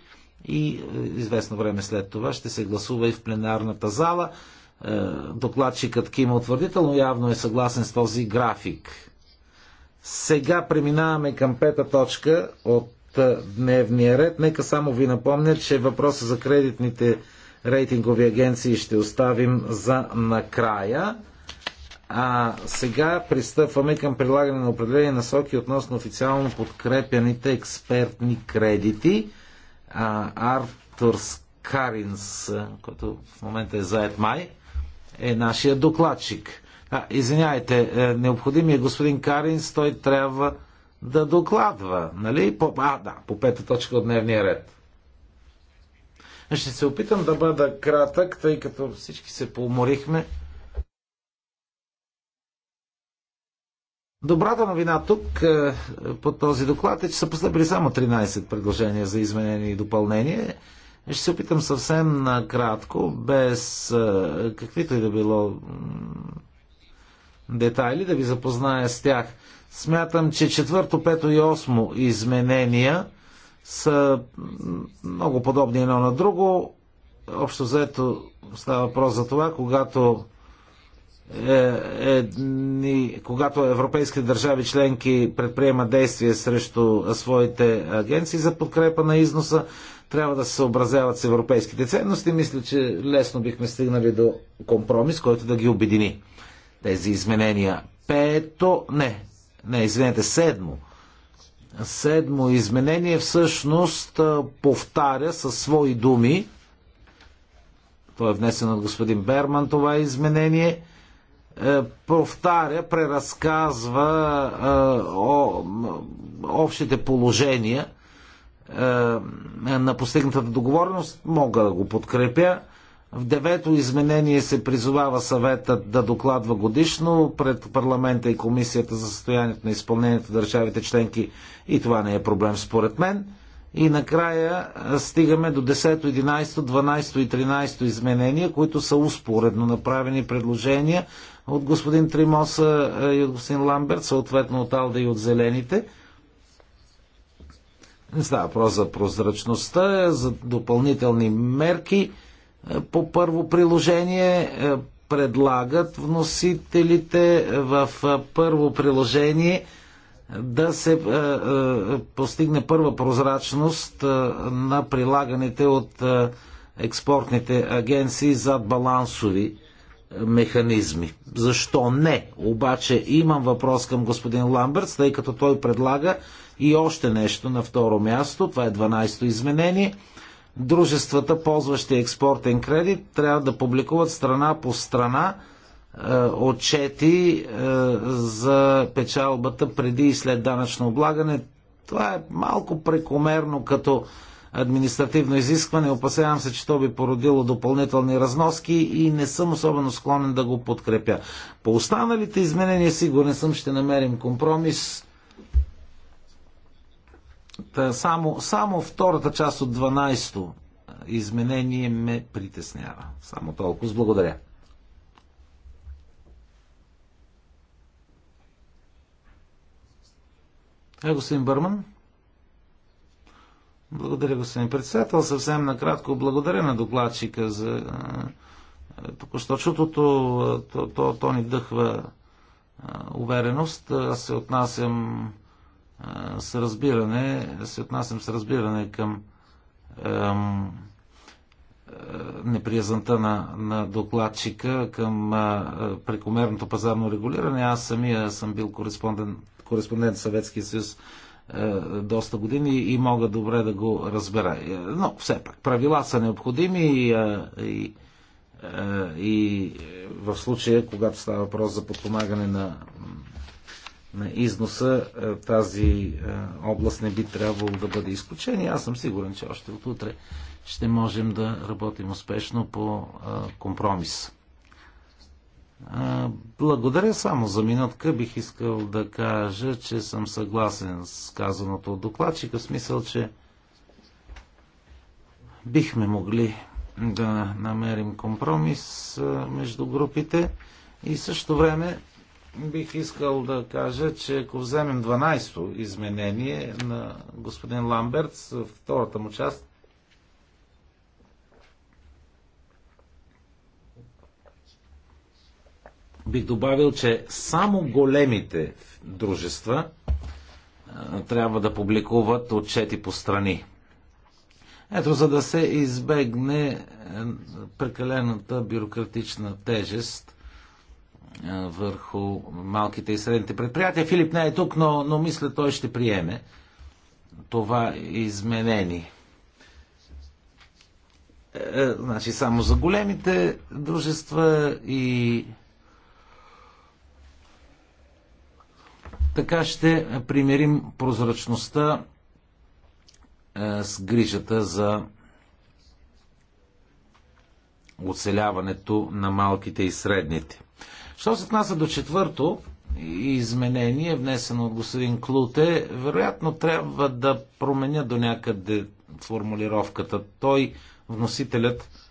и е, известно време след това ще се гласува и в пленарната зала. Е, докладчикът Кима утвърдително явно е съгласен с този график. Сега преминаваме към пета точка от дневния ред. Нека само ви напомня, че въпроса за кредитните рейтингови агенции ще оставим за накрая. А сега пристъпваме към прилагане на определени насоки относно официално подкрепяните експертни кредити. А, Артур Скаринс, който в момента е заед май, е нашия докладчик. А, извинявайте, необходимият е господин Каринс, той трябва да докладва, нали? По, а, да, по пета точка от дневния ред. Ще се опитам да бъда кратък, тъй като всички се поуморихме. Добрата новина тук е, по този доклад е, че са поступили само 13 предложения за изменение и допълнение. Ще се опитам съвсем накратко, без е, каквито и да било детайли, да ви запозная с тях. Смятам, че четвърто, пето и осмо изменения са много подобни едно на друго. Общо взето става въпрос за това, когато е, когато европейски държави членки предприемат действия срещу своите агенции за подкрепа на износа, трябва да се съобразяват с европейските ценности. Мисля, че лесно бихме стигнали до компромис, който да ги обедини тези изменения. Пето, не, не, извинете, седмо. Седмо изменение всъщност повтаря със свои думи. То е внесено от господин Берман това е изменение повтаря, преразказва о, общите положения е, на постигнатата договореност. Мога да го подкрепя. В девето изменение се призовава съветът да докладва годишно пред парламента и комисията за състоянието на изпълнението на държавите членки и това не е проблем според мен. И накрая стигаме до 10, 11, 12 и 13 изменения, които са успоредно направени предложения от господин Тримоса и от господин Ламберт, съответно от Алда и от Зелените. Не става въпрос за прозрачността, за допълнителни мерки – по първо приложение е, предлагат вносителите в е, първо приложение да се е, постигне първа прозрачност на прилаганите от експортните агенции зад балансови механизми. Защо не? Обаче имам въпрос към господин Ламбъртс, тъй като той предлага и още нещо на второ място. Това е 12-то изменение – дружествата, ползващи експортен кредит, трябва да публикуват страна по страна е, отчети е, за печалбата преди и след данъчно облагане. Това е малко прекомерно като административно изискване. Опасявам се, че то би породило допълнителни разноски и не съм особено склонен да го подкрепя. По останалите изменения сигурен съм, ще намерим компромис Та само, само втората част от 12-то изменение ме притеснява. Само толкова. Благодаря. Е, господин Бърман. Благодаря, господин председател. Съвсем накратко благодаря на докладчика за току-що чутото. То, то, то ни вдъхва увереност. Аз се отнасям с разбиране, се отнасям с разбиране към ем, неприязанта на, на докладчика към а, прекомерното пазарно регулиране. Аз самия съм бил кореспондент, кореспондент в Съветския съюз а, е, доста години и мога добре да го разбера. Е, но все пак, правила са необходими и, а, и, а, и в случая, когато става въпрос за подпомагане на на износа е, тази е, област не би трябвало да бъде изключение. Аз съм сигурен, че още от утре ще можем да работим успешно по е, компромис. Благодаря само за минутка. Бих искал да кажа, че съм съгласен с казаното от докладчика, в смисъл, че бихме могли да намерим компромис между групите и също време бих искал да кажа, че ако вземем 12-то изменение на господин Ламберт в втората му част, бих добавил, че само големите дружества трябва да публикуват отчети по страни. Ето, за да се избегне е, прекалената бюрократична тежест – върху малките и средните предприятия. Филип не е тук, но, но мисля той ще приеме това изменение. Е, е, значи само за големите дружества и така ще примерим прозрачността е, с грижата за оцеляването на малките и средните. Що се отнася до четвърто изменение, внесено от господин Клуте, вероятно трябва да променя до някъде формулировката. Той, вносителят,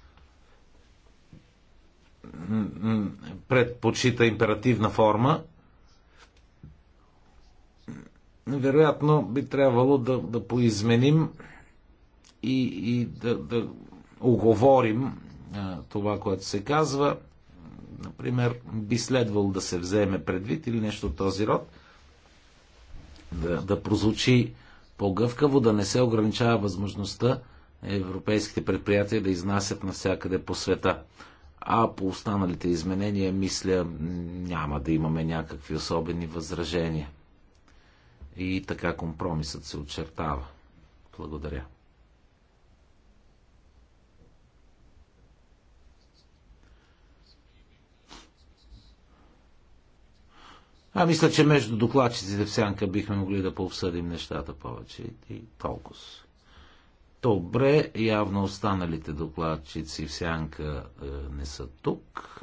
предпочита императивна форма. Вероятно би трябвало да, да поизменим и, и да, да оговорим това, което се казва например, би следвало да се вземе предвид или нещо от този род, да, да прозвучи по-гъвкаво, да не се ограничава възможността европейските предприятия да изнасят навсякъде по света. А по останалите изменения, мисля, няма да имаме някакви особени възражения. И така компромисът се очертава. Благодаря. А мисля, че между докладчиците в сянка бихме могли да пообсъдим нещата повече и толкова. Добре, явно останалите докладчици в сянка е, не са тук.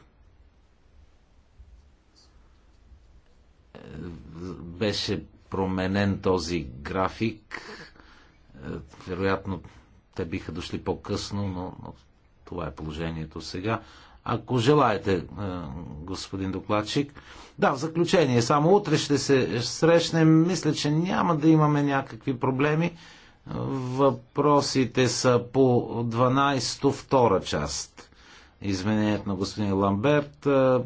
Е, беше променен този график. Е, вероятно, те биха дошли по-късно, но, но това е положението сега ако желаете, е, господин докладчик. Да, в заключение, само утре ще се срещнем. Мисля, че няма да имаме някакви проблеми. Въпросите са по 12-то втора част. Изменението на господин Ламберт. Е,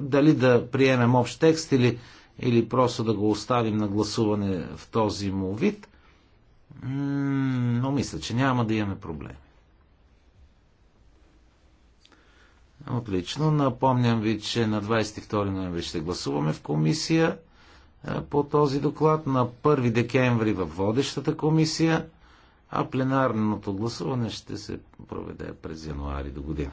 дали да приемем общ текст или, или просто да го оставим на гласуване в този му вид. Но мисля, че няма да имаме проблеми. Отлично. Напомням ви, че на 22 ноември ще гласуваме в комисия по този доклад. На 1 декември във водещата комисия, а пленарното гласуване ще се проведе през януари до година.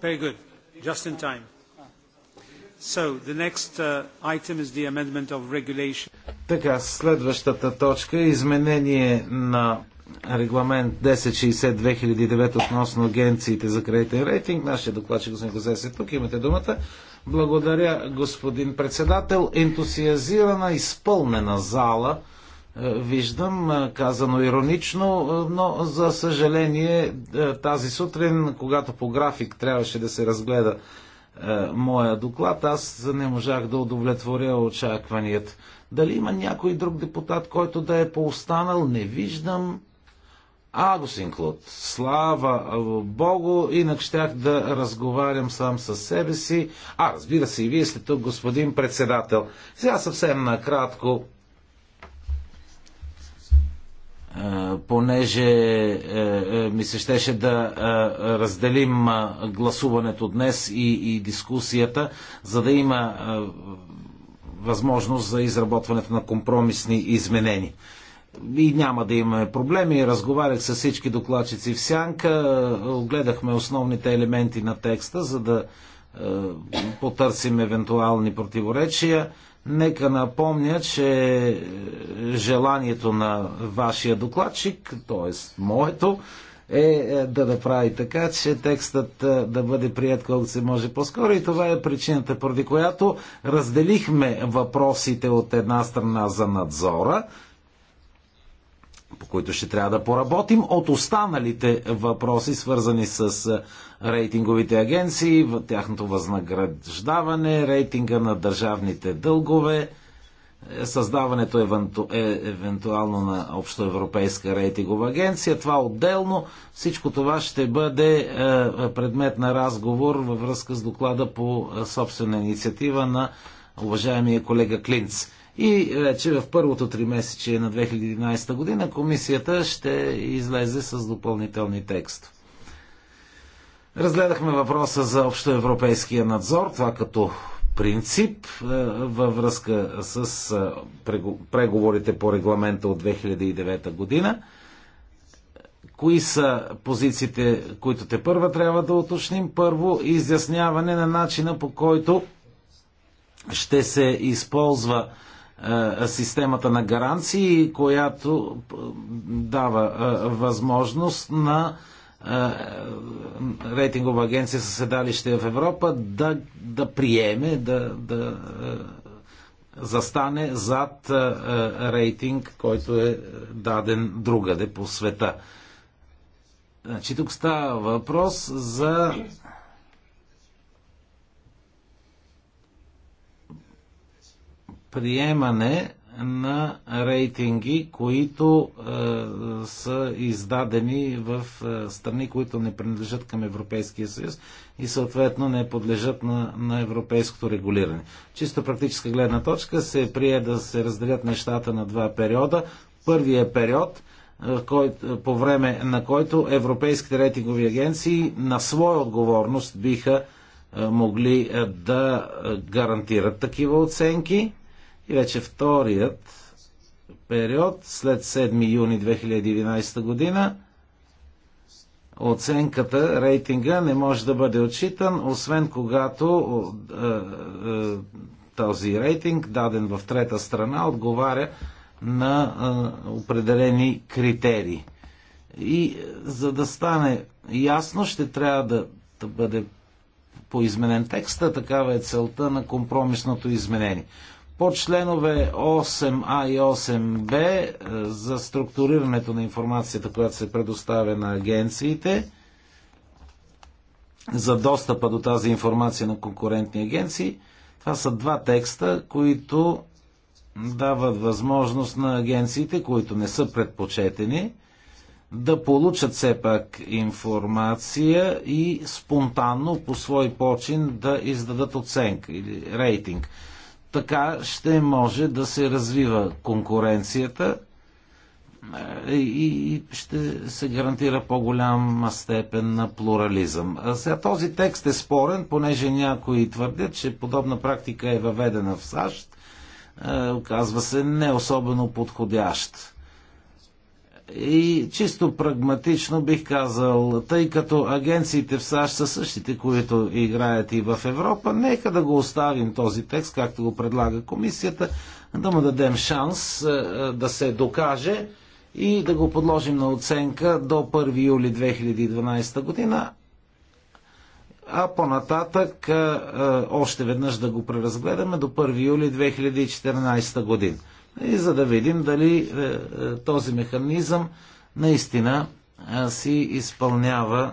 Very good. Just in time. So, the next uh, item is the amendment of regulation. Така, следващата точка е изменение на регламент 1060-2009 относно агенциите за кредитен рейтинг. Нашия докладчик господин Козес е тук. Имате думата. Благодаря, господин председател. Ентусиазирана, изпълнена зала – е, виждам, е, казано иронично, е, но за съжаление тази сутрин, когато по график трябваше да се разгледа моя доклад, аз не можах да удовлетворя очакванията. Дали има някой друг депутат, който да е поостанал, не виждам. А, господин Клод, слава Богу, инак щях да разговарям сам с себе си. А, разбира се, и вие сте тук, господин председател. Сега съвсем накратко понеже е, е, ми се щеше да е, разделим гласуването днес и, и дискусията, за да има възможност за изработването на компромисни изменения. И няма да имаме проблеми. Разговарях с всички докладчици в сянка, огледахме основните елементи на текста, за да потърсим евентуални противоречия. Нека напомня, че е, желанието на вашия докладчик, т.е. моето, е, е да направи така, че текстът е, да бъде прият колкото се може по-скоро и това е причината, поради която разделихме въпросите от една страна за надзора, по които ще трябва да поработим. От останалите въпроси, свързани с рейтинговите агенции, тяхното възнаграждаване, рейтинга на държавните дългове, е, създаването евенту, е, евентуално на Общоевропейска рейтингова агенция. Това отделно. Всичко това ще бъде е, предмет на разговор във връзка с доклада по собствена инициатива на уважаемия колега Клинц. И вече в първото три месече на 2011 година комисията ще излезе с допълнителни текстове. Разгледахме въпроса за общоевропейския надзор, това като принцип е, във връзка с е, преговорите по регламента от 2009 година. Кои са позициите, които те първа трябва да уточним? Първо, изясняване на начина по който ще се използва е, системата на гаранции, която е, дава е, възможност на рейтингова агенция със седалище в Европа да, да приеме, да, да застане зад рейтинг, който е даден другаде по света. Значи тук става въпрос за приемане на рейтинги, които е, са издадени в е, страни, които не принадлежат към Европейския съюз и съответно не подлежат на, на европейското регулиране. Чисто практическа гледна точка се прие да се разделят нещата на два периода. Първият период, е, кой, по време на който европейските рейтингови агенции на своя отговорност биха е, могли е, да е, гарантират такива оценки и вече вторият период след 7 юни 2011 година оценката, рейтинга не може да бъде отчитан, освен когато е, е, този рейтинг, даден в трета страна, отговаря на е, определени критерии. И е, за да стане ясно, ще трябва да, да бъде поизменен текста, такава е целта на компромисното изменение. По членове 8А и 8Б е, за структурирането на информацията, която се предоставя на агенциите, за достъпа до тази информация на конкурентни агенции, това са два текста, които дават възможност на агенциите, които не са предпочетени, да получат все пак информация и спонтанно по свой почин да издадат оценка или рейтинг. Така ще може да се развива конкуренцията е, и ще се гарантира по-голяма степен на плурализъм. А сега този текст е спорен, понеже някои твърдят, че подобна практика е въведена в САЩ. Е, оказва се не особено подходящ. И чисто прагматично бих казал, тъй като агенциите в САЩ са същите, които играят и в Европа, нека да го оставим този текст, както го предлага комисията, да му дадем шанс е, е, да се докаже и да го подложим на оценка до 1 юли 2012 година, а по-нататък е, още веднъж да го преразгледаме до 1 юли 2014 година и за да видим дали е, е, този механизъм наистина е, си изпълнява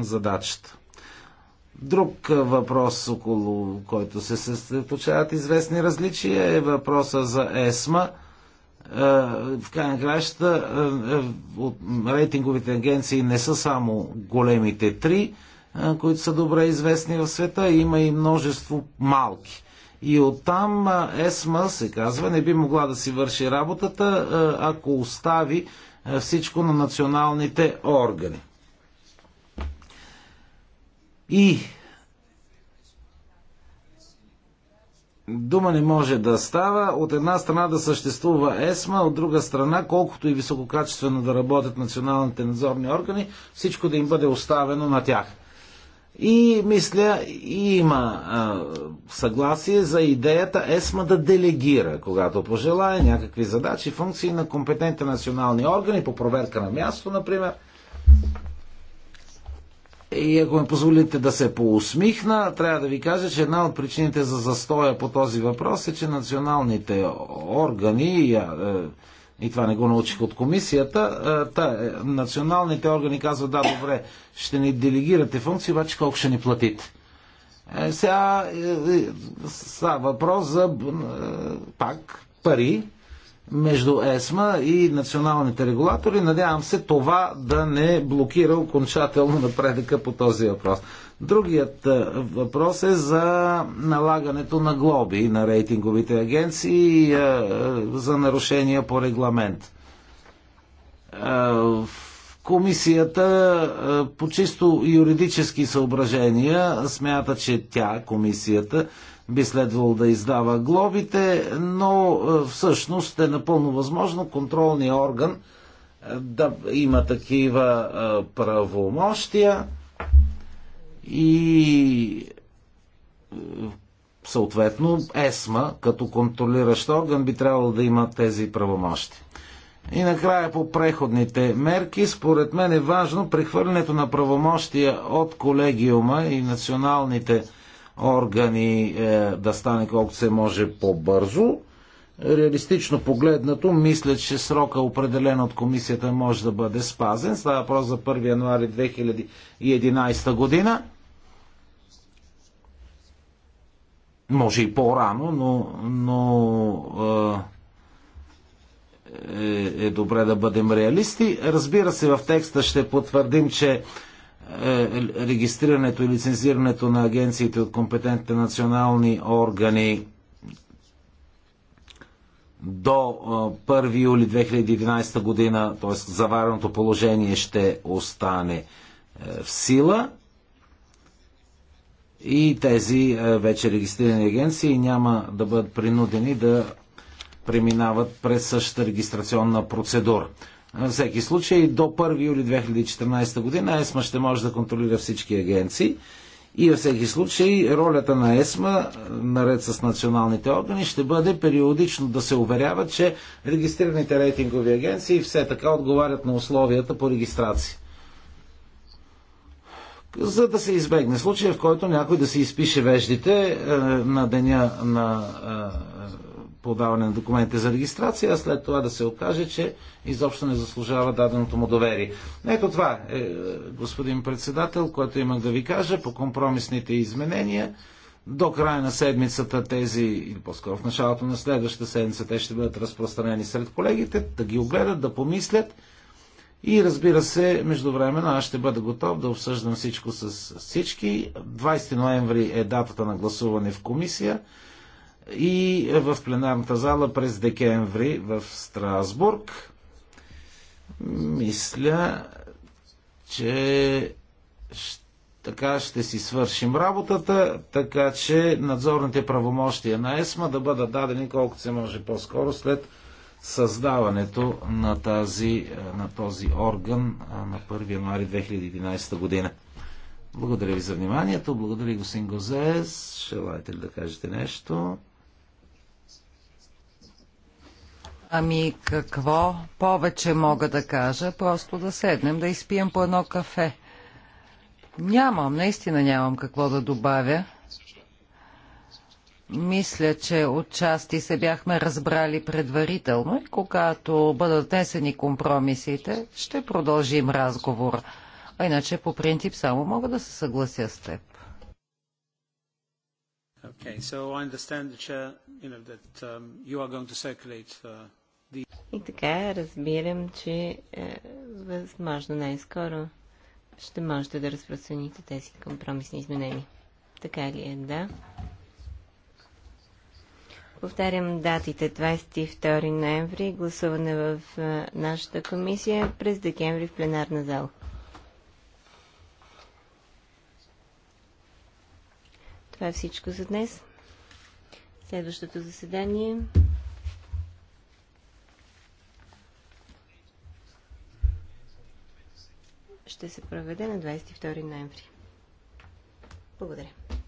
задачата. Друг въпрос, около който се съсредоточават известни различия, е въпроса за ЕСМА. В крайна краща рейтинговите агенции не са само големите три, които са добре известни в света, има и множество малки. И оттам ЕСМА, се казва, не би могла да си върши работата, ако остави всичко на националните органи. И дума не може да става. От една страна да съществува ЕСМА, от друга страна, колкото и висококачествено да работят националните надзорни органи, всичко да им бъде оставено на тях. И мисля, има а, съгласие за идеята ЕСМА да делегира, когато пожелая, някакви задачи, функции на компетентни национални органи по проверка на място, например. И ако ми позволите да се поусмихна, трябва да ви кажа, че една от причините за застоя по този въпрос е, че националните органи. А, а, е, и това не го научих от комисията, та, е, националните органи казват, да, добре, ще ни делегирате функции, обаче колко ще ни платите? Е, сега е, е, става въпрос за пак пари между ЕСМА и националните регулатори. Надявам се това да не блокира окончателно напредъка по този въпрос. Другият въпрос е за налагането на глоби на рейтинговите агенции за нарушения по регламент. Комисията по чисто юридически съображения смята, че тя, комисията, би следвало да издава глобите, но всъщност е напълно възможно контролния орган да има такива правомощия и е, съответно ЕСМА като контролиращ орган би трябвало да има тези правомощи. И накрая по преходните мерки, според мен е важно прехвърлянето на правомощия от колегиума и националните органи е, да стане колкото се може по-бързо. Реалистично погледнато, мисля, че срока определен от комисията може да бъде спазен. Става въпрос за 1 януари 2011 година. Може и по-рано, но, но е, е, е добре да бъдем реалисти. Разбира се, в текста ще потвърдим, че е, регистрирането и лицензирането на агенциите от компетентните национални органи до 1 е, юли 2011 година, т.е. завареното положение ще остане в сила и тези е, вече регистрирани агенции няма да бъдат принудени да преминават през същата регистрационна процедура. На е, всеки случай до 1 юли 2014 година ЕСМА ще може да контролира всички агенции и във всеки случай ролята на ЕСМА, е, наред с националните органи, ще бъде периодично да се уверява, че регистрираните рейтингови агенции все така отговарят на условията по регистрация за да се избегне случая, в който някой да се изпише веждите е, на деня на е, подаване на документите за регистрация, а след това да се окаже, че изобщо не заслужава даденото му доверие. Ето това, е, е, господин председател, което имах да ви кажа по компромисните изменения. До края на седмицата тези, или по-скоро в началото на следващата седмица, те ще бъдат разпространени сред колегите, да ги огледат, да помислят и разбира се, междувременно аз ще бъда готов да обсъждам всичко с всички. 20 ноември е датата на гласуване в комисия и в пленарната зала през декември в Страсбург. Мисля, че така ще си свършим работата, така че надзорните правомощия на ЕСМА да бъдат дадени колкото се може по-скоро след създаването на, тази, е, на този орган е, на 1 януари 2011 година. Благодаря ви за вниманието. Благодаря, господин Гозес. Желаете ли да кажете нещо? Ами какво повече мога да кажа? Просто да седнем, да изпием по едно кафе. Нямам, наистина нямам какво да добавя. Мисля, че отчасти се бяхме разбрали предварително и когато бъдат тесени компромисите, ще продължим разговор. А иначе по принцип само мога да се съглася с теб. Um, uh, и така разбирам, че е, възможно най-скоро ще можете да разпространите тези компромисни изменения. Така ли е? Да. Повтарям датите 22 ноември, гласуване в нашата комисия през декември в пленарна зал. Това е всичко за днес. Следващото заседание ще се проведе на 22 ноември. Благодаря.